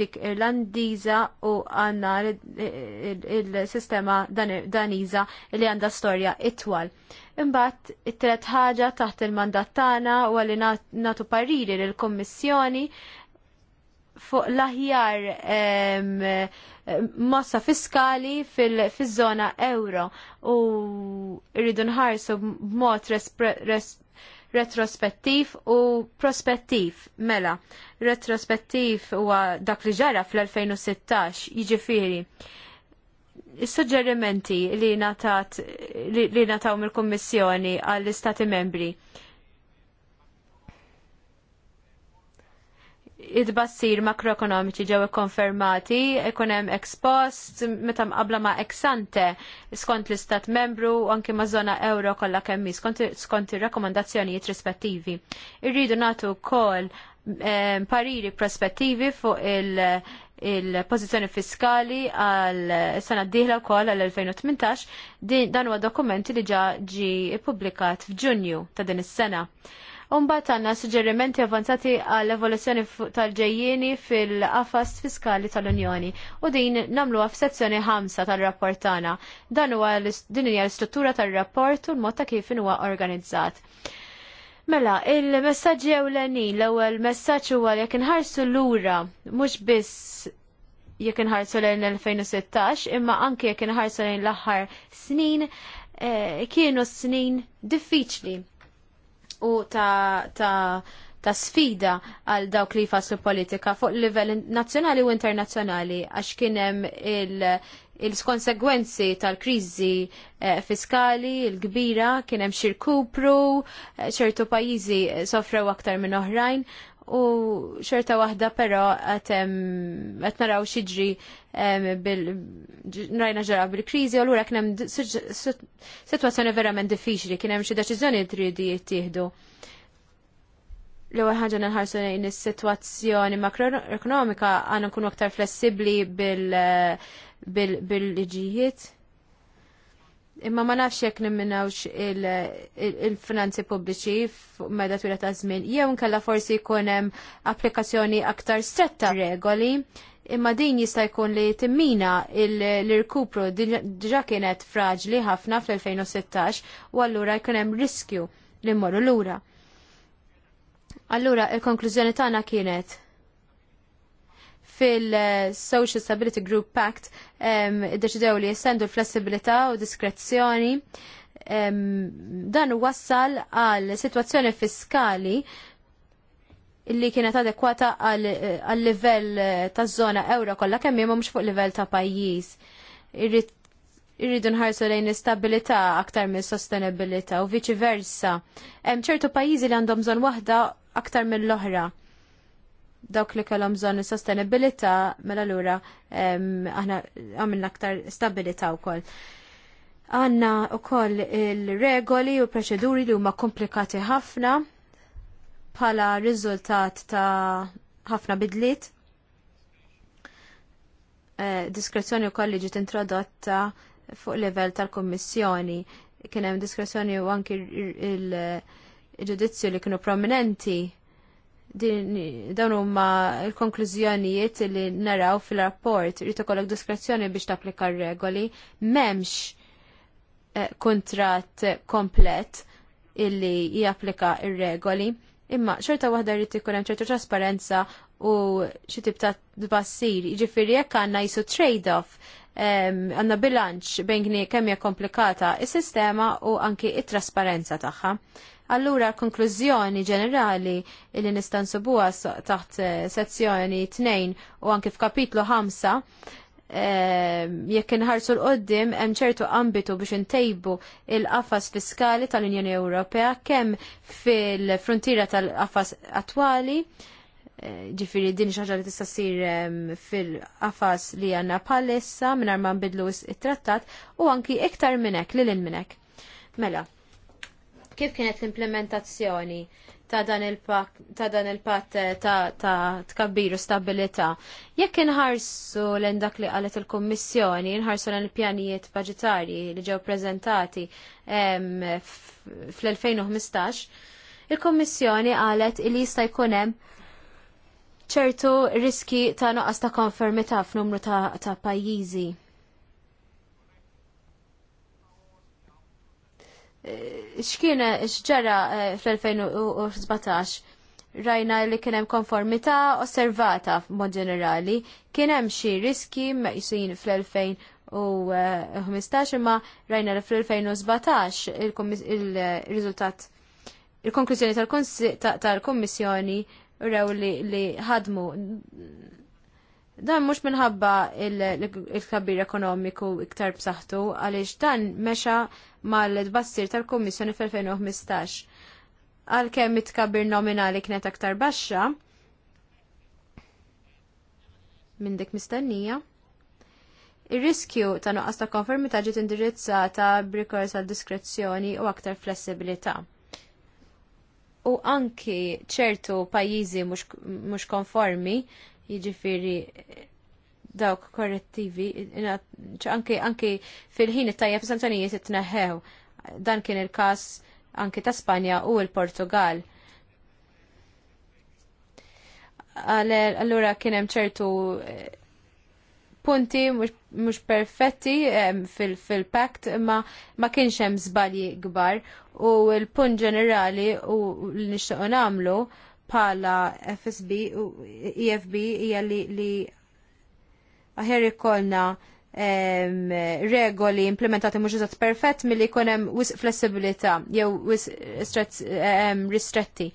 Speaker 2: dik Irlandiża u għanna il-sistema daniza li għandha storja itwal. Imbagħad it-tret ħaġa taħt il-mandat tagħna u għalli nagħtu pariri lill kommissjoni fuq l-aħjar massa fiskali fil-żona euro u rridu nħarsu b'mod retrospettiv u prospettiv. Mela, retrospettiv huwa dak li ġara fl-2016, jiġifieri. Is-suġġerimenti li natat li nataw mill-Kummissjoni għall-Istati Membri id-bassir makroekonomiċi ġew ikkonfermati, ikun hemm ex post, meta mqabbla ma' ex ante, skont l-istat membru u anki ma' żona euro kollha kemm skont ir-rakkomandazzjonijiet rispettivi. Irridu nagħtu wkoll ehm, pariri prospettivi fuq il- il-pozizjoni fiskali għal sena d-dihla wkoll għal 2018 dan huwa dokumenti li ġa ġi ppubblikat f'Ġunju ta' din is-sena. Umbat għanna suġġerimenti avanzati għall evoluzzjoni tal-ġejjieni fil-qafas fiskali tal-Unjoni u din namlu għaf sezzjoni 5 tal-rapport tagħna. Dan huwa din hija l-struttura tal-rapport u l motta ta' kif huwa organizzat. Mela, il messagġi ewlenin, l-ewwel messaġġ huwa jekk inħarsu lura mhux biss jekk inħarsu lejn 2016, imma anke jekk inħarsu lejn l-aħħar snin, eh, kienu snin diffiċli u ta', ta ta' sfida għal dawk li jfasslu politika fuq livell nazzjonali u internazzjonali għax kienem il- il-konsegwenzi tal-krizi eh, fiskali il-kbira kienem xirkupru eh, ċertu pajizi sofrew aktar minn oħrajn u xorta waħda però qed naraw bil rajna ġara bil-kriżi u lura kien hemm sitwazzjoni verament diffiċli kien hemm xi deċiżjoni triedi jittieħdu. L-ewwel ħaġa nħarsu in is-sitwazzjoni makroekonomika għandna nkunu aktar flessibbli eh, bil-liġijiet. Bil, bil Imma ma nafx jekk nimminawx il-finanzi pubbliċi f'meda twila ta' żmien, jew nkella forsi jkun hemm applikazzjoni aktar stretta regoli, imma din jista' jkun li timmina l-irkupru diġà kienet fraġli ħafna fl-2016 u allura jkun hemm riskju li mmorru lura. Allura, il-konklużjoni tagħna kienet fil-Social Stability Group Pact deċidew li jessendu l-flessibilità u diskrezzjoni dan wassal għal situazzjoni fiskali li kienet adekwata għal livell ta' zona euro kollha kemm ma mhux fuq livell ta' pajjiż. Irridu nħarsu lejn istabilità aktar minn sostenibilità u viċi versa. Hemm ċertu pajjiżi li għandhom bżonn waħda aktar mill-oħra dawk li kellhom bżonn sostenibilità mela lura aħna għamilna aktar stabilità wkoll. Għanna wkoll il-regoli u proċeduri li huma komplikati ħafna bħala riżultat ta' ħafna bidliet. Diskrezzjoni wkoll li ġiet introdotta fuq livell tal-Kummissjoni. Kien hemm diskrezzjoni u anki il-ġudizzju li kienu prominenti dawn huma l-konklużjonijiet li naraw fil-rapport irid ikollok diskrezzjoni biex tapplika regoli m'hemmx eh, kuntratt komplet illi japplika ir-regoli imma xorta waħda rrid ikun hemm ċertu trasparenza u xi tip ta' tbassir. Jiġifieri jekk għandna jisu trade-off għandna bilanċ bejn kemm hija komplikata is-sistema u anki it-trasparenza tagħha. Allura konklużjoni ġenerali li nistan subuha taħt eh, sezzjoni 2 u anki f'kapitlu 5 eh, jekk inħarsu l-qoddim hemm ċertu ambitu biex intejbu il-qafas fiskali tal-Unjoni Ewropea kemm fil-frontiera tal-qafas attwali eh, ġifiri din xaġa li tista' sir fil-qafas li għanna palissa minn ma nbidlu it-trattat u anki iktar minnek li l-minnek. Mela, kif kienet l-implementazzjoni ta' dan il-pat eh, ta' tkabbir u stabilita. Jekk inħarsu l dak li għalet il-Kommissjoni, inħarsu l pjanijiet budgetari li ġew prezentati fl-2015, il-Kommissjoni għalet il jista' jkunem ċertu riski ta' noqqas ta' konfermità f'numru ta' pajjiżi xkiena xġara eh, fl-2017 rajna li kienem konformita osservata mod ġenerali, kienem xi riski meqsin fl-2015 imma rajna li fl-2017 il-riżultat il-konklużjoni tal-Kommissjoni rew li ħadmu Dan mhux minħabba il-kabir ekonomiku iktar b'saħħtu għaliex dan mexa mal-tbassir tal-Kummissjoni fil-2015. Għalkemm it-kabir nominali kienet aktar baxxa minn dik mistennija. Ir-riskju ta' nuqqas ta' konformità ġiet indirizzata b'rikors għal diskrezzjoni u aktar flessibilità. U anki ċertu pajjiżi mhux konformi jiġifieri dawk korrettivi, anke anke fil-ħin it-tajja f'sanzjonijiet it-tneħħew. Dan kien il-każ anke ta' Spanja u l-Portugal. Allura kien hemm ċertu eh, punti mhux perfetti eh, fil-pakt imma ma kienx hemm żbalji kbar u l-punt ġenerali u li nixtiequ nagħmlu Pala FSB u EFB hija li, li aħer ikollna um, regoli implementati mhux eżatt perfett milli jkun hemm wisq flessibilità jew um, ristretti.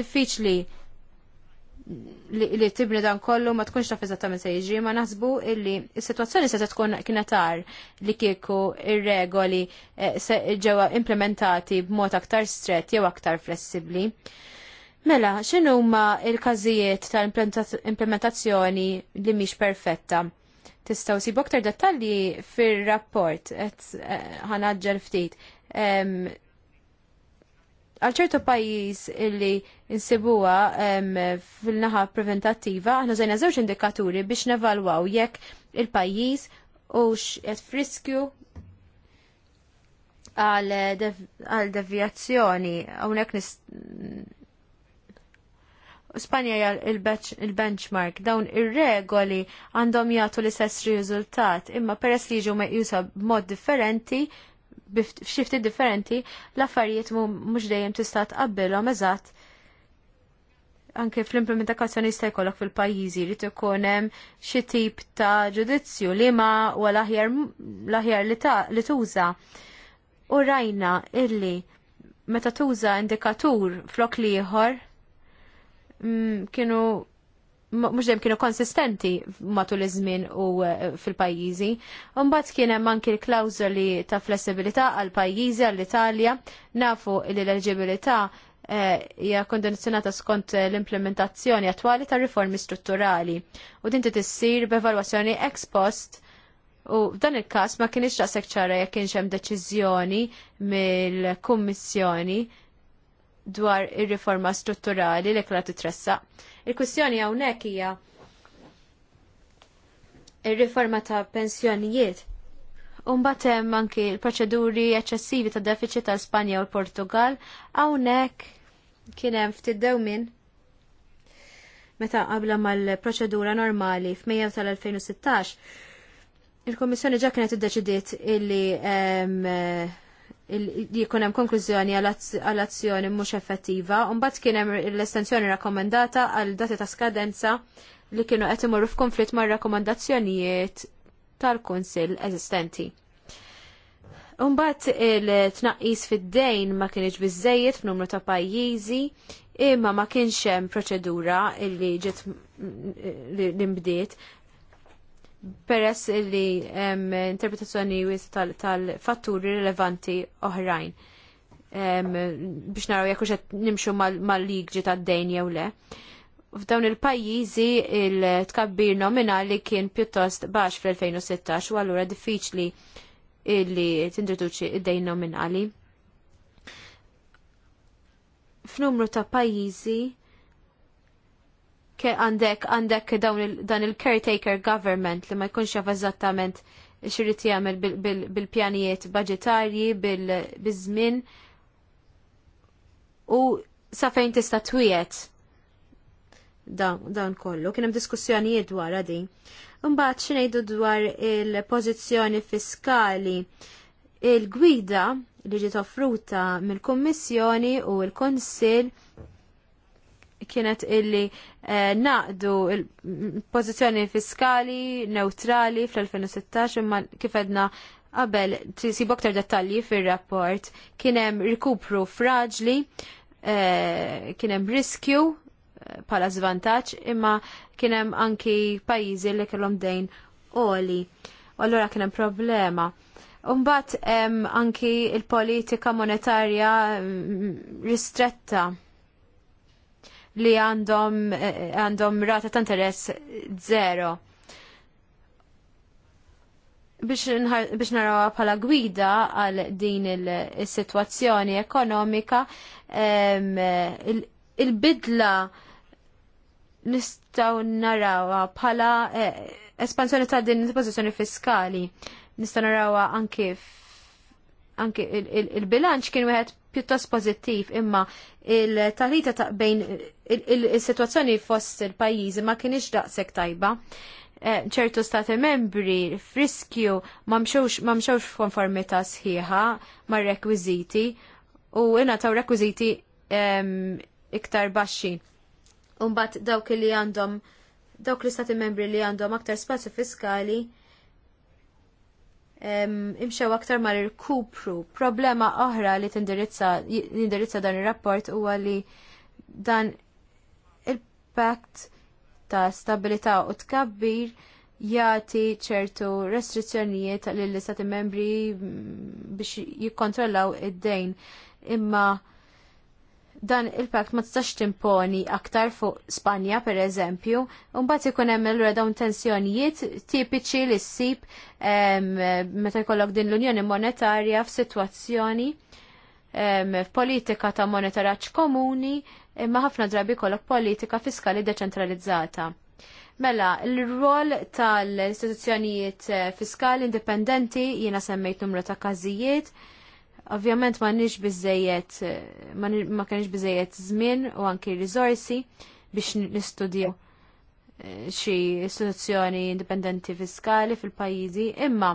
Speaker 2: Diffiċli li tibni dan kollu ma tkunx taf eżattament se jiġri, ma naħsbu illi s-sitwazzjoni se tkun tar li kieku ir-regoli eh, se ġewwa implementati b'mod aktar strett jew aktar flessibbli. Mela, x'inhuma huma l-każijiet tal-implementazzjoni li mhix perfetta? Tistgħu sibu aktar dettalji fir-rapport qed eh, ħanaġġel ftit għal ċertu pajjiż illi insibuha fil-naħa preventattiva, aħna zajna żewġ indikaturi biex nevalwaw jekk il-pajjiż hux qed friskju għal devjazzjoni hawnhekk nis Spanja il-benchmark dawn ir-regoli għandhom jagħtu l-istess riżultat imma peress li jiġu meqjusa b'mod differenti b'xifti differenti l-affarijiet mhux dejjem tista' tqabbilhom eżatt anke fl-implementazzjoni jista' jkollok fil-pajjiżi li tkun hemm xi tip ta' ġudizzju li ma aħjar l-aħjar li tuża. U rajna illi meta tuża indikatur flok liħor mm, kienu mhux dejjem kienu konsistenti matul iż-żmien u eh, fil-pajjiżi. Imbagħad kien hemm anki l-klawżoli ta' flessibilità għal pajjiżi għall-Italja nafu li l eġibilità eh, hija kondizzjonata skont l-implementazzjoni attwali ta' riformi strutturali u din tissir b'evalwazzjoni ex post u f'dan il-każ ma kienix daqshekk ċara jekk kienx hemm deċiżjoni mill-Kummissjoni dwar ir-riforma strutturali li kla titressa. Il-kwistjoni hawnhekk hija ir-riforma ta' pensjonijiet. Umbat hemm anki l-proċeduri eċċessivi ta' deficit ta' Spanja u l-Portugal hawnhekk kien hemm ftit dewmin meta qabla mal-proċedura normali f'Mejjew tal-2016 il-Kommissjoni ġa kienet iddeċidiet illi li jkun hemm konklużjoni għal azzjoni mhux effettiva, u mbagħad kien hemm l-estensjoni rakkomandata għal dati ta' skadenza li kienu qed imorru f'konflitt mar rakkomandazzjonijiet tal-Kunsill eżistenti. Umbat il-tnaqqis fid-dejn ma kienx biżejjed f'numru ta' pajjiżi, imma ma kienx hemm proċedura mm, li ġiet li mbdiet peress li um, interpretazzjoni tal-fatturi tal rilevanti oħrajn um, biex naraw jekk qed nimxu mal-liġi mal tad-dejn jew le. F'dawn il-pajjiżi il-tkabbir nominali kien pjuttost baħx fl-2016 u allura diffiċli li tintroduċi id-dejn nominali. F'numru ta' pajjiżi għandek għandek dan il-caretaker government li ma jkunx jaf eżattament xirrit jagħmel bil-pjanijiet budgetarji, bil-żmien u sa fejn tista' twiet dan kollu. Kien hemm diskussjonijiet dwar din. Imbagħad x'ngħidu dwar il pozizjoni fiskali il-gwida li ġiet offruta mill-Kummissjoni u l-Kunsill kienet illi eh, naqdu il-pozizjoni mm, fiskali neutrali fl-2016 imma kif edna qabel tisibu aktar dettalji fir-rapport kienem rikupru fraġli eh, kienem riskju eh, pala zvantaċ imma kienem anki pajizi li kellhom dejn oli. Allora kienem problema. Umbat anki il-politika monetarja mm, ristretta li għandhom għandhom rata ta' interess zero. Biex naraw bħala gwida għal din il-situazzjoni ekonomika, il-bidla nistaw narawa bħala e, espansjoni ta' din il-pozizjoni fiskali. Nistaw narawa anki anki il-bilanċ kien wieħed pjuttost pozittiv imma il tarita ta' bejn il-situazzjoni fost il-pajjiżi ma kienx daqshekk tajba. Eh, ċertu stati membri friskju ma mxewx konformita sħiħa ma' rekwiżiti u ingħataw rekwiżiti ehm, iktar baxxi. Umbat dawk li għandhom dawk l-istati membri li għandhom aktar spazju fiskali imxew aktar ma irkupru. Problema oħra li t-indirizza dan ir-rapport huwa li dan il-pakt ta' stabilità u tkabbir jagħti ċertu restrizzjonijiet lill istati membri mm, biex jikkontrollaw id-dejn imma dan il-pakt ma tistax timponi aktar fuq Spanja per eżempju, mbagħad ikun hemm allura dawn tensjonijiet tipiċi li ssib meta jkollok din l-Unjoni Monetarja f'sitwazzjoni f'politika ta' monetaraġġ komuni imma ħafna drabi jkollok politika fiskali deċentralizzata. Mela, l-rol tal-istituzzjonijiet eh, fiskali indipendenti jiena semmejt numru ta' każijiet, Ovvjament ma nix bizzejiet, ma kienx bizzejiet żmien u anki risorsi biex nistudju eh, xi istituzzjoni indipendenti fiskali fil-pajjiżi, imma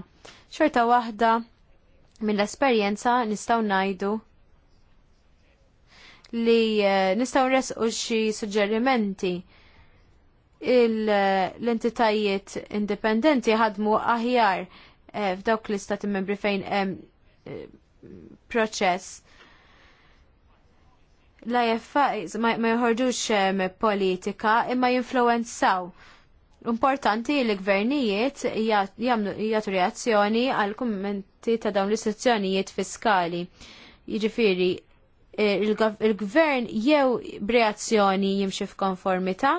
Speaker 2: xorta waħda mill-esperjenza nistgħu ngħidu li eh, nistgħu nresqu xi suġġerimenti eh, l-entitajiet indipendenti ħadmu aħjar f'dawk l-istati membri fejn hemm proċess l jaffa, ma, ma jħorġux politika imma jinfluenzaw. Importanti li gvernijiet jagħtu reazzjoni għal kummenti ta' dawn l-istituzzjonijiet fiskali. Jiġifieri eh, il-gvern jew reazzjoni jimxi f'konformità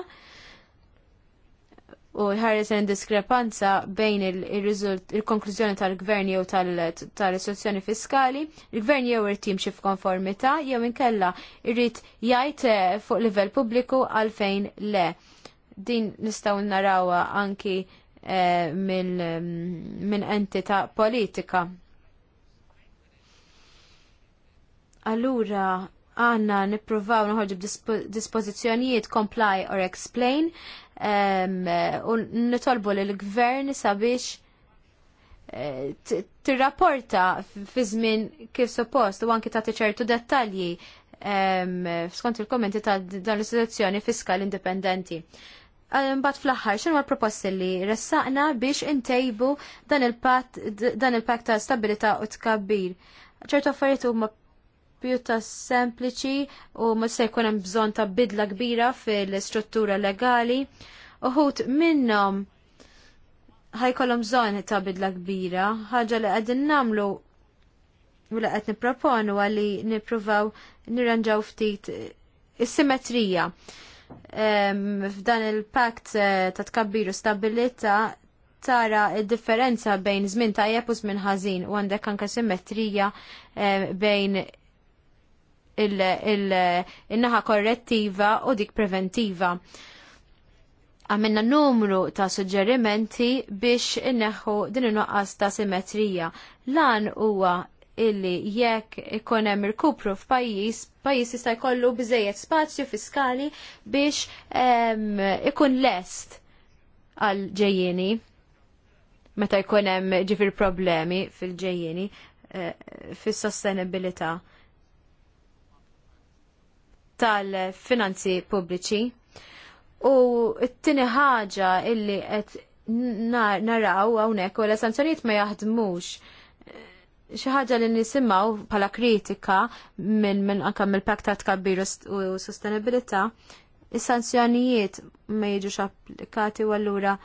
Speaker 2: u ħarisen diskrepanza bejn il-konklużjoni tal-gvern jew tal-istituzzjoni fiskali, il-gvern jew irtim xi f'konformità jew inkella irrid jgħid eh, fuq livell pubbliku għalfejn le. Din nistgħu narawha anki eh, minn entità politika. Allura, għanna nipruvaw nħoġu dispozizjonijiet comply or explain Eh, u nitolbu lill gvern sabiex eh, tirrapporta fi żmien kif suppost u anki tagħti ċertu dettalji skont il-kommenti ta' dan l-istituzzjoni fiskal indipendenti. Eh, mbagħad fl-aħħar x'inhu proposti li ressaqna biex intejbu dan il-patt ta' stabilità u tkabbir. ċertu affarijiet huma ...pjuta sempliċi u mhux se jkun hemm bżonn ta' bidla kbira fil istruttura legali. Uħut minnhom ħajkollhom bżonn ta' bidla kbira, ħaġa li qegħdin nagħmlu u li qed nipproponu għalli nippruvaw nirranġaw ftit is-simetrija. F'dan il-pakt eh, ta' u stabilita tara differenza bejn żmien tajjeb u żmien ħażin u għandek anke simmetrija eh, bejn il-naħa korrettiva u dik preventiva. Għamilna numru ta' suġġerimenti biex inneħħu din il nuqqas ta' simetrija. Lan huwa illi jekk ikun hemm irkupru f'pajjiż, pajjiż jista' jkollu biżejjed spazju fiskali biex ikun lest għal ġejjini meta jkun hemm ġifir problemi fil-ġejjieni eh, fis-sostenibilità tal-finanzi pubbliċi. U t-tini ħaġa illi qed naraw hawnhekk u l-sanzjonijiet ma jaħdmux eh, xi ħaġa li nisimgħu bħala kritika minn minn anke mill-paktat kabbir u sostenibilità, is-sanzjonijiet ma jiġux applikati u allura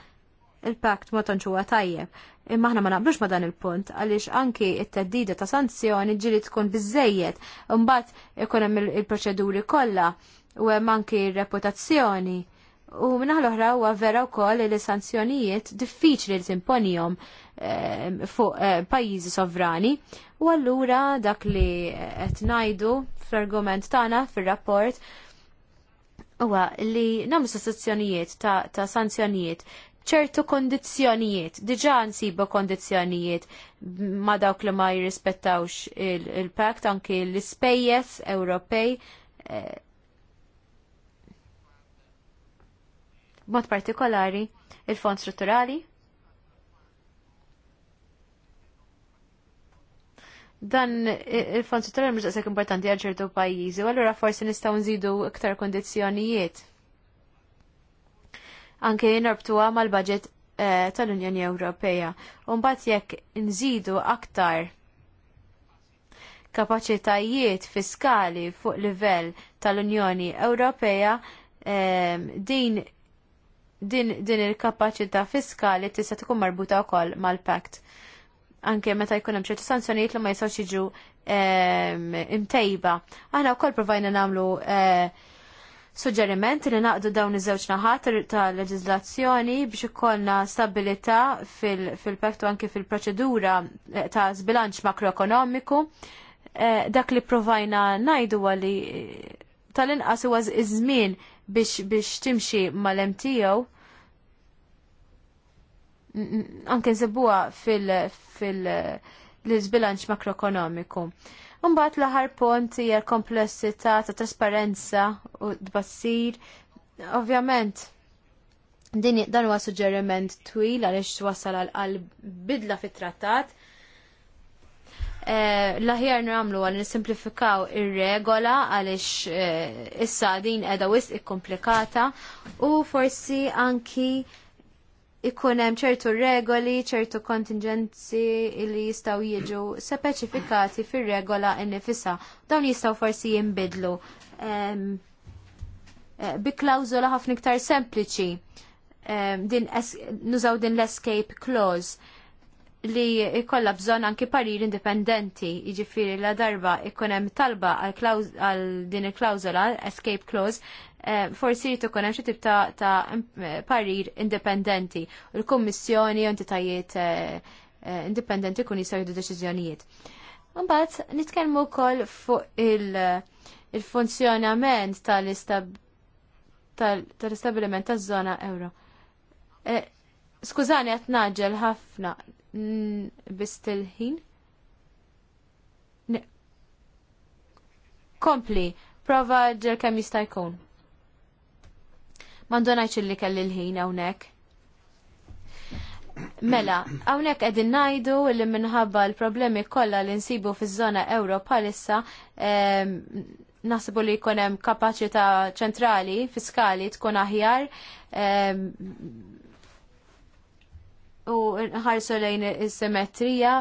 Speaker 2: il-pakt ma tonċu tajjeb. Imma aħna ma naqblux ma dan il-punt għaliex anki it-teddida ta' sanzjoni ġili tkun bizzejiet, imbagħad ikun hemm il-proċeduri kollha u hemm anki reputazzjoni. U minna l-oħra huwa vera wkoll li sanzjonijiet diffiċli li timponihom eh, fuq eh, pajjiżi sovrani. U allura dak li qed ngħidu fl-argument tagħna fir-rapport huwa li nagħmlu sanzjonijiet ta', ta sanzjonijiet ċertu kondizjonijiet, diġa nsibu kondizzjonijiet ma dawk li ma jirrispettawx il-pakt il anki l-ispejjeż Ewropej. Eh, mod partikolari il-fond strutturali. Dan eh, il-fond strutturali mhux sekk importanti għal ċertu pajjiżi, u allura forsi nistgħu nżidu iktar kondizjonijiet anke jinarbtuha mal-budget eh, tal-Unjoni Ewropea. Umbat jekk nżidu aktar kapaċitajiet fiskali fuq livell tal-Unjoni Ewropea ehm, din din, din il-kapaċità fiskali tista' tkun marbuta wkoll mal-pakt. Anke meta jkun hemm ċertu sanzjonijiet li ma jistgħux jiġu ehm, imtejba. Aħna wkoll provajna nagħmlu eh, suġġeriment li naqdu dawn iż-żewġ naħat ta' leġiżlazzjoni biex ikollna stabilità fil-pektu anke fil-proċedura eh, ta' zbilanċ makroekonomiku. Eh, dak li provajna najdu għalli eh, tal-inqas huwa iż-żmien biex biex timxi mal tiegħu. anke nsibuha fil-izbilanċ makroekonomiku. Mbagħad l-aħħar punt hija l-komplessità ta' trasparenza u tbassir. Ovvjament, din dan huwa suġġeriment twil għaliex wasal għal bidla fit-trattat. Eh, l-aħjar nagħmlu għal nisimplifikaw ir-regola għaliex eh, issa din qiegħda wisq ikkomplikata u forsi anki ikun hemm ċertu regoli, ċertu kontingenzi li jistgħu jiġu speċifikati fir-regola innifisha. Dawn jistgħu forsi jinbidlu eh, bi klawżola ħafna iktar sempliċi. Din nużaw din l-escape clause li jkollha bżonn anki parir indipendenti, jiġifieri la darba ikun hemm talba għal din il-klawżola, escape clause, eh, forsi jrid ikun hemm xi tip ta', parir indipendenti. Il-kummissjoni u tajiet eh, eh, indipendenti kun jistgħu deċizjonijiet. deċiżjonijiet. Mbagħad nitkellmu wkoll fuq il-funzjonament il funzjonament tal taż-żona euro. Skużani qed naġġel ħafna bist il-ħin. Kompli, prova ġer kemm jista' jkun. Mandonajċ li kelli l-ħin hawnhekk. Mela, hawnhekk qegħdin ngħidu li minħabba l-problemi kollha li nsibu fiż-żona euro palissa ehm, nasibu li jkun hemm kapaċità ċentrali fiskali tkun aħjar ehm, u nħarsu lejn is-simetrija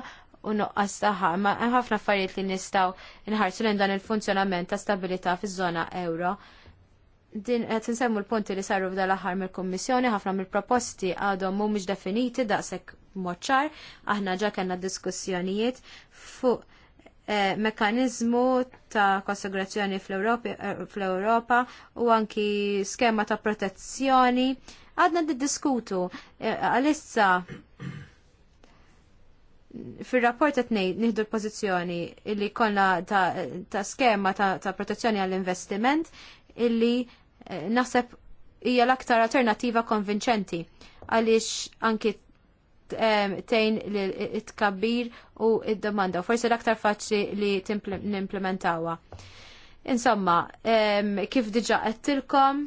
Speaker 2: u nuqqas taħħa. Ma ħafna affarijiet li nistgħu nħarsu lejn dan il-funzjonament ta' stabilità fiż-żona euro. Din qed insemmu l-punti li saru f'dan l-aħħar mill-Kummissjoni, ħafna mill-proposti għadhom mhumiex definiti daqshekk moċċar, aħna ġa kellna diskussjonijiet fuq eh, mekanizmu ta' konsegrazzjoni eh, fl-Europa u anki skema ta' protezzjoni Għadna d-diskutu eh, għalissa fil-rapport qed ngħid nieħdu l-pożizzjoni illi konna ta', skema ta, protezzjoni għall-investiment illi eh, naħseb hija l-aktar alternativa konvinċenti għaliex anki eh, tejn it-kabbir u id-domanda. Forsi l-aktar faċli li n-implementawa. Insomma, kif diġa għettilkom,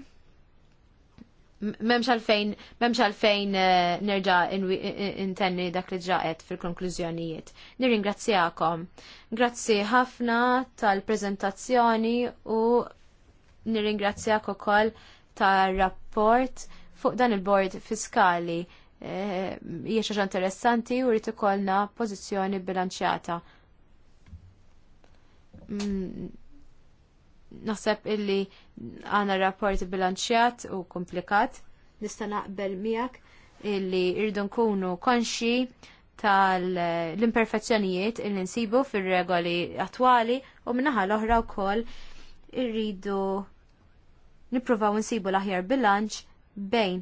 Speaker 2: memx għalfejn, memx għalfejn eh, nerġa intenni dak li ġaqet fil-konklużjonijiet. Nirringrazzjakom. Grazzi ħafna tal-prezentazzjoni u nirringrazzjak ukoll tal-rapport fuq dan il-bord fiskali. Eh, hija xi interessanti u rrid ikollna pożizzjoni bilanċjata mm, naħseb illi għana rapporti bilanċjat u komplikat. Nista naqbel miegħek illi irdu nkunu konxi tal-imperfezzjonijiet illi nsibu fir-regoli attwali u minnaħa l-oħra wkoll irridu nippruvaw nsibu l-aħjar bilanċ bejn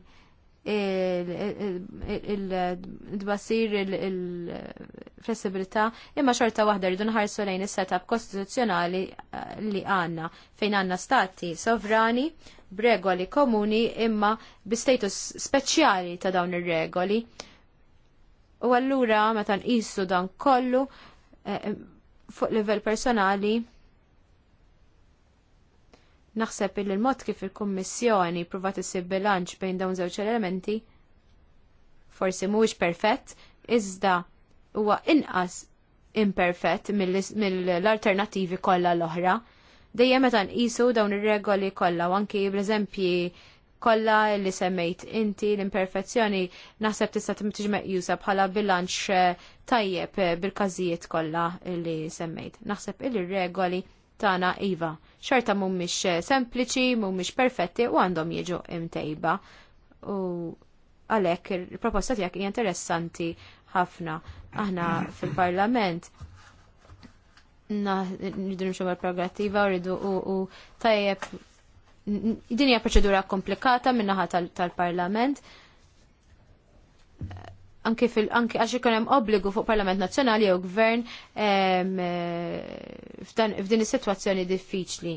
Speaker 2: il-dbassir il-flessibilità imma xorta waħda rridu nħarsu lejn is-setup kostituzzjonali eh, li għandna fejn għandna stati sovrani b'regoli komuni imma bi status speċjali ta' dawn ir-regoli. U allura meta nqisu dan kollu eh, fuq livell personali Naħseb il mod kif il-Kummissjoni pruvat issib bilanċ bejn dawn żewġ elementi forsi mhuwiex perfett, iżda huwa inqas imperfett mill-alternattivi kollha l-oħra. Dejjem meta nqisu dawn ir-regoli kollha u anki bl-eżempji kollha li semmejt inti l-imperfezzjoni naħseb tista' tiġi meqjusa bħala bilanċ eh, tajjeb eh, bil-każijiet kollha li semmejt. Naħseb il-regoli il regoli Tana iva. Xorta mhumiex eh, sempliċi, mhumiex perfetti u għandhom jiġu imtejba. U għalhekk il-proposta tiegħek hija interessanti ħafna. Aħna fil-Parlament nridu nimxu mal-progattiva u rridu u tajjeb din hija proċedura komplikata min-naħa tal-Parlament. Tal anki fil anki għax ikun hemm obbligu fuq Parlament Nazzjonali jew Gvern eh, f'din is-sitwazzjoni diffiċli.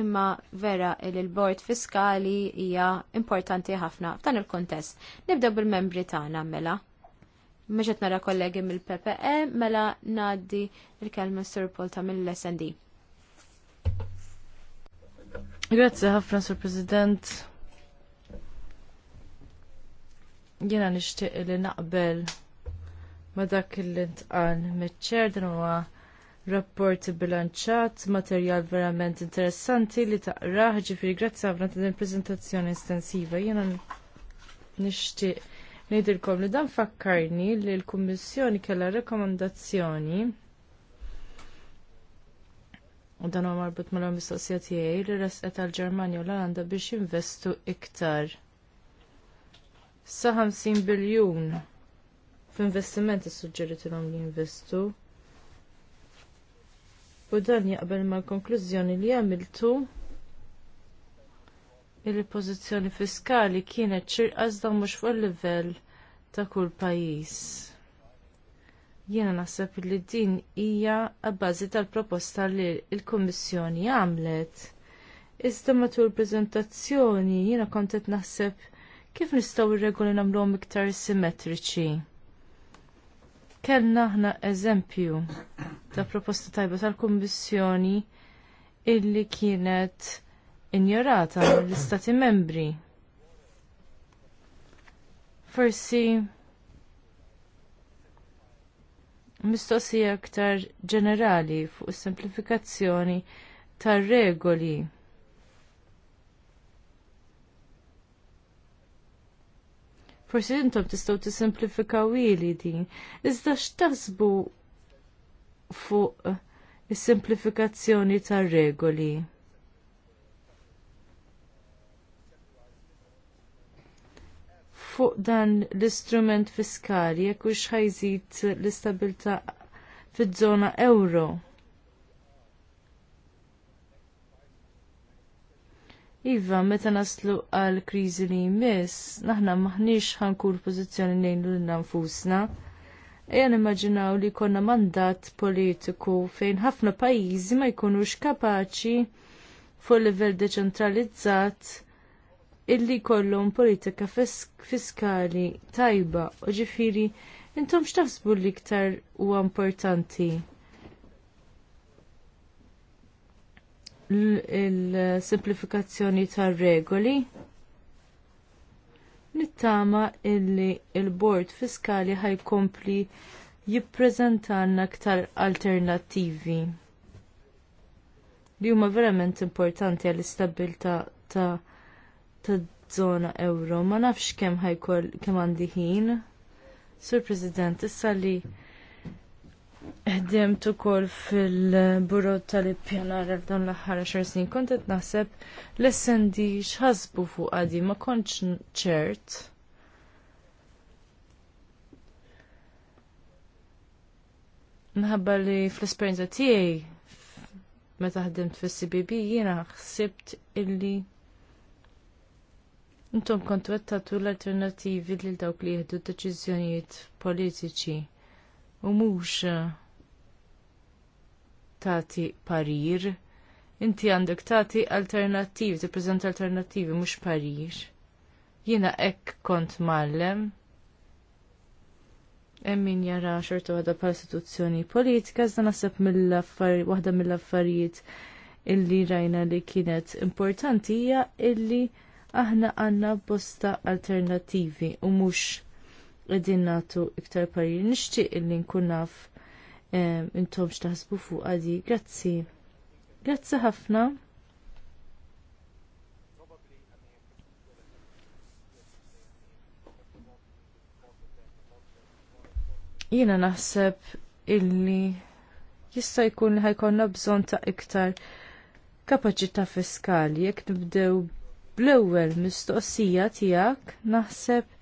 Speaker 2: Imma vera il-bord fiskali hija importanti ħafna f'dan il kuntest Nibdew bil-membri tagħna mela. Meġet nara kollegi mill-PPE mela ngħaddi il-kelma Sur Polta mill-SND.
Speaker 3: Grazzi ħafna Sur President. Jena nishtiq li naqbel ma dak li ntqal miċ-ċer dan huwa rapport bilanċat, materjal verament interessanti li taqraħ ġifiri grazzi għavna ta' din prezentazzjoni estensiva. Jena nishtiq ngħidilkom li dan fakkarni li l-Kummissjoni kella rekomandazzjoni u dan huwa marbut mal-mistoqsija tiegħi li resqet għal-Ġermanja u l-Olanda biex jinvestu iktar sa 50 biljun f'investimenti suġġeriti l li jinvestu. U dan jaqbel mal konklużjoni li għamiltu il-pożizzjoni fiskali kienet ċirqas dan mhux fuq il-livell ta' kull pajjiż. Jiena naħseb li din hija bażi tal-proposta li l-Kummissjoni għamlet. Iżda matul preżentazzjoni jiena kont qed naħseb kif nistgħu ir-regoli nagħmluhom iktar simmetriċi? Kellna aħna eżempju ta' proposta tajba tal-Kummissjoni illi kienet injorata mill-Istati membri. Forsi mistoqsija aktar ġenerali fuq is-semplifikazzjoni tar-regoli Forsi intom tistgħu tisimplifikaw ili din. Iżda x'taħsbu fuq is-simplifikazzjoni tar-regoli. Fuq dan l-istrument fiskali jekk hux ħajżid l-istabilta fiż-żona euro. Iva, meta naslu għal kriżi li jmiss, naħna maħniex ħankur pożizzjoni nejn l nfusna. eja nimmaġinaw li konna mandat politiku fejn ħafna pajjiżi ma jkunux kapaċi fuq livell deċentralizzat illi kollum politika fiskali tajba u ġifiri intom x'taħsbu li iktar huwa importanti il-simplifikazzjoni tar regoli nittama illi il-bord fiskali ħajkompli jippreżentanna aktar alternattivi li huma verament importanti għall istabilta ta, ta, ta zona euro. Ma nafx kemm ħajkol kemm għandi ħin. Sur President, issa li ħdimt ukoll fil buru tal-ippjanar dan l-aħħar xar snin kont qed naħseb l-essendi x'ħasbu fuq għadi ma kontx ċert. Nħabba li fl-esperjenza tiegħi meta ħdimt fis-CBB jiena ħsibt illi intom kontu qed l-alternattivi lil dawk li jieħdu deċiżjonijiet politiċi u mhux eh, tagħti parir, inti għandek tagħti alternattivi, tippreżenta alternattivi mhux parir. Jiena hekk kont mallem. Emmin min jara xortu waħda bħal istituzzjoni politika, iżda naħseb mill-affarijiet waħda mill-affarijiet illi rajna li kienet importanti hija illi aħna għandna bosta alternattivi u mhux qegħdin nagħtu iktar parir. Nixtieq illi nkun naf intom x'taħsbu fuq għadi. Grazzi. Grazzi ħafna. Jiena naħseb illi jista' jkun li ħajkonna bżonn ta' iktar kapaċità fiskali jekk nibdew bl-ewwel mistoqsija tiegħek naħseb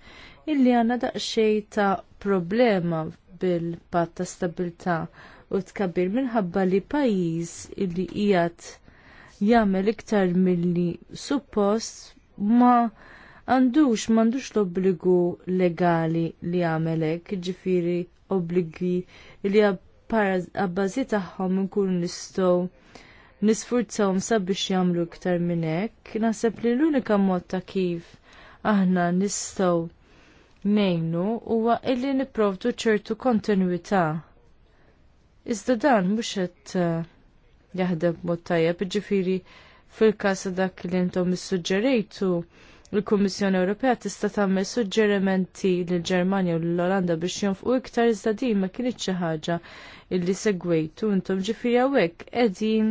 Speaker 3: illi għanna daqxej ta' problema bil-pat ta' stabilta' u tkabbir minħabba li pajis illi ijat jagħmel iktar milli suppost ma għandux m'għandux l-obbligu legali li jagħmel hekk, jiġifieri obbligi li għabbażi tagħhom inkunu nistgħu nisfurzawhom sabiex jagħmlu iktar minn hekk. Naħseb li l-unika mod ta' kif aħna nistgħu nejnu huwa illi nipprovdu ċertu kontinuità. Iżda dan mhux qed eh, jaħdem mod tajjeb, ġifieri fil-każ dak li intom issuġġerejtu il-Kummissjoni Ewropea tista' tagħmel suġġerimenti lil Ġermanja u l-Olanda biex jonfqu iktar iżda din ma kienx xi ħaġa illi segwejtu intom ġifieri hawnhekk qegħdin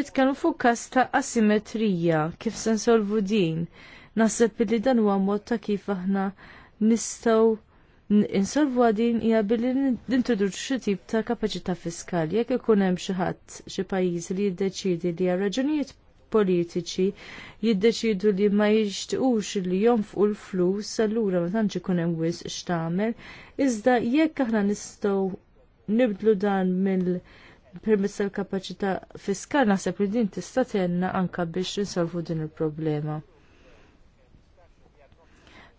Speaker 3: nitkellmu fuq każ ta' asimetrija kif se nsolvu din. Naħseb li dan huwa mod ta' kif aħna nistgħu insolvu għadin hija billi nintroduċu xi tip ta' kapaċità fiskali jekk ikun hemm xi ħadd xi pajjiż li jiddeċiedi li għal raġunijiet politiċi jiddeċidu li ma jixtiqux li jonfqu l-flus allura ma tantx ikun hemm wisq x'tagħmel, iżda jekk aħna nistgħu nibdlu dan mill permezz tal-kapaċità fiskali naħseb li din tista' tenna anke biex insolvu din il-problema.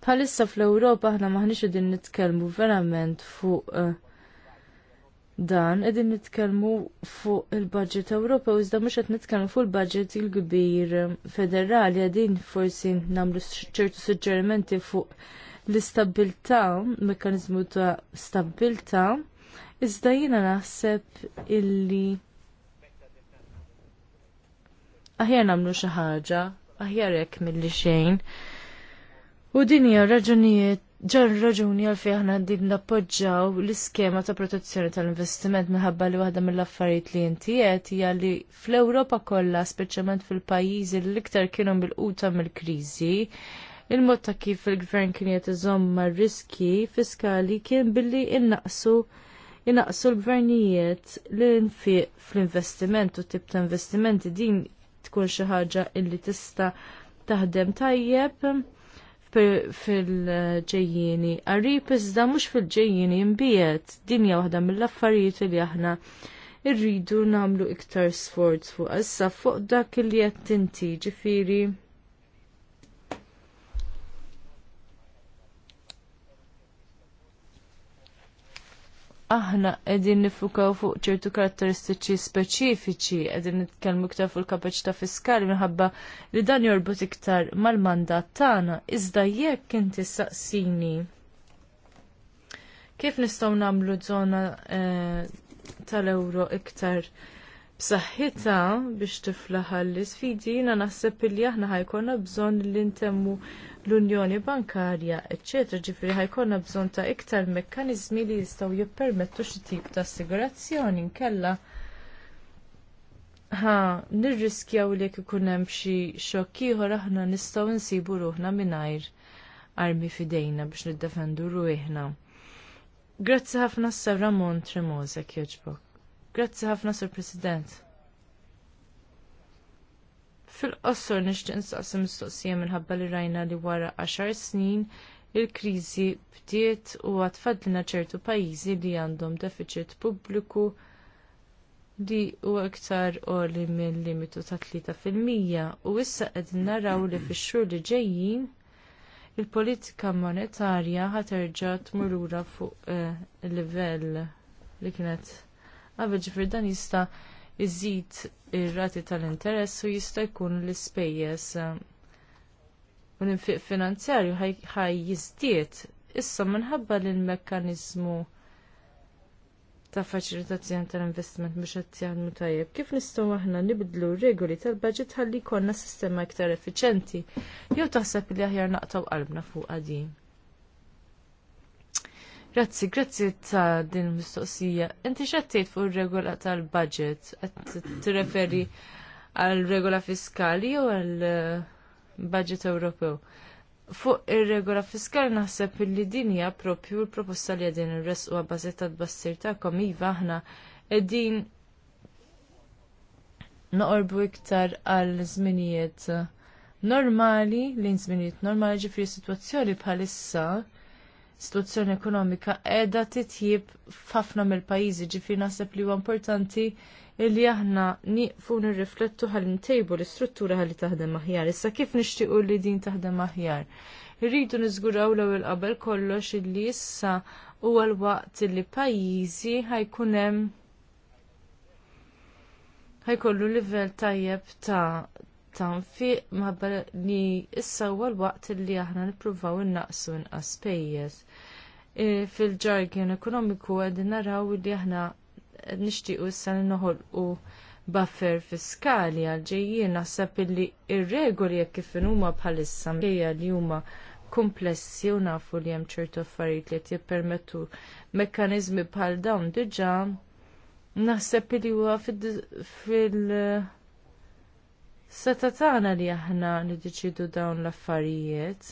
Speaker 3: Palissa fl-Ewropa aħna maħniex qegħdin nitkellmu verament fuq eh, dan qegħdin nitkellmu fuq il-budget Ewropew iżda mhux qed nitkellmu fuq il-budget il-kbir eh, federali qegħdin forsi nagħmlu ċertu suġġerimenti fuq l-istabilta, mekkaniżmu ta' stabilta, iżda jiena naħseb illi aħjar namlu xi ħaġa, aħjar hekk milli xejn. U din hija raġunijiet ġan raġuni għalfej aħna din nappoġġaw l-iskema ta' protezzjoni tal-investiment minħabba li waħda mill-affarijiet li inti qed hija li fl-Ewropa kollha, speċjalment fil-pajjiżi li l-iktar kienu bil-quta mill-kriżi, il-mod ta' kif il-gvern kien qed iżomm riski fiskali kien billi innaqsu innaqsu l-gvernijiet li nfiq fl-investiment u tip ta' investimenti din tkun xi ħaġa illi tista' taħdem tajjeb fil-ġejjini Għarrib iżda mhux fil-ġejjini jimbijet dinja waħda mill-affarijiet li aħna irridu nagħmlu iktar sforz fuq issa fuq dak li qed tinti ġifieri aħna qegħdin nifukaw fuq ċertu karatteristiċi speċifiċi qegħdin nitkellmu iktar fuq il-kapaċità fiskali minħabba li dan jorbut iktar mal-mandat tagħna iżda jekk inti saqsini kif nistgħu nagħmlu żona eh, tal-ewro iktar b'saħħitha biex tiflaħal l-isfidi jiena naħseb li aħna ħajkonna bżonn li ntemmu l-Unjoni Bankarja, eċċetera, ġifri ħajkonna bżonn ta' iktar mekkaniżmi li jistgħu jippermettu xi tip ta' assigurazzjoni nkella nirriskjaw li ikun hemm xi xokk ieħor aħna nistgħu nsibu ruħna mingħajr armi fidejna biex niddefendu ruħna. Grazzi ħafna s-Ramon Tremosa Grazzi ħafna Sur President. Fil-qossor nixtieq nistaqsi mistoqsija minħabba li rajna li wara 10 snin il-kriżi bdiet u għatfadlina ċertu pajjiżi li għandhom deficit pubbliku li huwa iktar għoli mill-limitu ta' 3% u issa qegħdin naraw li fix-xhur li ġejjin il-politika monetarja ħaterġa' tmur lura fuq eh, il-livell li kienet qabel ġifir dan jista' iżid ir-rati tal-interess u jista' jkun l-ispejjeż eh, u l-infiq finanzjarju ħaj jiżdied issa minħabba li l-mekkaniżmu ta' faċilitazzjoni tal-investiment mhux qed jaħdmu tajjeb. Kif nistgħu aħna nibdlu regoli tal-budget ħalli jkollna sistema iktar effiċenti? Jew taħseb li aħjar naqtaw qalbna fuq din? Grazzi, grazzi ta' din mistoqsija. Inti xattejt fuq regola tal-budget, t-referi għal-regola fiskali u għal-budget eh, Ewropew. Fuq ir-regola fiskali naħseb li din hija propju l-proposta li għadin ir-res u għabazetta ta' bassir ta' komiva aħna qegħdin noqorbu iktar għal żminijiet normali, l żminijiet normali ġifri sitwazzjoni bħalissa situazzjoni ekonomika qiegħda titjib f'ħafna mill-pajjiżi ġifieri naħseb li huwa importanti li aħna nieqfu nirriflettu ħalli ntejbu l-istruttura ħalli taħdem aħjar. Issa kif nixtiequ li din taħdem aħjar? Irridu niżguraw l-ewwel qabel kollox illi issa huwa l-waqt li pajjiżi ħajkun hemm ħajkollu livell tajjeb ta' tanfiq ma li issa huwa l-waqt li aħna nippruvaw innaqsu inqas pejjeż. E, Fil-ġargin ekonomiku qegħdin naraw li aħna nixtiequ issa li noħolqu buffer fiskali għal għal-ġejjien naħseb illi ir-regoli jekk kif huma bħalissa mejja li huma komplessi u nafu li hemm ċertu affarijiet li qed jippermettu mekkaniżmi bħal dawn diġà naħseb li huwa fil- seta tagħna li aħna niddeċidu dawn l-affarijiet.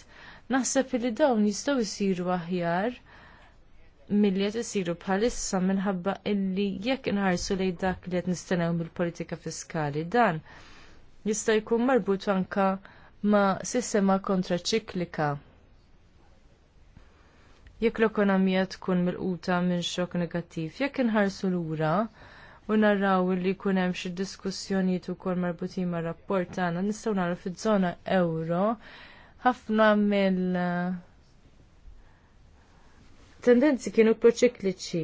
Speaker 3: Naħseb li dawn jistgħu jsiru aħjar milli qed isiru bħalissa minħabba illi jekk inħarsu lejn dak li qed nistennew mill-politika fiskali dan jista' jkun marbut anke ma' sistema kontraċiklika. Jekk l-ekonomija tkun mill-quta minn xokk negattiv, jekk inħarsu lura, u narraw li jkun hemm xi diskussjonijiet ukoll marbutin mar rapport tagħna nistgħu nagħru fiż-żona euro ħafna mill eh, tendenzi kienu proċikliċi.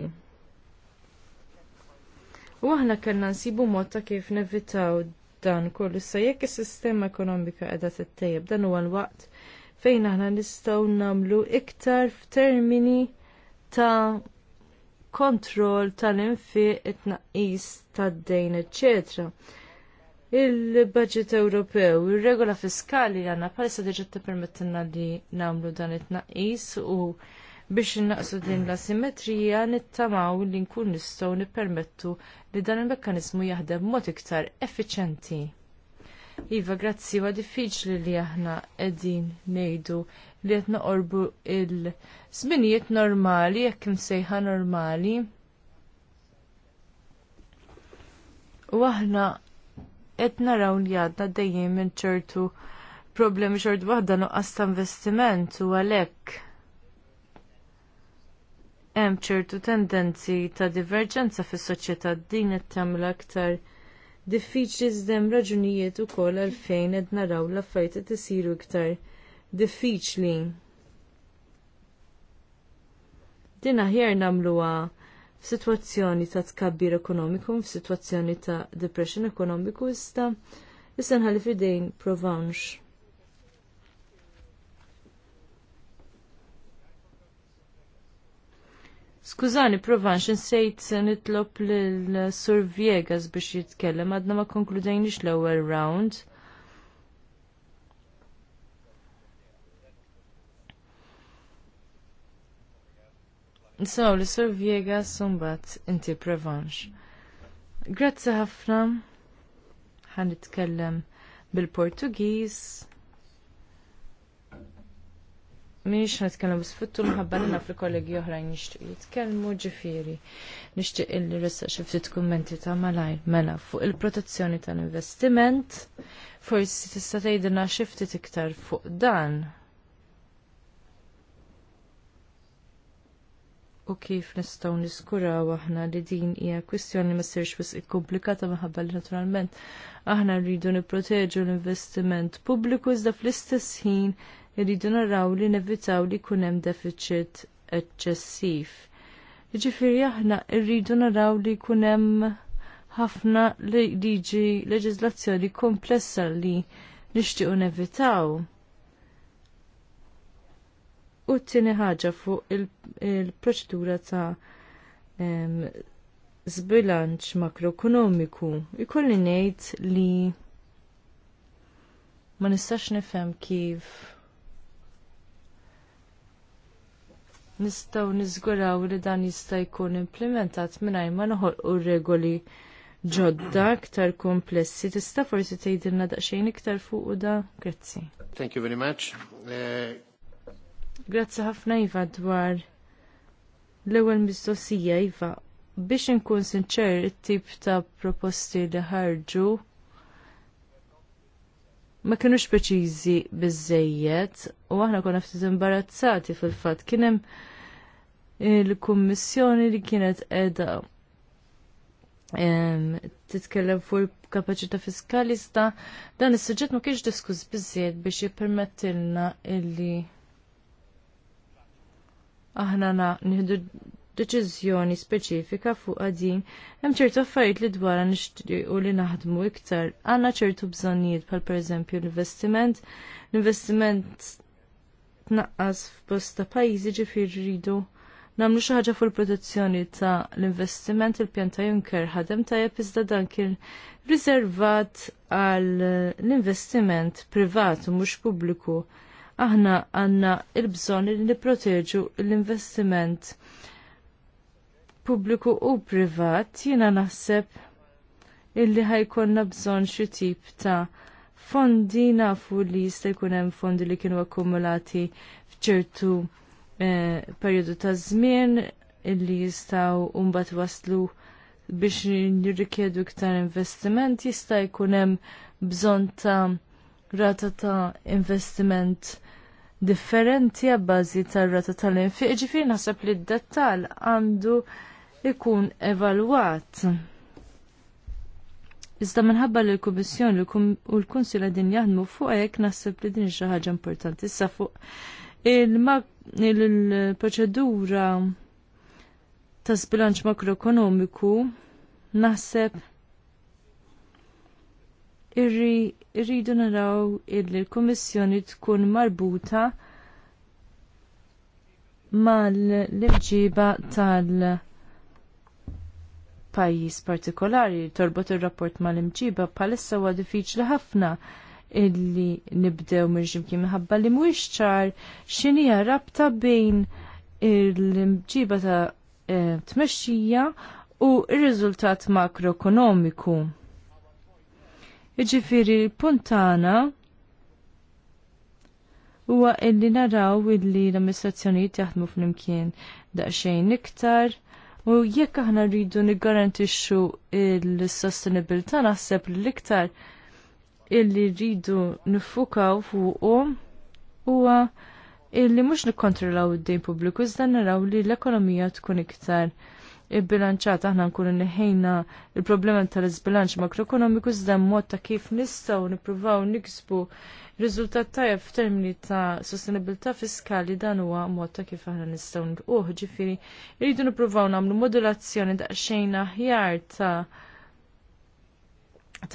Speaker 3: U aħna kellna nsibu mod ta' kif nevitaw dan kollu sa jekk is-sistema ekonomika qiegħda tittejjeb dan huwa l-waqt fejn aħna nistgħu nagħmlu iktar f'termini ta' kontroll tal-infiq it-tnaqqis tad-dejn, etc. Il-budget Ewropew, r regola fiskali li għandna bħalissa diġà tippermettilna li nagħmlu dan it-tnaqqis u biex innaqsu din l asimmetrija nittamaw li nkun nistgħu nippermettu li dan il-mekkaniżmu jaħdem mod iktar effiċjenti. Iva, grazzi, huwa diffiċli li aħna qegħdin ngħidu li qed orbu il-żminijiet normali jekk imsejħa normali. U aħna qed naraw li għadna dejjem minn ċertu problemi ċertu waħda nuqqas ta' investiment u għalhekk hemm ċertu tendenzi ta' diverġenza fis-soċjetà din qed tagħmel aktar diffiċli żdem raġunijiet ukoll għalfejn qed naraw l-affarijiet isiru iktar diffiċli. Din aħjar nagħmluha f'sitwazzjoni ta' tkabbir ekonomiku, f'sitwazzjoni ta' depression ekonomiku issa issa nħalli fidejn provanx. Skużani, provanx, nsejt nitlob l-Sur Viegas biex jitkellem, għadna ma konkludajnix l ewwel round. Nisimaw li sur Viega sumbat inti prevanx. Grazzi ħafna ħan nitkellem bil-Portugiż. Miex nitkellem bis-futtu mħabba li fil kollegi oħrajn nixtieq jitkellmu ġifieri. Nixtieq illi ressa xi ftit kummenti ta' malajr mela fuq il-protezzjoni tal-investiment. Forsi tista' tgħidilna xi ftit iktar fuq dan u kif nistgħu niskuraw aħna li din hija kwistjoni ma sirx wisq ikkumplikata minħabba li naturalment aħna rridu nipproteġu l-investiment pubbliku iżda fl-istess ħin rridu naraw li nevitaw li jkun hemm deficit eċċessiv. Jiġifieri aħna rridu naraw li jkun hemm ħafna liġi leġiżlazzjoni komplessa li nixtiequ nevitaw. U t-tini ħaġa fuq il-proċedura ta' zbilanċ makroekonomiku. Ikolli ngħid li ma nistax nifhem kif nistgħu niżguraw li dan jista' jkun implementat mingħajr ma noħolqu regoli ġodda aktar komplessi. Tista' forsi tgħidilna daqsxejn iktar fuq u da? Grazzi. Thank
Speaker 4: you very much. Uh...
Speaker 3: Grazzi ħafna Iva dwar l-ewwel mistoqsija Iva. Biex inkun sinċer it-tip ta' proposti li ħarġu ma kinux preċiżi biżejjed u aħna konna ftit imbarazzati fil-fatt kien hemm il-kummissjoni li kienet qiegħda titkellem fuq il-kapaċità fiskalista dan is-suġġett ma kienx diskuss biżejjed biex jippermettilna illi aħna na nieħdu deċiżjoni speċifika fuq din hemm ċertu affarijiet li dwarha nixtiequ li naħdmu iktar. Għandna ċertu bżonnijiet bħal pereżempju l-investiment, l-investiment tnaqqas f'post ta' pajjiżi ġifieri rridu namlu xi ħaġa fuq il-protezzjoni ta' l-investiment il-pjan ta' Juncker ħadem tajjeb iżda dan kien riservat għal l-investiment privat u mhux pubbliku aħna għandna il-bżonn li nipproteġu l-investiment pubbliku u privat jiena naħseb illi ħajkonna bżonn xi tip ta' fondi nafu li jista' jkun hemm fondi li kienu akkumulati f'ċertu eh, perjodu ta' żmien illi jistgħu mbagħad waslu biex nirrikjedu iktar investiment jista' jkun hemm bżonn ta' rata ta' investiment differenti għabbażi tar-rata tal-infiq, ġifiri naħseb li d-dettal għandu ikun evalwat. Iżda minħabba li l-Kummissjoni u l-Kunsila din jaħdmu fuq hekk naħseb li din xi ħaġa importanti. Issa fuq il-proċedura ta' sbilanċ makroekonomiku naħseb irridu naraw illi l-Kummissjoni tkun marbuta mal-imġiba tal- pajjiż partikolari torbot ir-rapport mal-imġiba bħalissa huwa diffiċli ħafna illi nibdew mirġimkien minħabba li mhuwiex ċar x'inija rabta bejn l-imġiba ta' eh, tmexxija u r-riżultat makroekonomiku. Iġifiri puntana huwa illi naraw illi l-amministrazzjonijiet jaħdmu flimkien daqsxejn iktar u jekk aħna rridu niggarantixxu il-sostenibilità naħseb l-iktar illi rridu nifukaw fuqu huwa illi mhux nikkontrollaw id-dejn pubbliku iżda naraw li l-ekonomija tkun iktar il il-bilanċata aħna nkunu neħejna il-problema tal-izbilanċ makroekonomiku iżda mod ta' kif nistgħu nippruvaw niksbu riżultat tajjeb f'termini ta' sostenibilità fiskali dan huwa mod ta' kif aħna nistgħu nilquh ġifieri jridu nippruvaw nagħmlu modulazzjoni daqsxejn aħjar ta'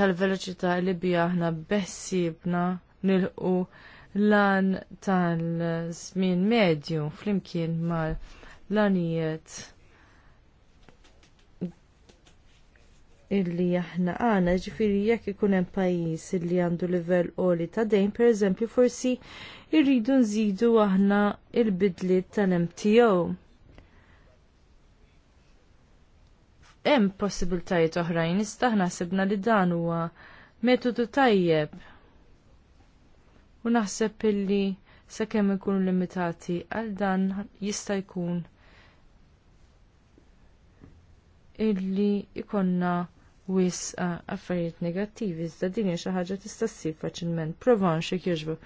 Speaker 3: tal-veloċità li bija aħna beħsibna nilqu lan tal-żmien medju flimkien mal lanijiet illi aħna għana ġifiri jekk ikun hemm pajjiż illi għandu livell qoli ta' dejn, pereżempju forsi irridu nżidu aħna il-bidliet tal-MTO. Hemm possibiltajiet oħrajn iżda aħna sibna li dan huwa metodu tajjeb. U naħseb illi sakemm ikunu limitati għal dan jista' jkun illi ikonna wis affarijiet negattivi, iżda din hija xi ħaġa tista' ssib faċilment. Provanx jekk jiġbu.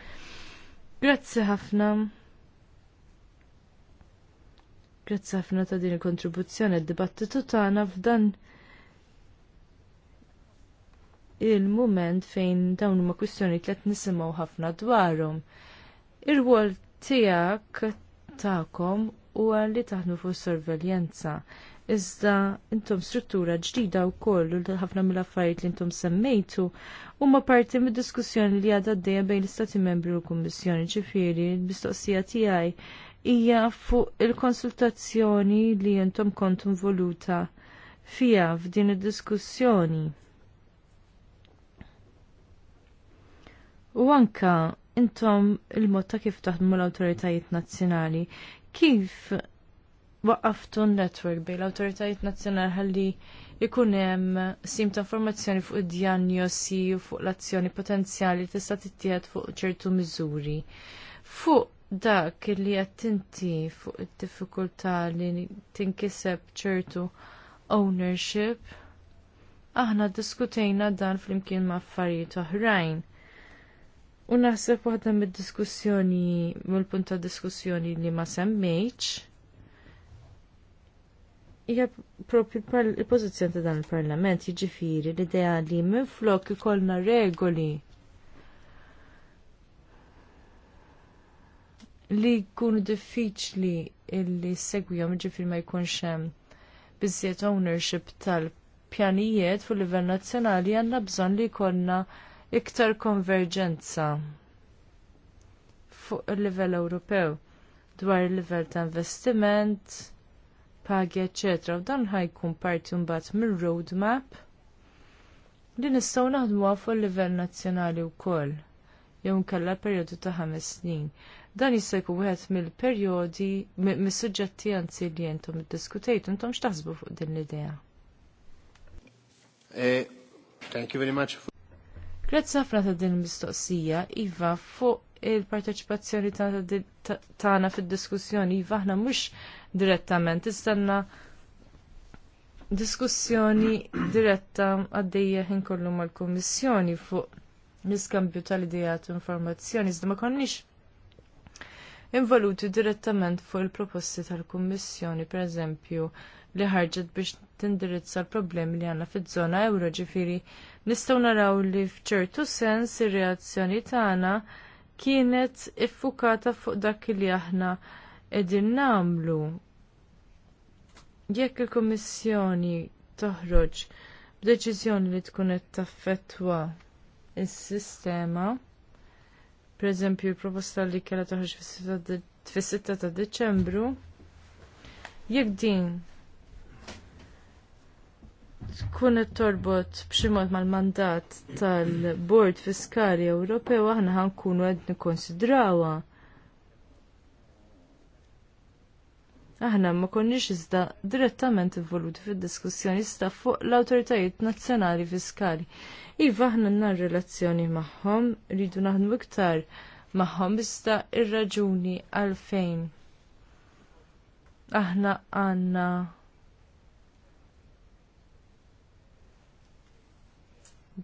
Speaker 3: Grazzi ħafna. Grazzi ħafna ta' din il-kontribuzzjoni d-dibattitu tagħna f'dan il-mument fejn dawn huma kwistjoni tliet nisimgħu ħafna dwarhom. ir wol tiegħek tagħkom huwa li taħdmu fuq sorveljenza iżda intom struttura ġdida u koll u ħafna mill-affarijiet li intom semmejtu huma parti mid-diskussjoni li għadha d bejn l-Istati Membri u l-Kummissjoni ġifieri l-mistoqsija tiegħi hija fuq il-konsultazzjoni li intom kontum voluta fija f'din id-diskussjoni. U anka intom il-mod ta' kif taħdmu l-awtoritajiet nazzjonali, kif waqqaftu n-network bej l-autoritajiet nazzjonali ħalli ikun hemm sim ta' informazzjoni fuq id djanjosi u fuq l-azzjoni potenzjali tista' tittieħed fuq ċertu miżuri. Fuq dak li qed tinti fuq id-diffikultà li tinkiseb ċertu ownership, aħna diskutejna dan flimkien ma' affarijiet oħrajn. U naħseb waħda mid-diskussjoni, mill-punt ta' diskussjoni li ma semmejċ, hija propju il pozizjoni ta' dan il-Parlament jiġifieri l-idea li minflok ikollna regoli li jkunu diffiċli li segwihom jiġifieri ma jkunx hemm biżjed ownership tal-pjanijiet fuq livell nazzjonali għandna bżonn li jkollna iktar konverġenza fuq il-livell Ewropew dwar il-livell ta' investiment, pagi, eċetera. U dan ħajkun parti mbagħad mir-roadmap li nistgħu naħdmuha fuq livell nazzjonali wkoll jew nkella perjodu ta' ħames snin. Dan jista' jkun wieħed mill-perjodi mis-suġġetti anzi li intom iddiskutejtu intom x'taħsbu fuq din l-idea.
Speaker 4: Eh,
Speaker 1: thank you very much.
Speaker 3: Grazie ħafna ta' din il-mistoqsija, Iva, fuq il-parteċipazzjoni tagħna fid-diskussjoni iva aħna mhux direttament istanna diskussjoni diretta għaddejja ħin kollu mal-Kummissjoni fuq l-iskambju tal-idejat u informazzjoni iżda ma konniex involuti direttament fuq il-proposti tal-Kummissjoni, pereżempju, li ħarġet biex tindirizza l-problemi li għandna fiż-żona euro ġifiri nistgħu naraw li fċertu sens ir-reazzjoni tagħna kienet iffukata fuq dak li aħna qegħdin nagħmlu. Jekk il-Kummissjoni toħroġ b'deċiżjoni li tkun qed taffettwa s sistema pereżempju l-proposta li kellha toħroġ fis-6 ta' Deċembru, jekk din tkun qed torbot b'xi mod mal-mandat tal-Bord Fiskali Ewropew aħna ħankunu qed nikkonsidrawha. Aħna ma konniex iżda direttament involuti fid-diskussjoni sta fuq l-awtoritajiet nazzjonali fiskali. Iva aħna nar relazzjoni magħhom, rridu naħdmu iktar magħhom iżda ir-raġuni għalfejn. Aħna għandna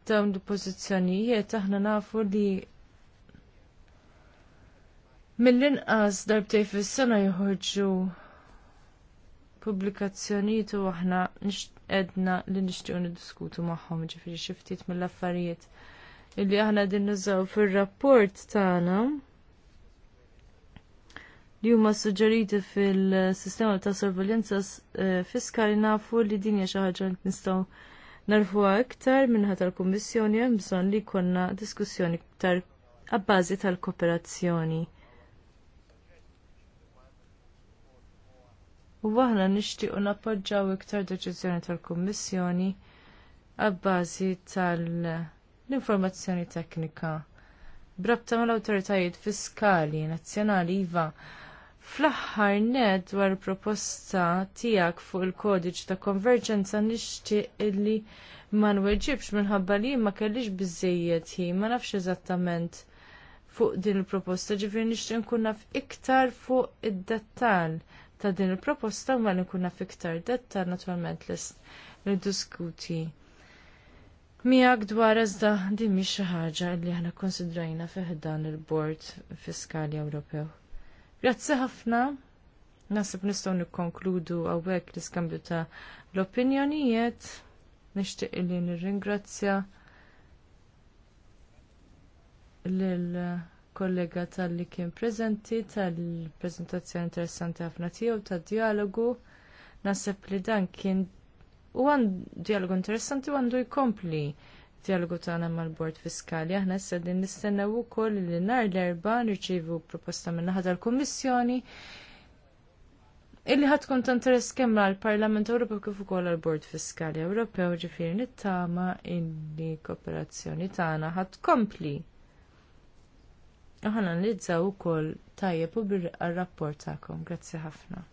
Speaker 3: dawn il pożizzjonijiet aħna nafu li mill-inqas darbtej fis-sena joħorġu pubblikazzjonijiet u aħna edna li nixtiequ niddiskutu magħhom ġifieri xi ftit mill-affarijiet illi aħna din nużaw fir-rapport tagħna li huma suġġeriti fil-sistema ta' sorveljanza eh, fiskali nafu li din hija xi ħaġa nistgħu narfuha iktar minħa tal-Kummissjoni hemm bżonn li jkollna diskussjoni iktar abbażi tal-kooperazzjoni. u aħna nixtiequ nappoġġaw iktar deċiżjoni tal-Kummissjoni ab'bażi tal-informazzjoni teknika. Brabta mal awtoritajiet fiskali nazzjonali iva Fl-aħħar ned dwar proposta tiegħek fuq il-kodiċ ta' konverġenza nixtieq illi ma nweġibx minħabba li ma kellix biżejjed hi ma nafx eżattament fuq din il-proposta ġifieri nixtieq nkun naf iktar fuq id dettall ta' din il-proposta u ma nkun naf iktar dettal naturalment lest niddiskuti. Miegħek dwar iżda din mhix xi ħaġa li aħna konsidrajna fih dan il-Bord Fiskali Ewropew. Grazzi ħafna. Nasib nistgħu nikkonkludu hawnhekk l-iskambju ta' l-opinjonijiet. Nixtieq li nirringrazzja lil kollega tal-li kien preżenti tal-prezentazzjoni interessanti ħafna tiegħu tad-dialogu. Nasib li dan kien u għand dialogu interessanti u għandu jkompli dialogu tagħna mal-Bord Fiskali. Aħna s-sedin nistennew ukoll li nhar l-erba' nirċivu proposta minn naħa tal-Kummissjoni illi ħatkun ta' interess kemm għall-Parlament Ewropew kif ukoll għall-Bord Fiskali Ewropew ġifieri nittama illi kooperazzjoni tagħna ħadd kompli. Aħna nlizzaw ukoll tajjeb u bir rapport tagħkom. Grazzi ħafna.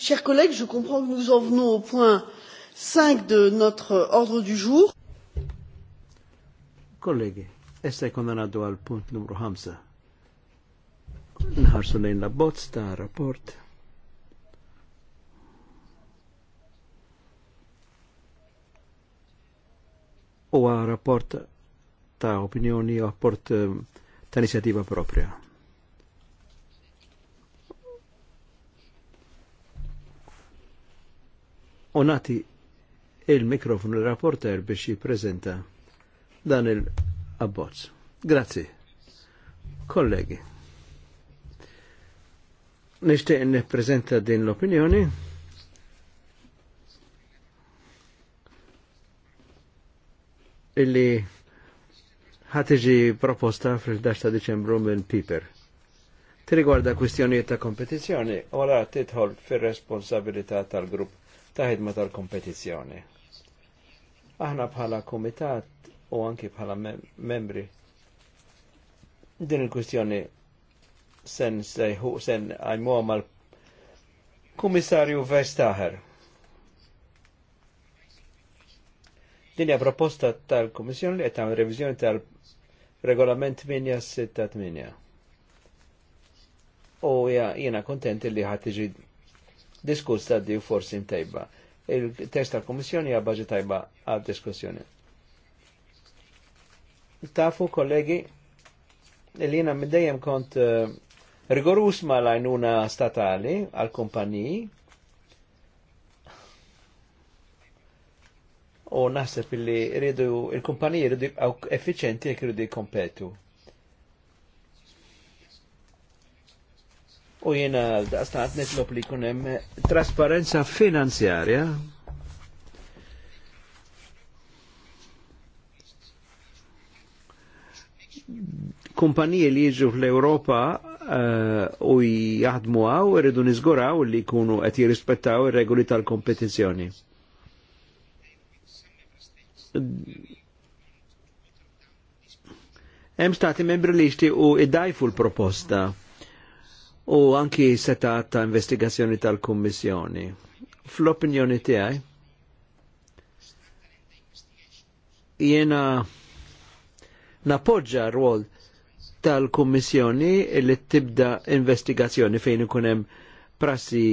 Speaker 4: Chers collègues, je comprends que nous en venons au point 5 de notre ordre du jour.
Speaker 1: Kollegi, essa jkun għandu għal punt numru 5. Nħarsu lejn la bozz ta' rapport. Huwa rapport ta' opinjoni u rapport eh, ta' inizjattiva propria. u nati il-mikrofonu l-rapporter biex jiprezenta dan il-abbozz. Grazzi. Kollegi. Nishtiq nipprezenta din l-opinjoni. illi ħatiġi proposta fil-11 ta' Deċembru minn Piper. Tirigwarda kwistjonijiet ta' kompetizjoni, u għala titħol fil-responsabilità tal-grupp ta' ħidma tal-kompetizzjoni. Aħna bħala komitat u anki bħala membri din il-kwistjoni sen sejħu sen għajmu għamal kummissarju Vestaher. Din hija proposta tal-Kummissjoni li qed tagħmel reviżjoni tal-Regolament 868. U jiena kontenti li ħad tiġi diskuss ta' di forsi mtejba. Il-test tal-Komissjoni għabbaġi tajba għad diskussjoni. Tafu kollegi il jiena mid-dejjem kont uh, rigorus ma lajnuna statali għal-kumpaniji u naħseb li il-kumpaniji rridu efficienti e jek rridu u jena daqstat nitlob li kunem trasparenza finanzjarja kumpanije li jiġu l europa eh, u jgħadmu jaħdmu għaw irridu nizguraw li kunu qed jirrispettaw ir-regoli tal kompetizjoni Hemm stati membri li jixtiequ id-dajfu l-proposta u anki seta' ta' investigazzjoni tal-Kummissjoni. Fl-opinjoni tiegħi Jiena napoġġa rwol tal-Kummissjoni li tibda investigazzjoni fejn ikun hemm prassi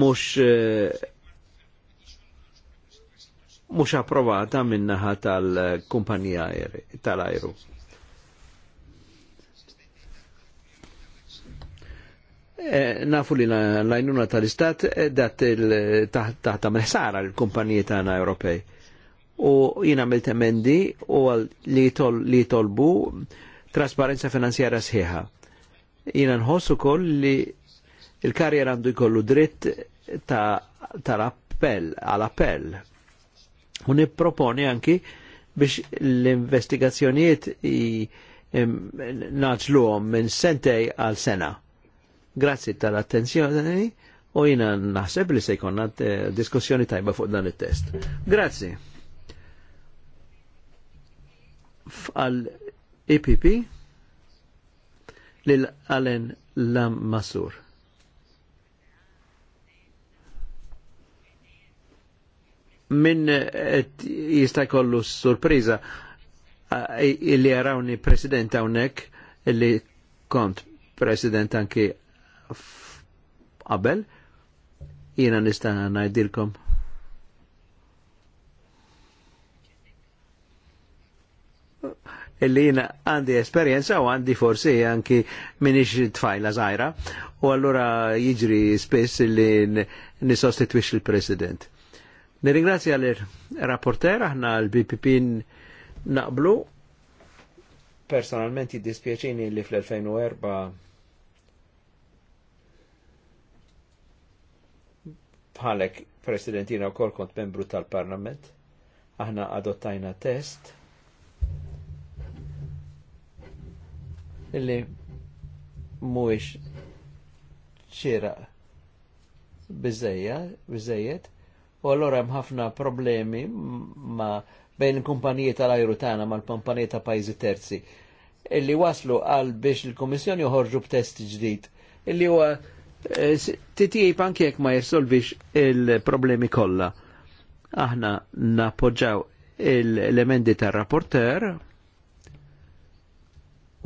Speaker 1: mhux eh, mhux approvata minnaħa tal-kumpanija tal-ajru. Tal Eh, nafu li l-għajnuna tal-istat eh, dat taħt ta' meħsara l-kumpaniji tagħna Ewropej. U jina għamilt emendi u li jitolbu trasparenza finanzjara sħiħa. Jina nħossu koll li il karjer għandu jkollu dritt ta' tal-appell, għal-appell. U nipproponi anki biex l-investigazzjonijiet naġluhom minn sentej għal sena Grazzi tal-attenzjoni u jina naħseb li sejkonna eh, diskussjoni tajba fuq dan il-test. Grazzi. Fqal EPP lil Allen Lam Masur. Min eh, jista' jkollu sorpriża eh, li jarawni president hawnhekk li kont president anki qabel jiena nista' ngħidilkom illi jiena għandi esperienza u għandi forsi anki minix tfajla żgħira, u allura jiġri spess illi nisostitwix il-president. Nirringrazzja l-rapporter, aħna l-BPP naqblu, personalment jiddispjaċini li fl-2004 bħalek presidentina u kol kont membru tal-parlament, aħna adottajna test illi muwix ċira bizzejja, bizzejiet, u allora hemm ħafna problemi ma bejn il-kumpaniji tal-ajru tagħna mal-kumpaniji ta' pajjiżi terzi illi waslu għal biex il-Kummissjoni joħorġu b'test ġdid illi huwa TTIP anki jekk ma jirsolvix il-problemi kollha. Aħna napoġġaw l-emendi tar-rapporter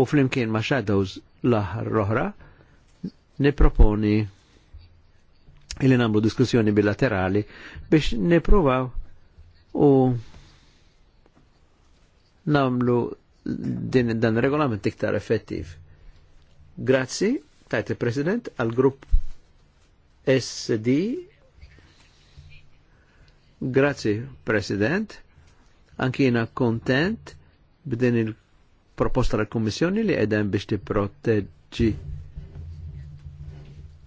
Speaker 1: u flimkien ma' shadows l-aħħar roħra niproponi illi namlu diskussjoni bilaterali biex niprovaw u namlu din dan regolament iktar effettiv. Grazzi tajt il-President għal-grupp SD. Grazzi, President. Ankina kontent b'din il-proposta tal kommissjoni li għedem biex ti proteġi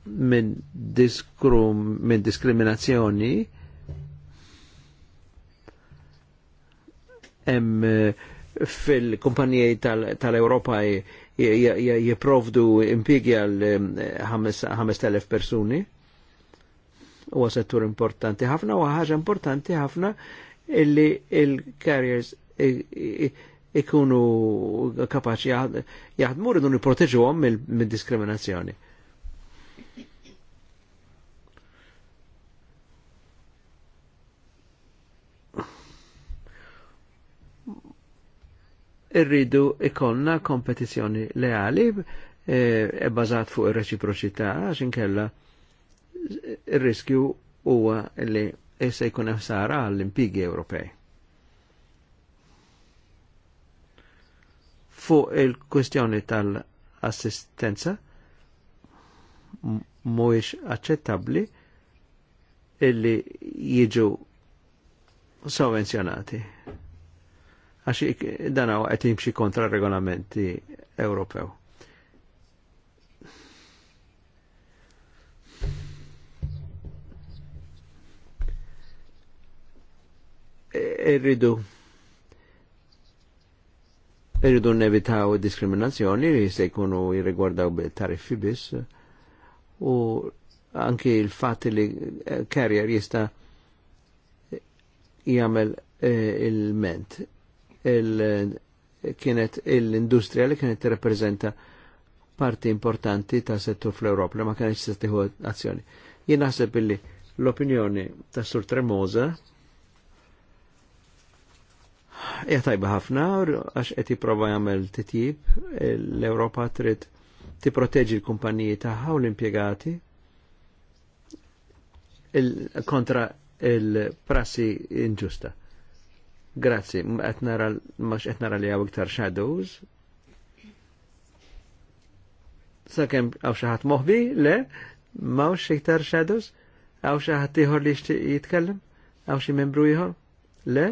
Speaker 1: minn min diskriminazzjoni em fil tal-Europa tal-Europa tal jiprovdu impiegi għal 5.000 persuni. Huwa settur importanti ħafna u ħaġa importanti ħafna illi il-carriers ikunu kapaċi jaħdmu rridu niproteġu għom mill-diskriminazzjoni. irridu ikonna kompetizjoni leali eh, e bazat fuq ir-reċiproċità għax inkella il riskju huwa li jessa jkun ħsara għall-impigi Ewropej. Fuq il-kwestjoni tal-assistenza mhuwiex aċċettabbli illi jiġu sovvenzjonati għax dan għu għet jimxi kontra regolamenti Ewropew. E- irridu irridu nevitaw diskriminazzjoni li se jkunu jirrigwardaw tariffi biss u anki il-fat li eh, carrier jista jagħmel eh, il-ment kienet l-industrija li kienet reprezenta parti importanti ta' settur fl-Europa li ma kienet s-settiħu azzjoni. Jien naħseb illi l-opinjoni ta' Sur Tremosa hija tajba ħafna għax qed jipprova jagħmel titjib l-Ewropa trid tipproteġi l-kumpaniji tagħha u l-impjegati kontra il-prassi inġusta Grazzi, ma etnara li għaw iktar shadows. Sakem għaw xaħat moħbi, le, mawx iktar shadows, għaw xaħat tiħor li jitkellem, għaw xie membru jħor, le.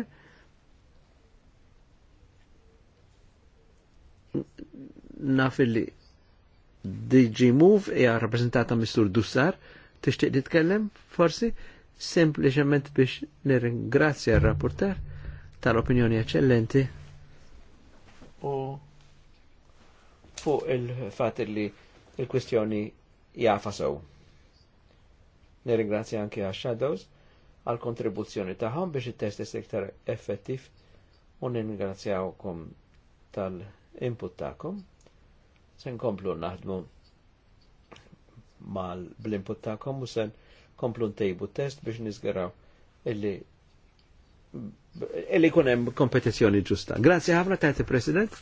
Speaker 1: Naf li DG Move hija rappresentata Mistur Dussar, tixtieq titkellem forsi sempliċement biex nirringrazzja r-rapporter tal-opinjoni eccellenti u fuq il-fat li il-kwistjoni jafasow. Nirringrazzja anki għax Shadows għal kontribuzzjoni tagħhom biex it-test iktar effettiv u nirringrazzjawkom tal-input tagħkom. Se nkomplu naħdmu mal bl-input tagħkom u sen komplu ntejbu test biex niżgaraw illi E li kunem kompetizjoni ġusta. Grazie ħafna tajti President,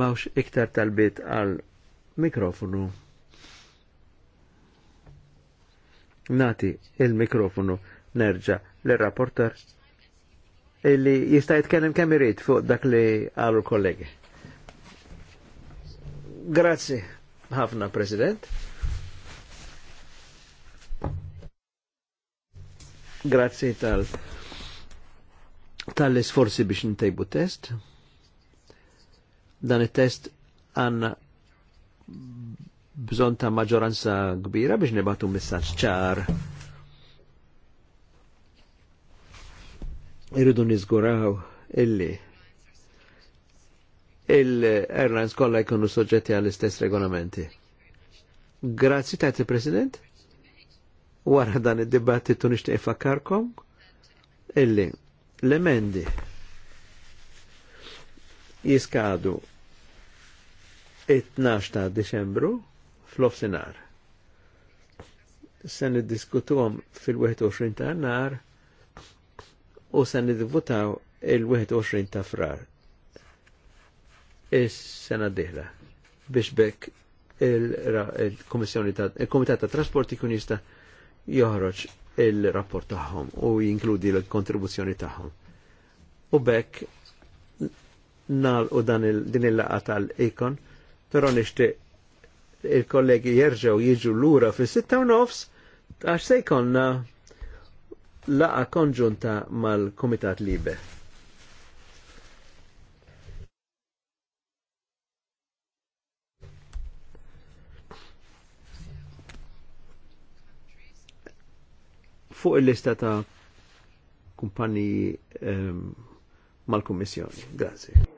Speaker 1: mawx iktar talbit għal mikrofonu. Nati il-mikrofonu nerġa l-rapporter illi jista' jitkellem kemm irid fuq dak li għalu kollegi. Grazzi ħafna President. Grazie tal- tal-isforzi biex ntejbu test. Dan il-test għanna bżon ta' maġoranza kbira biex nibatu messaċ ċar. Irridu nizguraw illi il-airlines kolla jkunu soġġetti għall-istess regolamenti. Grazzi ta' il-President. Wara dan id-dibattitu nishtiq ifakkarkom illi L-emendi jiskadu 12 ta' Deċembru fl-ofsinar. Sen id għom fil-21 ta' nar u sen id-votaw il-21 ta' frar. Is-sena diħla biex bekk il-Komitat il ta' Trasporti Kunista joħroġ il-rapport tagħhom u jinkludi l-kontribuzzjoni tagħhom. U bekk nalqu dan il din il-laqa tal-ikon, però nishti il-kollegi jerġgħu jiġu lura fis-sitta u nofs għax se jkollna laqa konġunta mal-Kumitat Libe. fuq il-lista ta' kumpanji ehm, mal-Kummissjoni. Grazie.